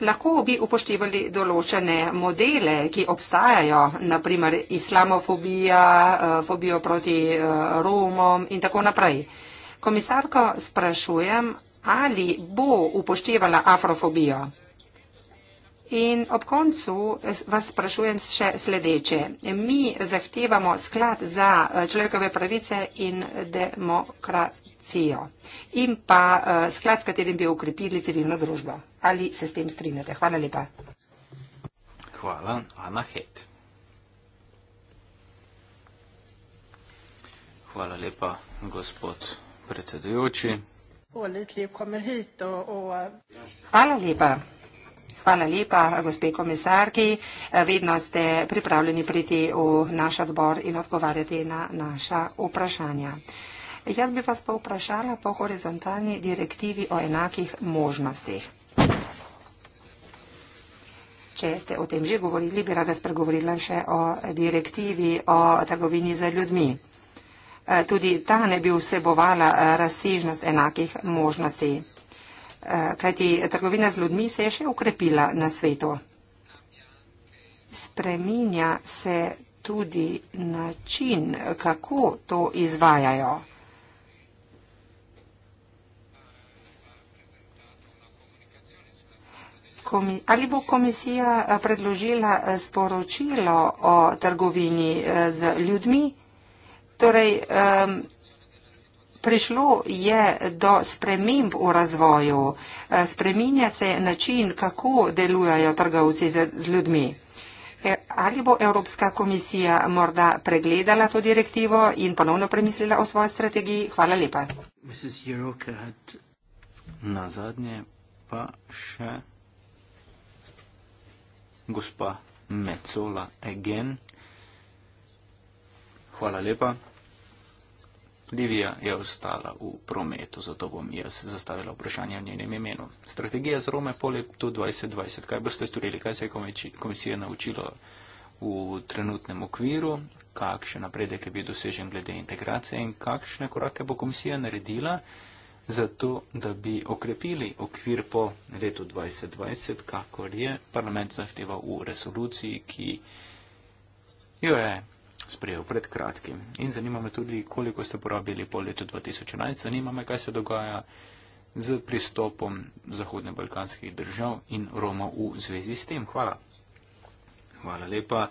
Speaker 4: Lahko bi upoštevali določene modele, ki obstajajo, naprimer islamofobija, fobijo proti Romom in tako naprej. Komisarko sprašujem, ali bo upoštevala afrofobijo. In ob koncu vas sprašujem še sledeče. Mi zahtevamo sklad za eh, človekove pravice in demokracijo in pa eh, sklad, s katerim bi ukrepili civilno družbo. Ali se s tem strinjate? Hvala lepa.
Speaker 2: Hvala. Ana Het. Hvala lepa, gospod predsedujoči
Speaker 4: pålitlig och kommer hit och... och... Hvala lepa. Hvala lepa, gospe komisarki. Eh, vedno ste pripravljeni priti v naš odbor in odgovarjati na naša vprašanja. Jaz bi vas pa vprašala po horizontalni direktivi o enakih možnostih. Če ste o tem že govorili, bi rada spregovorila še o direktivi o trgovini za ljudmi. Eh, tudi ta ne bi vsebovala eh, razsežnost enakih možnosti. Eh, kajti trgovina z ljudmi se je še ukrepila na svetu. Spreminja se tudi način, kako to izvajajo. Ali bo komisija predložila sporočilo o trgovini z ljudmi? Torej, um, prišlo je do sprememb v razvoju, eh, spreminja se način, kako delujejo trgovci z, z ljudmi. E, ali bo Evropska komisija morda pregledala to direktivo in ponovno premislila o svoji strategiji? Hvala lepa.
Speaker 1: Na zadnje
Speaker 2: pa še gospa Mecola Egen. Hvala lepa. Livija je ostala v prometu, zato bom jaz zastavila vprašanje v njenem imenu. Strategija za Rome pole tu 2020. Kaj boste storili? Kaj se je komisija naučila v trenutnem okviru? Kakšen napredek je bil dosežen glede integracije in kakšne korake bo komisija naredila zato, da bi okrepili okvir po letu 2020, kakor je parlament zahteval v resoluciji, ki jo je sprejel pred kratkim. In zanima me tudi, koliko ste porabili po letu 2011. Zanima me, kaj se dogaja z pristopom zahodnebalkanskih držav in Roma v zvezi s tem. Hvala. Hvala lepa.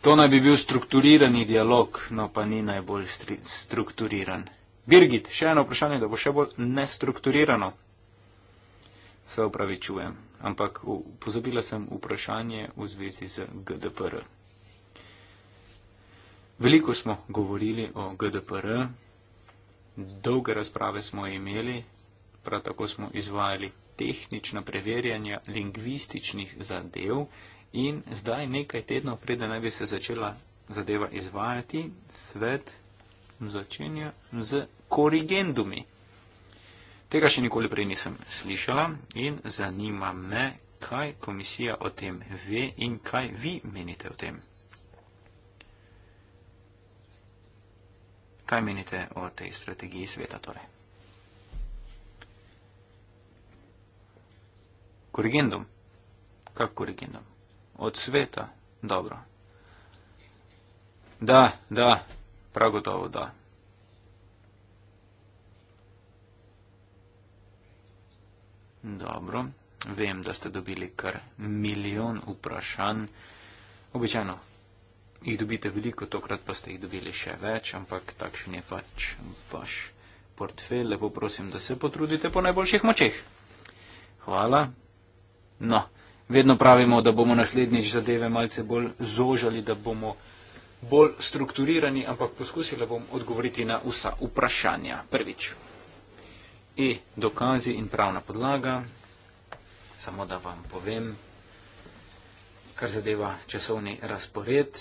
Speaker 2: To naj bi bil strukturirani dialog, no pa ni najbolj stri, strukturiran. Birgit, še eno vprašanje, da bo še bolj nestrukturirano. Se opravičujem, ampak pozabila sem vprašanje v zvezi z GDPR. -e. Veliko smo govorili o GDPR, dolge razprave smo imeli, prav tako smo izvajali tehnična preverjanja lingvističnih zadev in zdaj nekaj tednov preden naj bi se začela zadeva izvajati, svet začenja z korigendumi. Tega še nikoli prej nisem slišala in zanima me, kaj komisija o tem ve in kaj vi menite o tem. Kaj menite o tej strategiji sveta torej? Korigendum. Kak korigendum? Od sveta? Dobro. Da, da, prav gotovo da. Dobro, vem, da ste dobili kar milijon vprašanj. Običajno jih dobite veliko, tokrat pa ste jih dobili še več, ampak takšen je pač vaš portfel. Lepo prosim, da se potrudite po najboljših močeh. Hvala. No, vedno pravimo, da bomo naslednjič zadeve malce bolj zožali, da bomo bolj strukturirani, ampak poskusila bom odgovoriti na vsa vprašanja. Prvič. E, dokazi in pravna podlaga. Samo da vam povem, kar zadeva časovni razpored,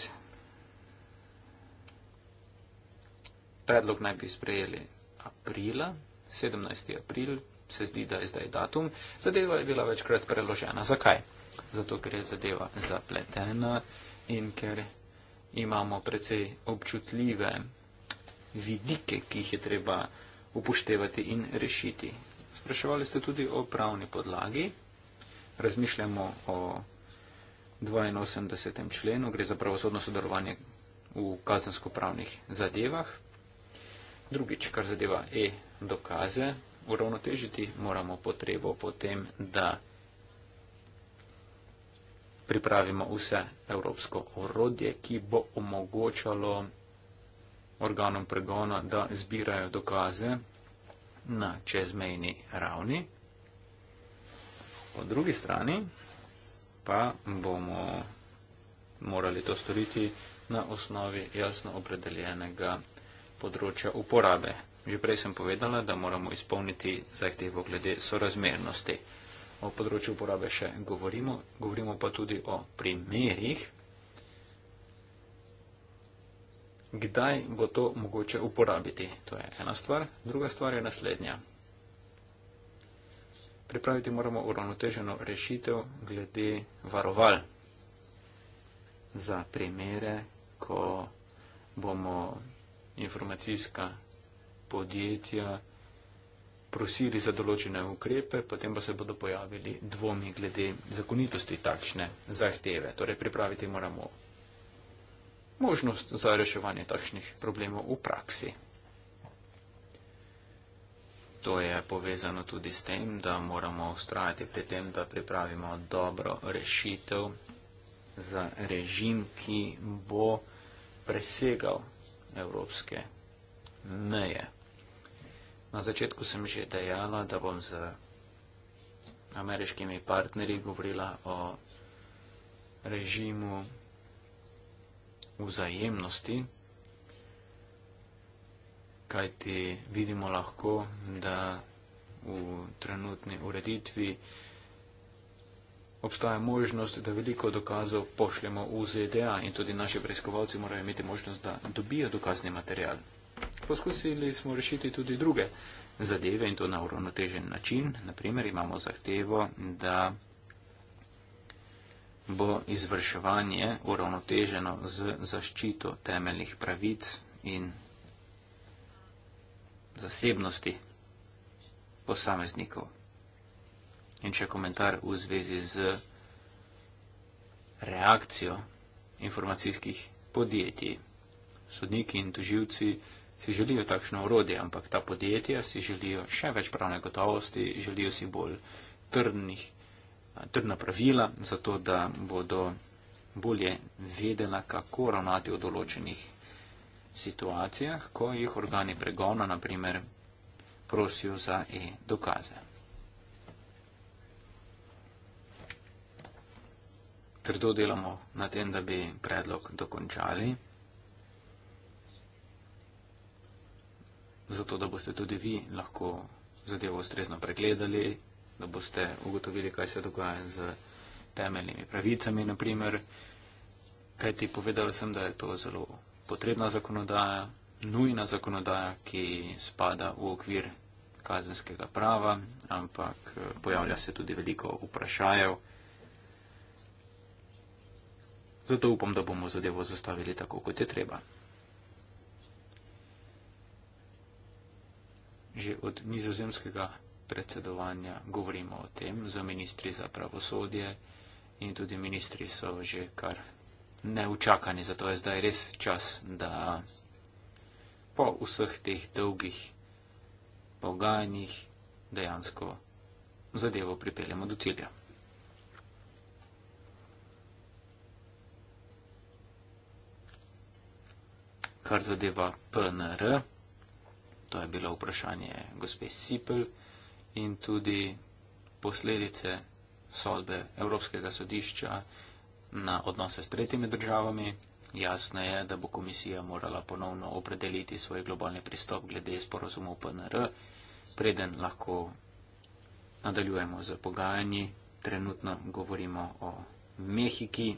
Speaker 2: predlog naj bi sprejeli aprila, 17. april, se zdi, da je zdaj datum. Zadeva je bila večkrat preložena. Zakaj? Zato, ker je zadeva zapletena in ker imamo precej občutljive vidike, ki jih je treba upoštevati in rešiti. Spraševali ste tudi o pravni podlagi. Razmišljamo o 82. členu, gre za pravosodno sodelovanje v kazensko-pravnih zadevah. Drugič, kar zadeva e-dokaze, uravnotežiti moramo potrebo potem, da pripravimo vse evropsko orodje, ki bo omogočalo organom pregona, da zbirajo dokaze na čezmejni ravni. Po drugi strani pa bomo morali to storiti na osnovi jasno opredeljenega področja uporabe. Že prej sem povedala, da moramo izpolniti zahtevo glede sorazmernosti. O področju uporabe še govorimo, govorimo pa tudi o primerih, kdaj bo to mogoče uporabiti. To je ena stvar. Druga stvar je naslednja. Pripraviti moramo uravnoteženo rešitev glede varoval za primere, ko bomo informacijska podjetja prosili za določene ukrepe, potem pa se bodo pojavili dvomi glede zakonitosti takšne zahteve. Torej pripraviti moramo možnost za reševanje takšnih problemov v praksi. To je povezano tudi s tem, da moramo ustrajati pri tem, da pripravimo dobro rešitev za režim, ki bo presegal evropske meje. Na začetku sem že dejala, da bom z ameriškimi partnerji govorila o režimu vzajemnosti, kajti vidimo lahko, da v trenutni ureditvi obstaja možnost, da veliko dokazov pošljemo v ZDA in tudi naši preiskovalci morajo imeti možnost, da dobijo dokazni material. Poskusili smo rešiti tudi druge zadeve in to na uravnotežen način. Naprimer imamo zahtevo, da bo izvrševanje uravnoteženo z zaščito temeljnih pravic in zasebnosti posameznikov. In še komentar v zvezi z reakcijo informacijskih podjetij. Sodniki in tuživci si želijo takšno urodje, ampak ta podjetja si želijo še več pravne gotovosti, želijo si bolj trdnih, trdna pravila, zato da bodo bolje vedela, kako ravnati v določenih situacijah, ko jih organi pregona, naprimer, prosijo za e-dokaze. trdo delamo na tem, da bi predlog dokončali, zato da boste tudi vi lahko zadevo ustrezno pregledali, da boste ugotovili, kaj se dogaja z temeljnimi pravicami, naprimer, kaj ti povedal sem, da je to zelo potrebna zakonodaja, nujna zakonodaja, ki spada v okvir kazenskega prava, ampak eh, pojavlja se tudi veliko vprašajev. Zato upam, da bomo zadevo zastavili tako, kot je treba. Že od nizozemskega predsedovanja govorimo o tem za ministri za pravosodje in tudi ministri so že kar neučakani, zato je zdaj res čas, da po vseh teh dolgih pogajanjih dejansko zadevo pripeljemo do cilja. kar zadeva PNR, to je bilo vprašanje gospe Sipel in tudi posledice sodbe Evropskega sodišča na odnose s tretjimi državami. Jasno je, da bo komisija morala ponovno opredeliti svoj globalni pristop glede sporozumov PNR, preden lahko nadaljujemo z pogajanji. Trenutno govorimo o Mehiki.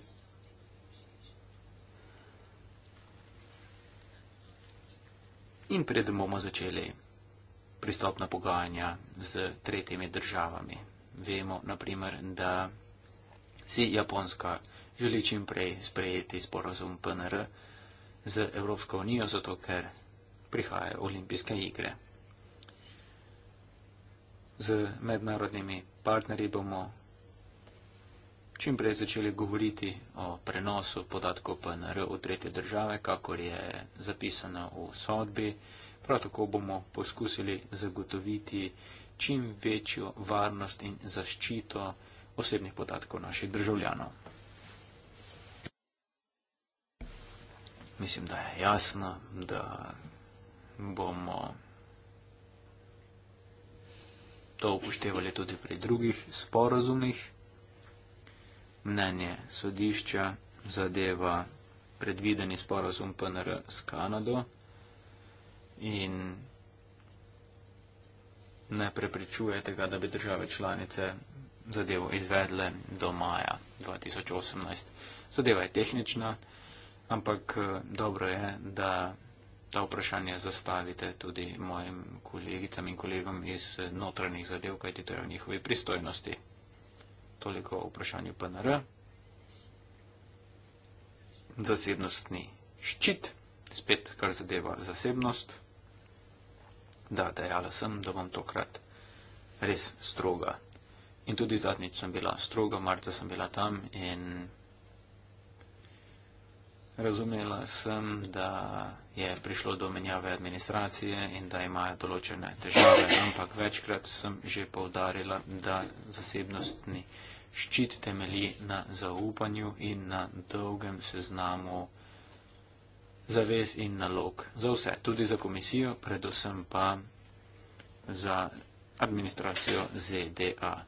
Speaker 2: in predem bomo začeli pristopna pogajanja z tretjimi državami. Vemo, naprimer, da si Japonska želi čim prej sprejeti sporozum PNR z Evropsko unijo, zato ker prihajajo olimpijske igre. Z mednarodnimi partnerji bomo čim prej začeli govoriti o prenosu podatkov PNR v tretje države, kakor je zapisano v sodbi. Prav tako bomo poskusili zagotoviti čim večjo varnost in zaščito osebnih podatkov naših državljanov. Mislim, da je jasno, da bomo to upoštevali tudi pri drugih sporozumih mnenje sodišča zadeva predvideni sporozum PNR s Kanado in ne prepričuje tega, da bi države članice zadevo izvedle do maja 2018. Zadeva je tehnična, ampak eh, dobro je, da ta vprašanje zastavite tudi mojim kolegicam in kolegom iz eh, notranjih zadev, kajti to je v njihovi pristojnosti toliko o vprašanju PNR. Zasebnostni ščit, spet kar zadeva zasebnost. Da, dejala sem, da bom tokrat res stroga. In tudi zadnjič sem bila stroga, marca sem bila tam in razumela sem, da je prišlo do menjave administracije in da imajo določene težave, ampak večkrat sem že povdarila, da zasebnostni ščit ščit temelji na zaupanju in na dolgem seznamu zavez in nalog za vse, tudi za komisijo, predvsem pa za administracijo ZDA.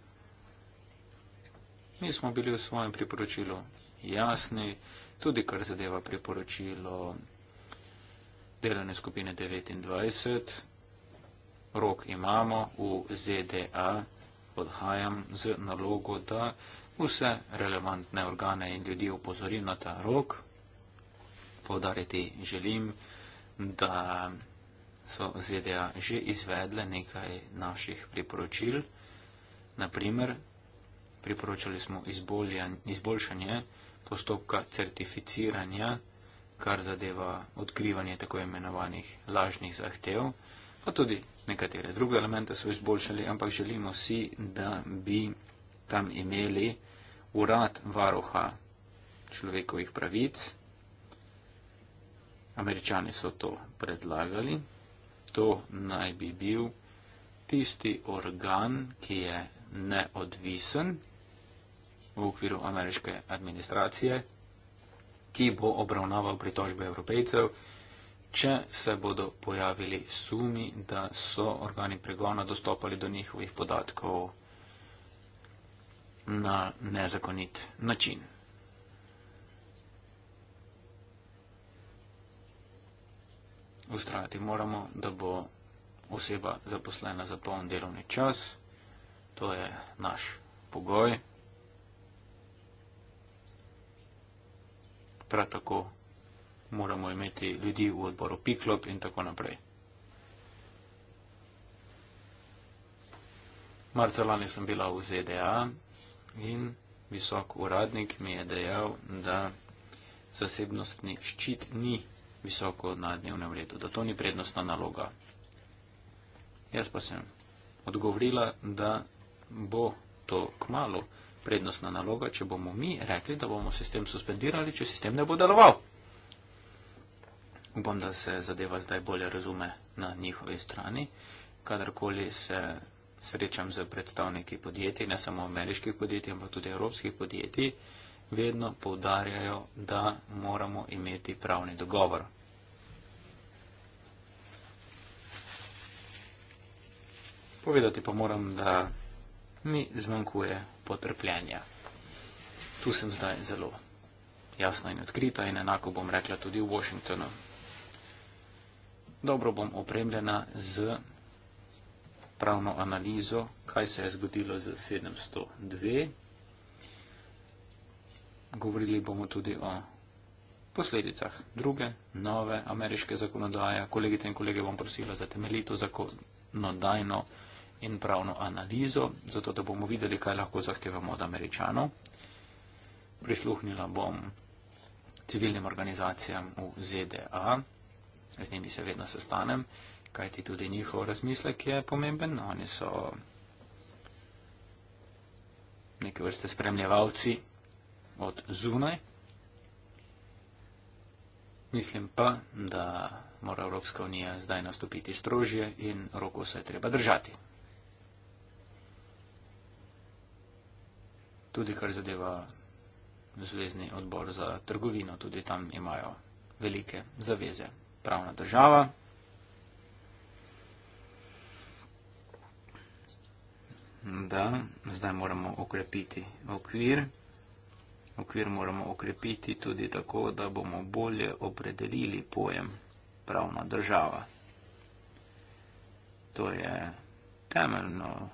Speaker 2: Mi smo bili v svojem priporočilu jasni, tudi kar zadeva priporočilo delovne skupine 29. Rok imamo v ZDA odhajam z nalogo, da vse relevantne organe in ljudi upozorim na ta rok. Povdariti želim, da so ZDA že izvedle nekaj naših priporočil. Naprimer, priporočali smo izboljšanje postopka certificiranja, kar zadeva odkrivanje tako imenovanih lažnih zahtev, pa tudi nekatere druge elemente so izboljšali, ampak želimo si, da bi tam imeli urad varoha človekovih pravic. Američani so to predlagali. To naj bi bil tisti organ, ki je neodvisen v okviru ameriške administracije, ki bo obravnaval pritožbe evropejcev če se bodo pojavili sumi, da so organi pregona dostopali do njihovih podatkov na nezakonit način. Ustrajati moramo, da bo oseba zaposlena za poln delovni čas. To je naš pogoj. Prav tako moramo imeti ljudi v odboru Piklop in tako naprej. Marca lani sem bila v ZDA in visok uradnik mi je dejal, da zasebnostni ščit ni visoko na dnevnem redu, da to ni prednostna naloga. Jaz pa sem odgovorila, da bo to kmalo prednostna naloga, če bomo mi rekli, da bomo sistem suspendirali, če sistem ne bo deloval upam, da se zadeva zdaj bolje razume na njihovi strani. Kadarkoli se srečam z predstavniki podjetij, ne samo ameriških podjetij, ampak tudi evropskih podjetij, vedno poudarjajo, da moramo imeti pravni dogovor. Povedati pa moram, da mi zmanjkuje potrpljenja. Tu sem zdaj zelo jasna in odkrita in enako bom rekla tudi v Washingtonu dobro bom opremljena z pravno analizo, kaj se je zgodilo z 702. Govorili bomo tudi o posledicah druge, nove ameriške zakonodaje. Kolegice in kolege bom prosila za temeljito zakonodajno in pravno analizo, zato da bomo videli, kaj lahko zahtevamo od američanov. Prisluhnila bom civilnim organizacijam v ZDA z njimi se vedno sestanem, kajti tudi njihov razmislek je pomemben. Oni so neke vrste spremljevalci od zunaj. Mislim pa, da mora Evropska unija zdaj nastopiti strožje in roko se je treba držati. Tudi kar zadeva zvezdni odbor za trgovino, tudi tam imajo velike zaveze pravna država. Da, zdaj moramo okrepiti okvir. Okvir moramo okrepiti tudi tako, da bomo bolje opredelili pojem pravna država. To je temeljno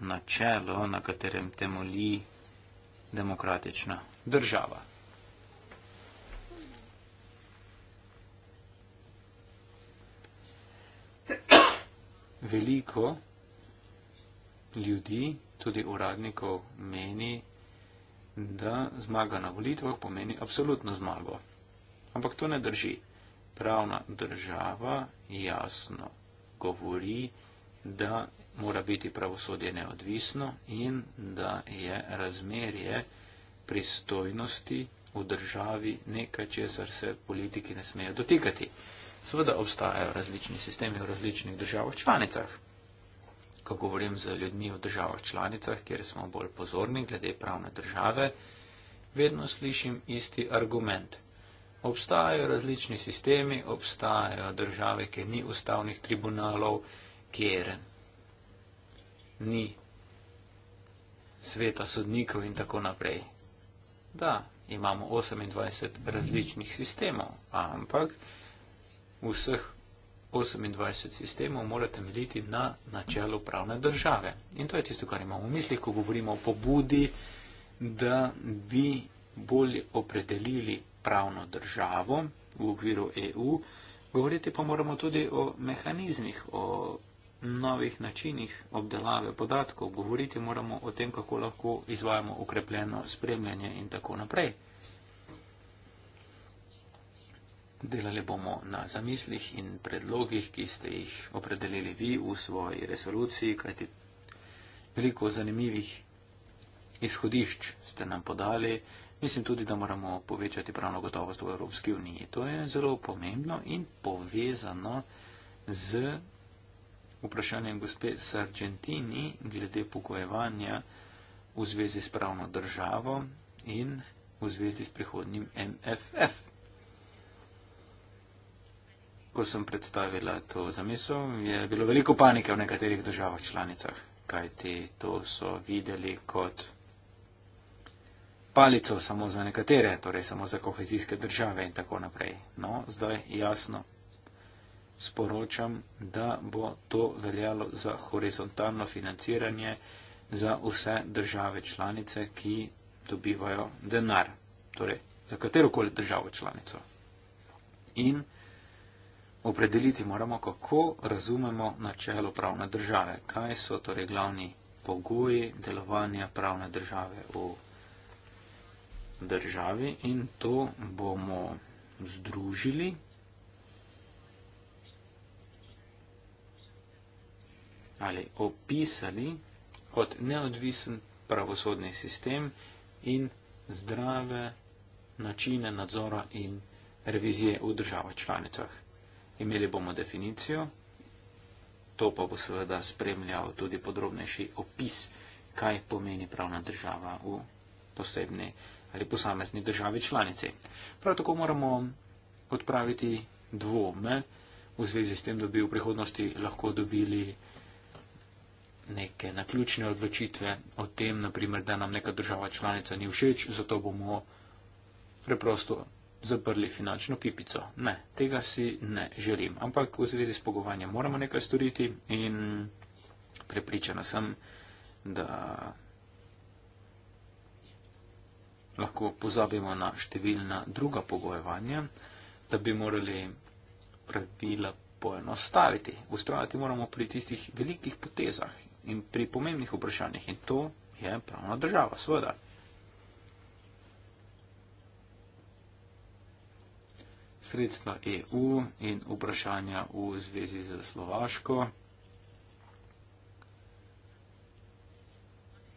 Speaker 2: načelo, na katerem temoli demokratična država. veliko ljudi, tudi uradnikov, meni, da zmaga na volitvah pomeni absolutno zmago. Ampak to ne drži. Pravna država jasno govori, da mora biti pravosodje neodvisno in da je razmerje pristojnosti v državi nekaj, česar se politiki ne smejo dotikati. Seveda obstajajo različni sistemi v različnih državah članicah. Ko govorim z ljudmi v državah članicah, kjer smo bolj pozorni glede pravne države, vedno slišim isti argument. Obstajajo različni sistemi, obstajajo države, kjer ni ustavnih tribunalov, kjer ni sveta sodnikov in tako naprej. Da, imamo 28 različnih sistemov, ampak vseh 28 sistemov mora temeljiti na načelu pravne države. In to je tisto, kar imamo v mislih, ko govorimo o pobudi, da bi bolje opredelili pravno državo v okviru EU. Govoriti pa moramo tudi o mehanizmih, o novih načinih obdelave podatkov. Govoriti moramo o tem, kako lahko izvajamo ukrepljeno spremljanje in tako naprej. Delali bomo na zamislih in predlogih, ki ste jih opredelili vi v svoji resoluciji, kajti veliko zanimivih izhodišč ste nam podali. Mislim tudi, da moramo povečati pravno gotovost v Evropski uniji. To je zelo pomembno in povezano z vprašanjem gospe Sargentini glede pogojevanja v zvezi s pravno državo in v zvezi s prihodnim MFF ko sem predstavila to zamisel, je bilo veliko panike v nekaterih državah članicah, kajti to so videli kot palico samo za nekatere, torej samo za kohezijske države in tako naprej. No, zdaj jasno sporočam, da bo to veljalo za horizontalno financiranje za vse države članice, ki dobivajo denar, torej za katero koli državo članico. In Opredeliti moramo, kako razumemo načelo pravne države, kaj so torej glavni pogoji delovanja pravne države v državi in to bomo združili ali opisali kot neodvisen pravosodni sistem in zdrave načine nadzora in revizije v državah članicah. Imeli bomo definicijo, to pa bo seveda spremljal tudi podrobnejši opis, kaj pomeni pravna država v posebni ali posamezni državi članici. Prav tako moramo odpraviti dvome v zvezi s tem, da bi v prihodnosti lahko dobili neke naključne odločitve o tem, naprimer, da nam neka država članica ni všeč, zato bomo preprosto zaprli finančno pipico. Ne, tega si ne želim. Ampak v zvezi s pogovanjem moramo nekaj storiti in prepričana sem, da lahko pozabimo na številna druga pogojevanja, da bi morali pravila poenostaviti. Ustrajati moramo pri tistih velikih potezah in pri pomembnih vprašanjih in to je pravna država, seveda. sredstva EU in vprašanja v zvezi z Slovaško.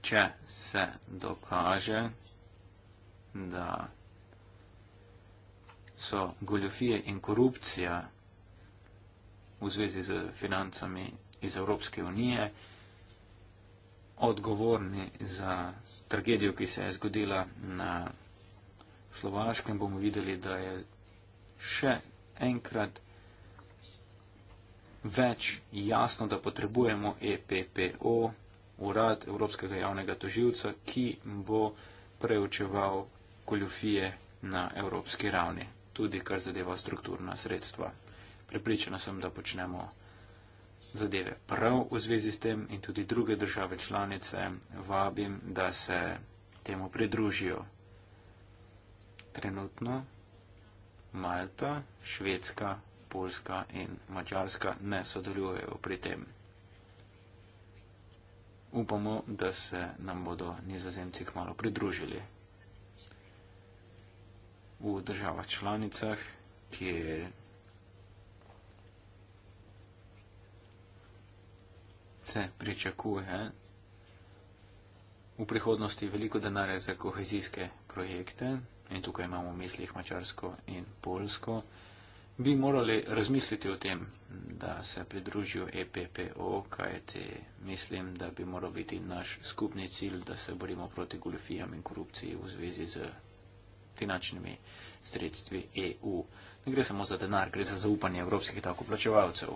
Speaker 2: Če se dokaže, da so goljofije in korupcija v zvezi z financami iz Evropske unije odgovorni za tragedijo, ki se je zgodila na Slovaškem, bomo videli, da je še enkrat več jasno, da potrebujemo EPPO, Urad Evropskega javnega toživca, ki bo preučeval koljofije na evropski ravni, tudi kar zadeva strukturna sredstva. Pripričana sem, da počnemo zadeve prav v zvezi s tem in tudi druge države članice vabim, da se temu pridružijo. Trenutno Malta, Švedska, Poljska in Mačarska ne sodelujejo pri tem. Upamo, da se nam bodo nizozemci kmalo pridružili. V državah članicah, kjer se pričakuje v prihodnosti veliko denarja za kohezijske projekte, in tukaj imamo v mislih Mačarsko in Polsko, bi morali razmisliti o tem, da se pridružijo EPPO, kajte mislim, da bi moral biti naš skupni cilj, da se borimo proti goljofijam in korupciji v zvezi z finančnimi sredstvi EU. Ne gre samo za denar, gre za zaupanje evropskih takoplačevalcev.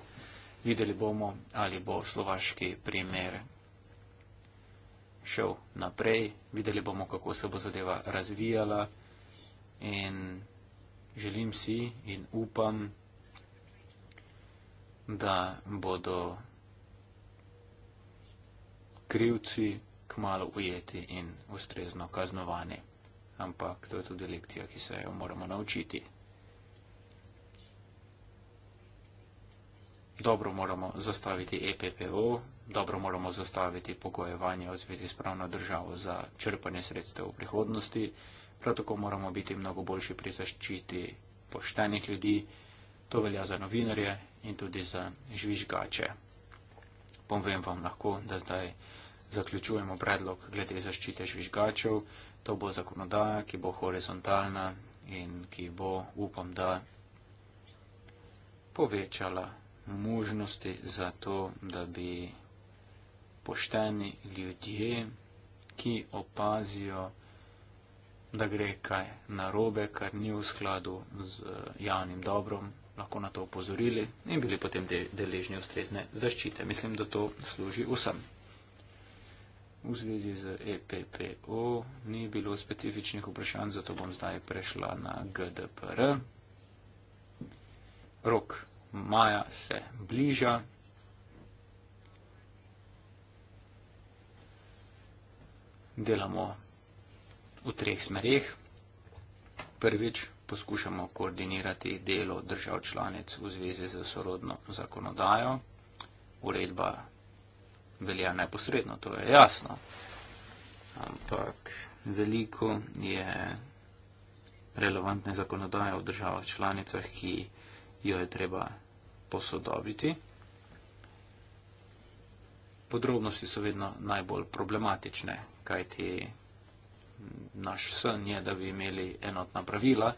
Speaker 2: Videli bomo, ali bo slovaški primer šel naprej, videli bomo, kako se bo zadeva razvijala in želim si in upam, da bodo krivci kmalo ujeti in ustrezno kaznovani. Ampak to je tudi lekcija, ki se jo moramo naučiti. Dobro moramo zastaviti EPPO, dobro moramo zastaviti pogojevanje v zvezi s pravno državo za črpanje sredstev v prihodnosti. Prav tako moramo biti mnogo boljši pri zaščiti poštenih ljudi. To velja za novinarje in tudi za žvižgače. Povem vam lahko, da zdaj zaključujemo predlog glede zaščite žvižgačev. To bo zakonodaja, ki bo horizontalna in ki bo, upam, da povečala možnosti za to, da bi pošteni ljudje, ki opazijo, da gre kaj narobe, kar ni v skladu z eh, javnim dobrom, lahko na to upozorili in bili potem deležni ustrezne zaščite. Mislim, da to služi vsem. V zvezi z EPPO ni bilo specifičnih vprašanj, zato bom zdaj prešla na GDPR. Rok maja se bliža. Delamo v treh smerih. Prvič poskušamo koordinirati delo držav članic v zvezi z sorodno zakonodajo. Uredba velja neposredno, to je jasno. Ampak veliko je relevantne zakonodaje v državah članicah, ki jo je treba posodobiti. Podrobnosti so vedno najbolj problematične, kajti naš sen je, da bi imeli enotna pravila,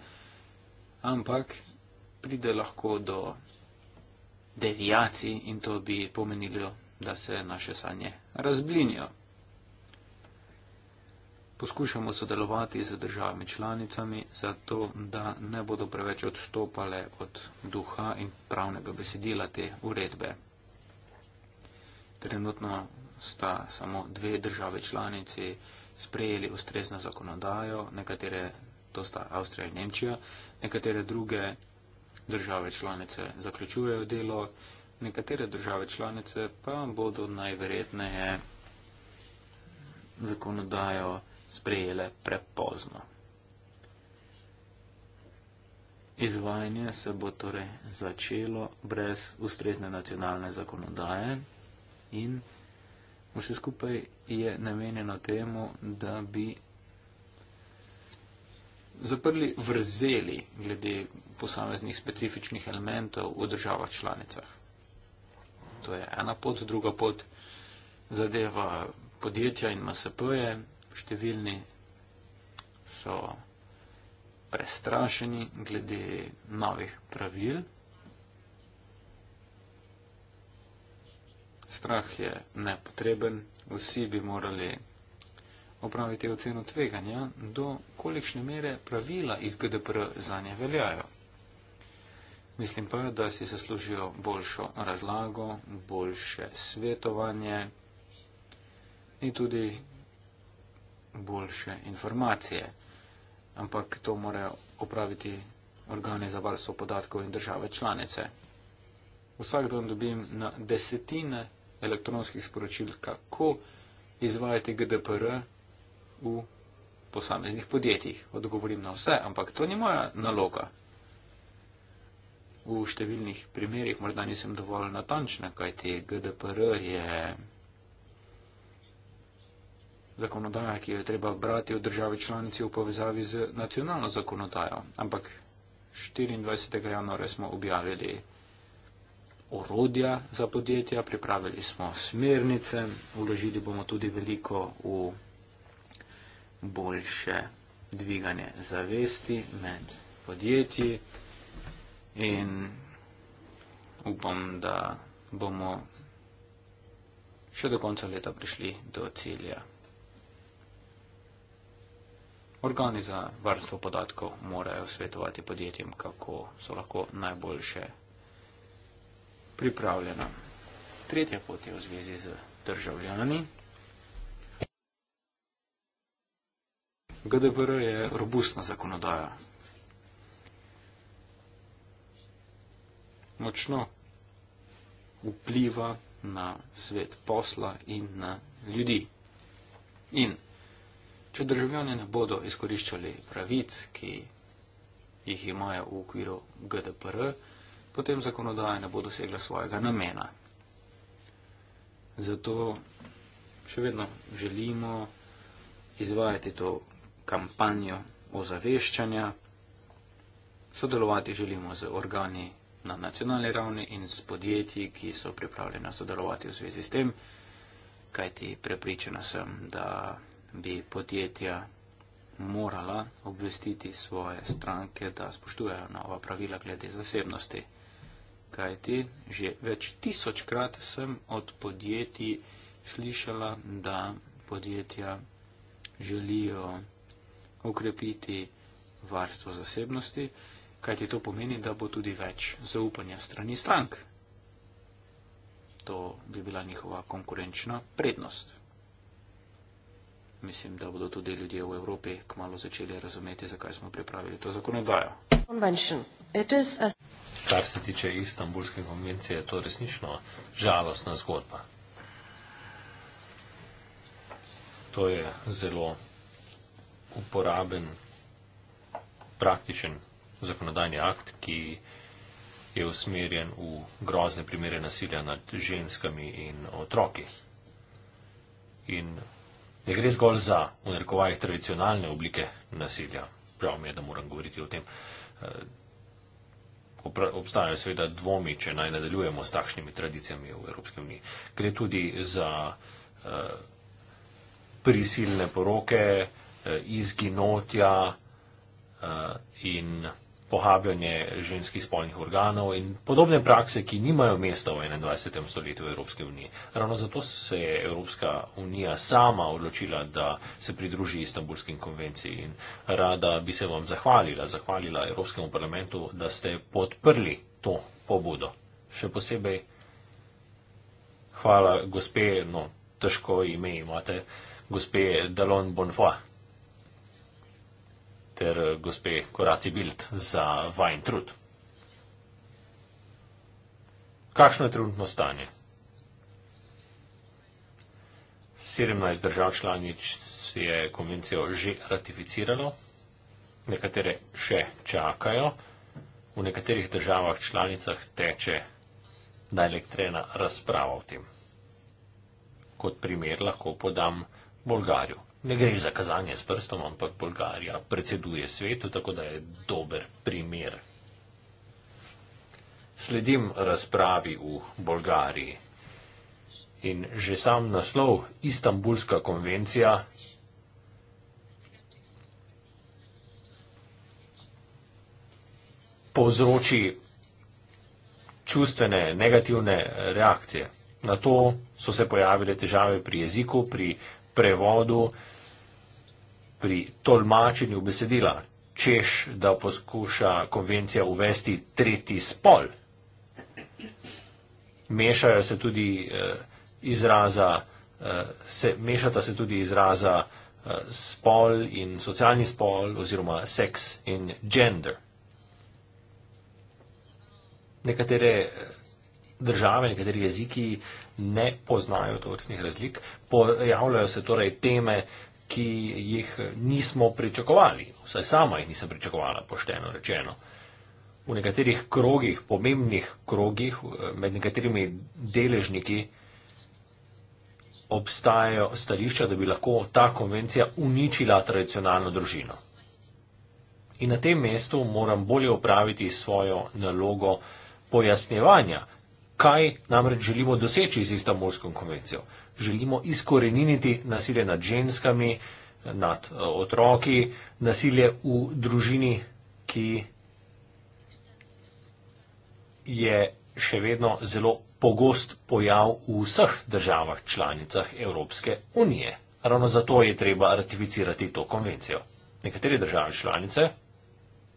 Speaker 2: ampak pride lahko do devijacij in to bi pomenilo, da se naše sanje razblinijo. Poskušamo sodelovati z državami članicami, zato da ne bodo preveč odstopale od duha in pravnega besedila te uredbe. Trenutno sta samo dve države članici sprejeli ustrezno zakonodajo, nekatere, to sta Avstrija in Nemčija, nekatere druge države članice zaključujejo delo, nekatere države članice pa bodo najverjetneje zakonodajo sprejele prepozno. Izvajanje se bo torej začelo brez ustrezne nacionalne zakonodaje in vse skupaj je namenjeno temu, da bi zaprli vrzeli glede posameznih specifičnih elementov v državah članicah. To je ena pot, druga pot zadeva podjetja in MSP-je, številni so prestrašeni glede novih pravil. strah je nepotreben, vsi bi morali opraviti oceno tveganja, do kolikšne mere pravila iz GDPR za nje veljajo. Mislim pa, da si zaslužijo boljšo razlago, boljše svetovanje in tudi boljše informacije. Ampak to morajo opraviti organi za varstvo podatkov in države članice. Vsak dan dobim na desetine elektronskih sporočil, kako izvajati GDPR v posameznih podjetjih. Odgovorim na vse, ampak to ni moja naloga. V številnih primerjih morda nisem dovolj natančna, kajti GDPR je zakonodaja, ki jo je treba brati v državi članici v povezavi z nacionalno zakonodajo. Ampak 24. januarja smo objavili orodja za podjetja, pripravili smo smernice, uložili bomo tudi veliko v boljše dviganje zavesti med podjetji in upam, da bomo še do konca leta prišli do cilja. Organi za varstvo podatkov morajo svetovati podjetjem, kako so lahko najboljše pripravljena. Tretja pot je v zvezi z državljani. GDPR je robustna zakonodaja. Močno vpliva na svet posla in na ljudi. In če državljani ne bodo izkoriščali pravic, ki jih imajo v okviru GDPR, potem zakonodaja ne bo dosegla svojega namena. Zato še vedno želimo izvajati to kampanjo ozaveščanja, sodelovati želimo z organi na nacionalni ravni in s podjetji, ki so pripravljena sodelovati v zvezi s tem, kajti prepričana sem, da bi podjetja morala obvestiti svoje stranke, da spoštujejo nova pravila glede zasebnosti kajti že več tisočkrat sem od podjetij slišala, da podjetja želijo ukrepiti varstvo zasebnosti, kajti to pomeni, da bo tudi več zaupanja strani strank. To bi bila njihova konkurenčna prednost. Mislim, da bodo tudi ljudje v Evropi kmalo začeli razumeti, zakaj smo pripravili to zakonodajo
Speaker 3: kar se tiče Istanbulske konvencije, je to resnično žalostna zgodba. To je zelo uporaben, praktičen zakonodajni akt, ki je usmerjen v grozne primere nasilja nad ženskami in otroki. In ne gre zgolj za v narekovajih tradicionalne oblike nasilja. Žal mi je, da moram govoriti o tem obstajajo seveda dvomi, če naj nadaljujemo s takšnimi tradicijami v Evropski uniji. Gre tudi za eh, prisilne poroke, eh, izginotja eh, in pohabljanje ženskih spolnih organov in podobne prakse, ki nimajo mesta v 21. stoletju Evropske unije. Ravno zato se je Evropska unija sama odločila, da se pridruži Istanbulskim konvenciji in rada bi se vam zahvalila, zahvalila Evropskemu parlamentu, da ste podprli to pobudo. Še posebej hvala gospe, no, težko ime imate, gospe Dalon Bonfoy ter eh, gospe Koraci Bild za vajen trud. Kakšno je trenutno stanje? 17 držav članič je konvencijo že ratificiralo, nekatere še čakajo, v nekaterih državah članicah teče najelektrena razprava o tem. Kot primer lahko podam Bolgarijo ne gre za kazanje s prstom, ampak Bolgarija predseduje svetu, tako da je dober primer. Sledim razpravi v Bolgariji in že sam naslov Istanbulska konvencija povzroči čustvene negativne reakcije. Na to so se pojavile težave pri jeziku, pri prevodu pri tolmačenju besedila, češ, da poskuša konvencija uvesti tretji spol. Mešajo se tudi eh, izraza, eh, se, mešata se tudi izraza eh, spol in socialni spol oziroma seks in gender. Nekatere eh, države, nekateri jeziki ne poznajo tovrstnih razlik, pojavljajo se torej teme, ki jih nismo pričakovali, vsaj sama jih nisem pričakovala, pošteno rečeno. V nekaterih krogih, pomembnih krogih, med nekaterimi deležniki obstajajo stališča, da bi lahko ta konvencija uničila tradicionalno družino. In na tem mestu moram bolje opraviti svojo nalogo pojasnjevanja, kaj namreč želimo doseči z istambulsko konvencijo želimo izkoreniniti nasilje nad ženskami, nad eh, otroki, nasilje v družini, ki je še vedno zelo pogost pojav v vseh državah članicah Evropske unije. Ravno zato je treba ratificirati to konvencijo. Nekatere države članice,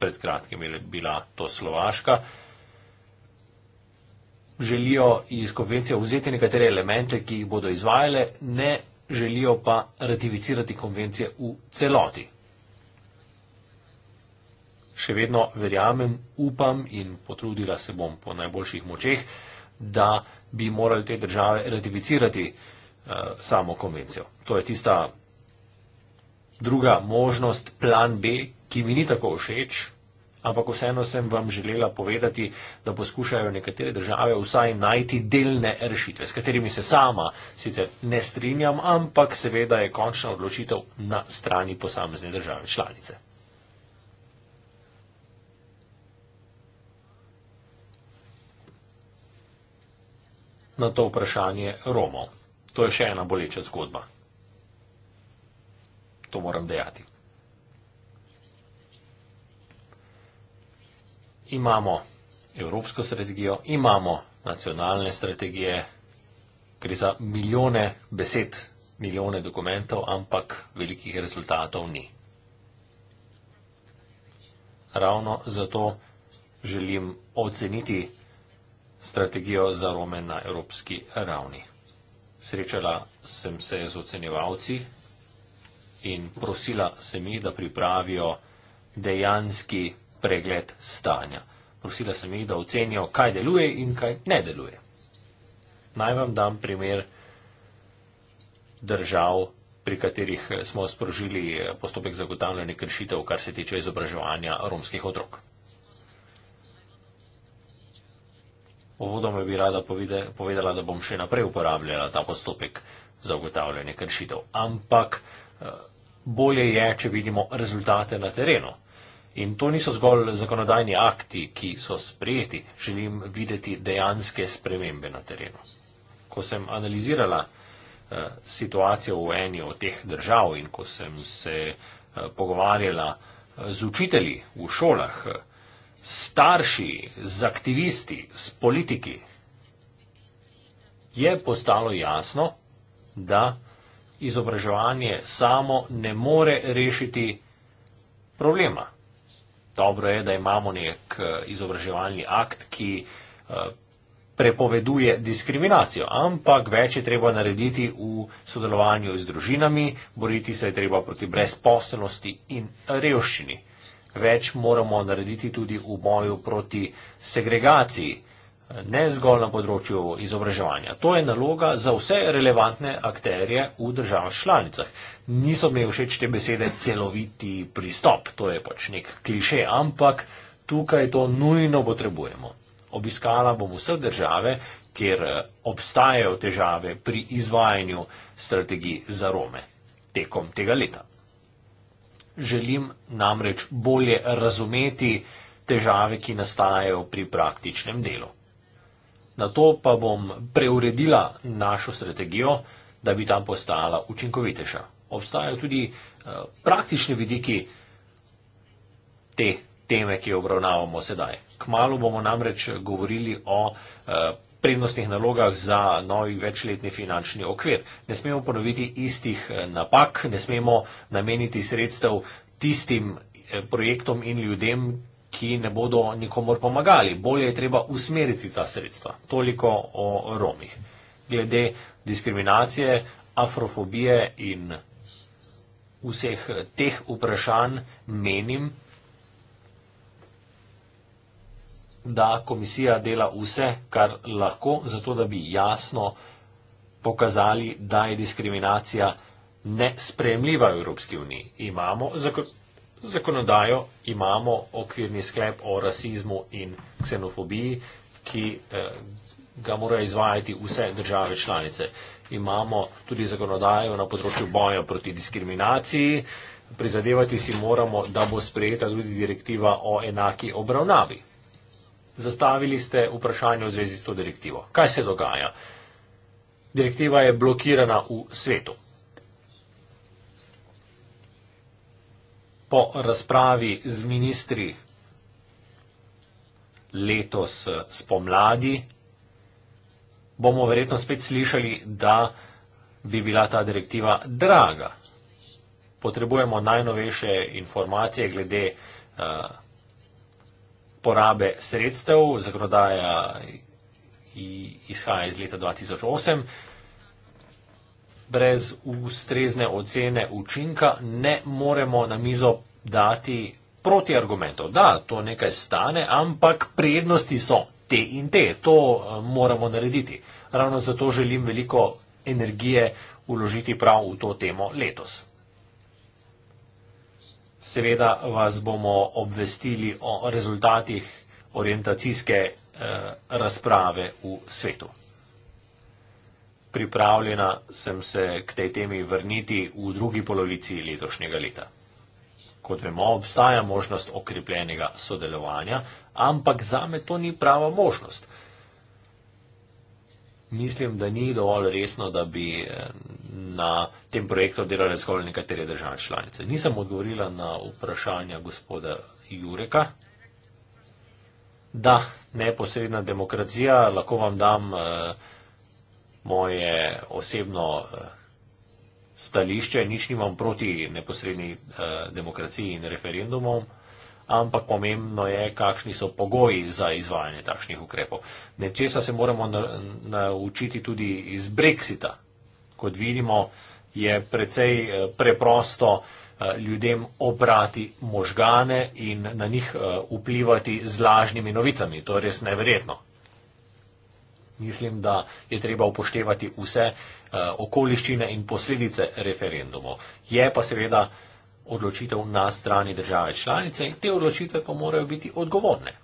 Speaker 3: pred kratkim je bila to Slovaška, želijo iz konvencije vzeti nekatere elemente, ki jih bodo izvajale, ne želijo pa ratificirati konvencije v celoti. Še vedno verjamem, upam in potrudila se bom po najboljših močeh, da bi morali te države ratificirati eh, samo konvencijo. To je tista druga možnost, plan B, ki mi ni tako všeč, ampak vseeno sem vam želela povedati, da poskušajo nekatere države vsaj najti delne rešitve, s katerimi se sama sicer ne strinjam, ampak seveda je končna odločitev na strani posamezne države članice. Na to vprašanje Romo. To je še ena boleča zgodba. To moram dejati. imamo evropsko strategijo, imamo nacionalne strategije, gre za milijone besed, milijone dokumentov, ampak velikih rezultatov ni. Ravno zato želim oceniti strategijo za Rome na evropski ravni. Srečala sem se z ocenjevalci in prosila se mi, da pripravijo dejanski pregled stanja. Prosila sem jih, da ocenijo, kaj deluje in kaj ne deluje. Naj vam dam primer držav, pri katerih eh, smo sprožili eh, postopek zagotavljanja kršitev, kar se tiče izobraževanja romskih otrok. Povodoma bi rada povedala, da bom še naprej uporabljala ta postopek zagotavljanja kršitev, ampak eh, bolje je, če vidimo rezultate na terenu. In to niso zgolj zakonodajni akti, ki so sprejeti, želim videti dejanske spremembe na terenu. Ko sem analizirala eh, situacijo v eni od teh držav in ko sem se eh, pogovarjala eh, z učitelji v šolah, eh, starši, z aktivisti, s politiki, je postalo jasno, da izobraževanje samo ne more rešiti problema dobro je, da imamo nek eh, izobraževalni akt, ki eh, prepoveduje diskriminacijo, ampak več je treba narediti v sodelovanju z družinami, boriti se je treba proti brezposelnosti in revščini. Več moramo narediti tudi v boju proti segregaciji. Uh, ne zgolj na področju izobraževanja. To je naloga za vse relevantne akterje v državah članicah. Niso mi všeč te besede celoviti pristop, to je pač nek kliše, ampak tukaj to nujno potrebujemo. Obiskala bom vse države, kjer eh, obstajajo težave pri izvajanju strategij za Rome tekom tega leta. Želim namreč bolje razumeti težave, ki nastajajo pri praktičnem delu. Na to pa bom preuredila našo strategijo, da bi tam postala učinkovitejša. Obstajajo tudi eh, praktični vidiki te teme, ki jo obravnavamo sedaj. Kmalo bomo namreč govorili o eh, prednostnih nalogah za novi večletni finančni okvir. Ne smemo ponoviti istih eh, napak, ne smemo nameniti sredstev tistim projektom in ljudem, ki ne bodo nikomor pomagali. Bolje je treba usmeriti ta sredstva. Toliko o Romih. Glede diskriminacije, afrofobije in vseh teh vprašanj menim, da komisija dela vse, kar lahko, zato da bi jasno pokazali, da je diskriminacija nespremljiva v Evropski uniji. Imamo zakon zakonodajo imamo okvirni sklep o rasizmu in ksenofobiji, ki eh, ga morajo izvajati vse države članice. Imamo tudi zakonodajo na področju boja proti diskriminaciji. Prizadevati si moramo, da bo sprejeta tudi direktiva o enaki obravnavi. Zastavili ste vprašanje v zvezi s to direktivo. Kaj se dogaja? Direktiva je blokirana v svetu. po razpravi z ministri letos eh, spomladi, bomo verjetno spet slišali, da bi bila ta direktiva draga. Potrebujemo najnovejše informacije glede eh, porabe sredstev, zakonodaja izhaja iz leta 2008 brez ustrezne ocene učinka ne moremo na mizo dati proti argumentov. Da, to nekaj stane, ampak prednosti so te in te. To eh, moramo narediti. Ravno zato želim veliko energije uložiti prav v to temo letos. Seveda vas bomo obvestili o rezultatih orientacijske eh, razprave v svetu pripravljena sem se k tej temi vrniti v drugi polovici letošnjega leta. Kot vemo, obstaja možnost okrepljenega sodelovanja, ampak za me to ni prava možnost. Mislim, da ni dovolj resno, da bi eh, na tem projektu delali zgolj nekatere države članice. Nisem odgovorila na vprašanja gospoda Jureka. Da, neposredna demokracija, lahko vam dam eh, moje osebno eh, stališče, nič nimam proti neposredni eh, demokraciji in referendumom, ampak pomembno je, kakšni so pogoji za izvajanje takšnih ukrepov. Nečesa se moramo naučiti tudi iz Brexita. Kot vidimo, je precej eh, preprosto ljudem obrati možgane in na njih vplivati z lažnimi novicami. To je res neverjetno. Mislim, da je treba upoštevati vse eh, okoliščine in posledice referendumov. Je pa seveda odločitev na strani države članice in te odločitve pa morajo biti odgovorne.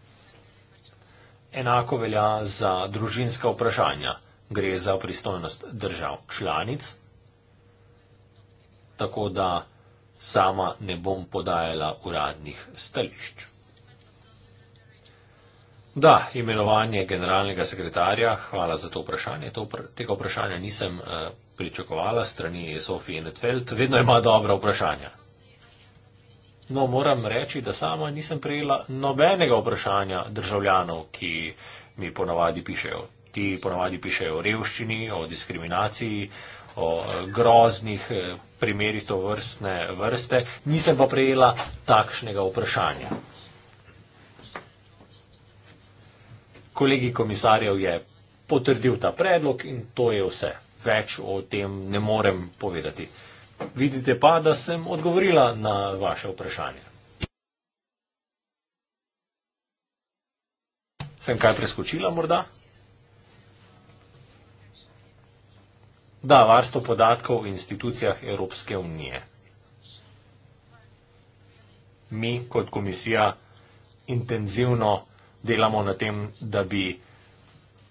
Speaker 3: Enako velja za družinska vprašanja. Gre za pristojnost držav članic, tako da sama ne bom podajala uradnih stališč. Da, imenovanje generalnega sekretarja, hvala za to vprašanje. To, tega vprašanja nisem uh, pričakovala strani Sofije Netfeld, vedno ima dobra vprašanja. No, moram reči, da sama nisem prejela nobenega vprašanja državljanov, ki mi ponavadi pišejo. Ti ponavadi pišejo o revščini, o diskriminaciji, o eh, groznih eh, primerih to vrste. Nisem pa prejela takšnega vprašanja. kolegi komisarjev je potrdil ta predlog in to je vse. Več o tem ne morem povedati. Vidite pa, da sem odgovorila na vaše vprašanje. Sem kaj preskočila morda? Da, varstvo podatkov v institucijah Evropske unije. Mi kot komisija intenzivno delamo na tem, da bi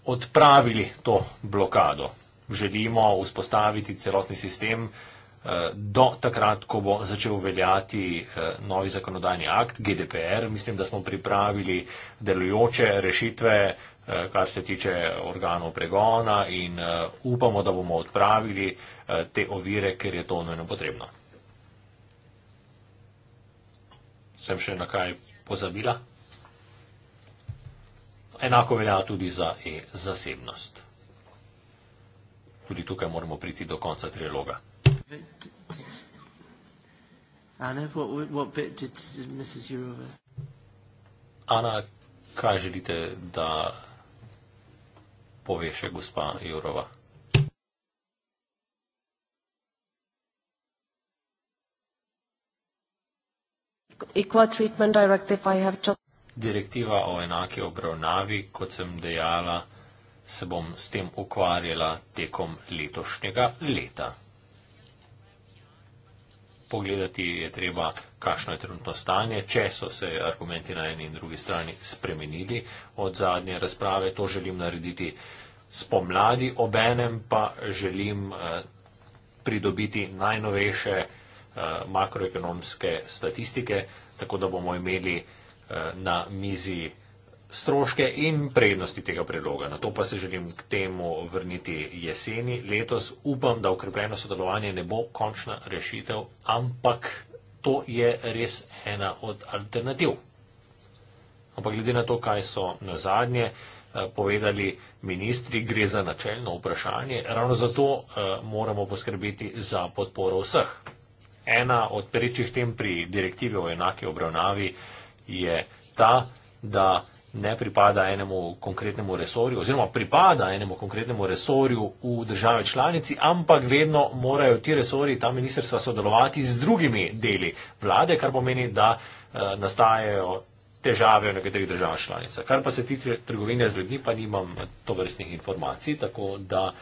Speaker 3: odpravili to blokado. Želimo vzpostaviti celotni sistem eh, do takrat, ko bo začel veljati eh, novi zakonodajni akt GDPR. Mislim, da smo pripravili delujoče rešitve, eh, kar se tiče organov pregona in upamo, da bomo odpravili te ovire, ker je to nujno potrebno. Sem še na kaj pozabila? Enako velja tudi za e-zasebnost. Tudi tukaj moramo priti do konca triloga. Ana, kaj želite, da pove še gospa Jurova?
Speaker 1: Equal treatment directive I have just
Speaker 3: direktiva o enake obravnavi, kot sem dejala, se bom s tem ukvarjala tekom letošnjega leta. Pogledati je treba, kakšno je trenutno stanje, če so se argumenti na eni in drugi strani spremenili od zadnje razprave. To želim narediti spomladi, obenem pa želim eh, pridobiti najnovejše eh, makroekonomske statistike, tako da bomo imeli Eh, na mizi stroške in prednosti tega predloga. Na to pa se želim k temu vrniti jeseni. Letos upam, da ukrepljeno sodelovanje ne bo končna rešitev, ampak to je res ena od alternativ. Ampak glede na to, kaj so na zadnje eh, povedali ministri, gre za načeljno vprašanje. Ravno zato eh, moramo poskrbeti za podporo vseh. Ena od perečih tem pri direktive o enake obravnavi je, je ta, da ne pripada enemu konkretnemu resorju, oziroma pripada enemu konkretnemu resorju v državi članici, ampak vedno morajo ti resori, ta ministrstva sodelovati z drugimi deli vlade, kar pomeni, da eh, nastajajo težave v nekaterih državah članicah. Kar pa se ti trgovine z ljudmi, pa nimam to vrstnih informacij, tako da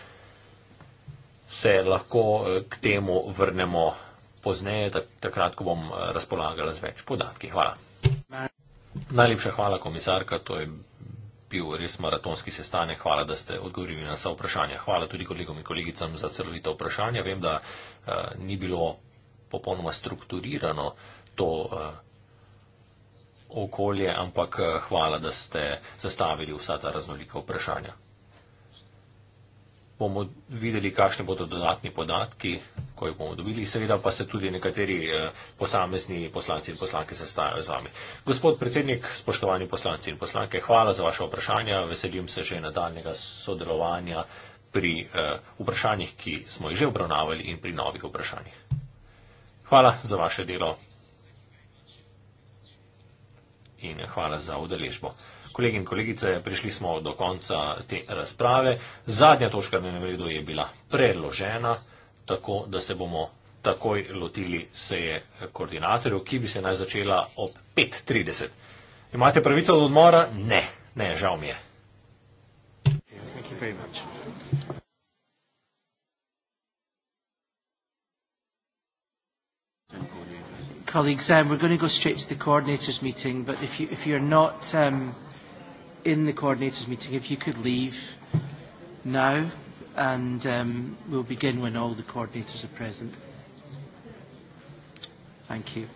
Speaker 3: se lahko eh, k temu vrnemo pozneje, takrat, ko bom eh, razpolagala z več podatki. Hvala. Najlepša hvala, komisarka. To je bil res maratonski sestanek. Hvala, da ste odgovorili na vsa vprašanja. Hvala tudi kolegom in kolegicam za celovita vprašanja. Vem, da uh, ni bilo popolnoma strukturirano to. Uh, okolje, ampak eh, hvala, da ste zastavili vsa ta raznolika vprašanja bomo videli, kakšne bodo dodatni podatki, ko jih bomo dobili. Seveda pa se tudi nekateri eh, posamezni poslanci in poslanke sestajajo z vami. Gospod predsednik, spoštovani poslanci in poslanke, hvala za vaše vprašanja. Veselim se že nadaljnega sodelovanja pri eh, vprašanjih, ki smo jih že obravnavali in pri novih vprašanjih. Hvala za vaše delo in hvala za udeležbo kolegi in kolegice, prišli smo do konca te razprave. Zadnja točka na redu je bila predložena, tako da se bomo takoj lotili seje koordinatorjev, ki bi se naj začela ob 5.30. Imate pravico do odmora? Ne, ne, žal mi je.
Speaker 1: Colleagues, um, we're going to go straight to the coordinators meeting, but if, you, if you're not um in the coordinators meeting if you could leave now and um, we'll begin when all the coordinators are present. Thank you.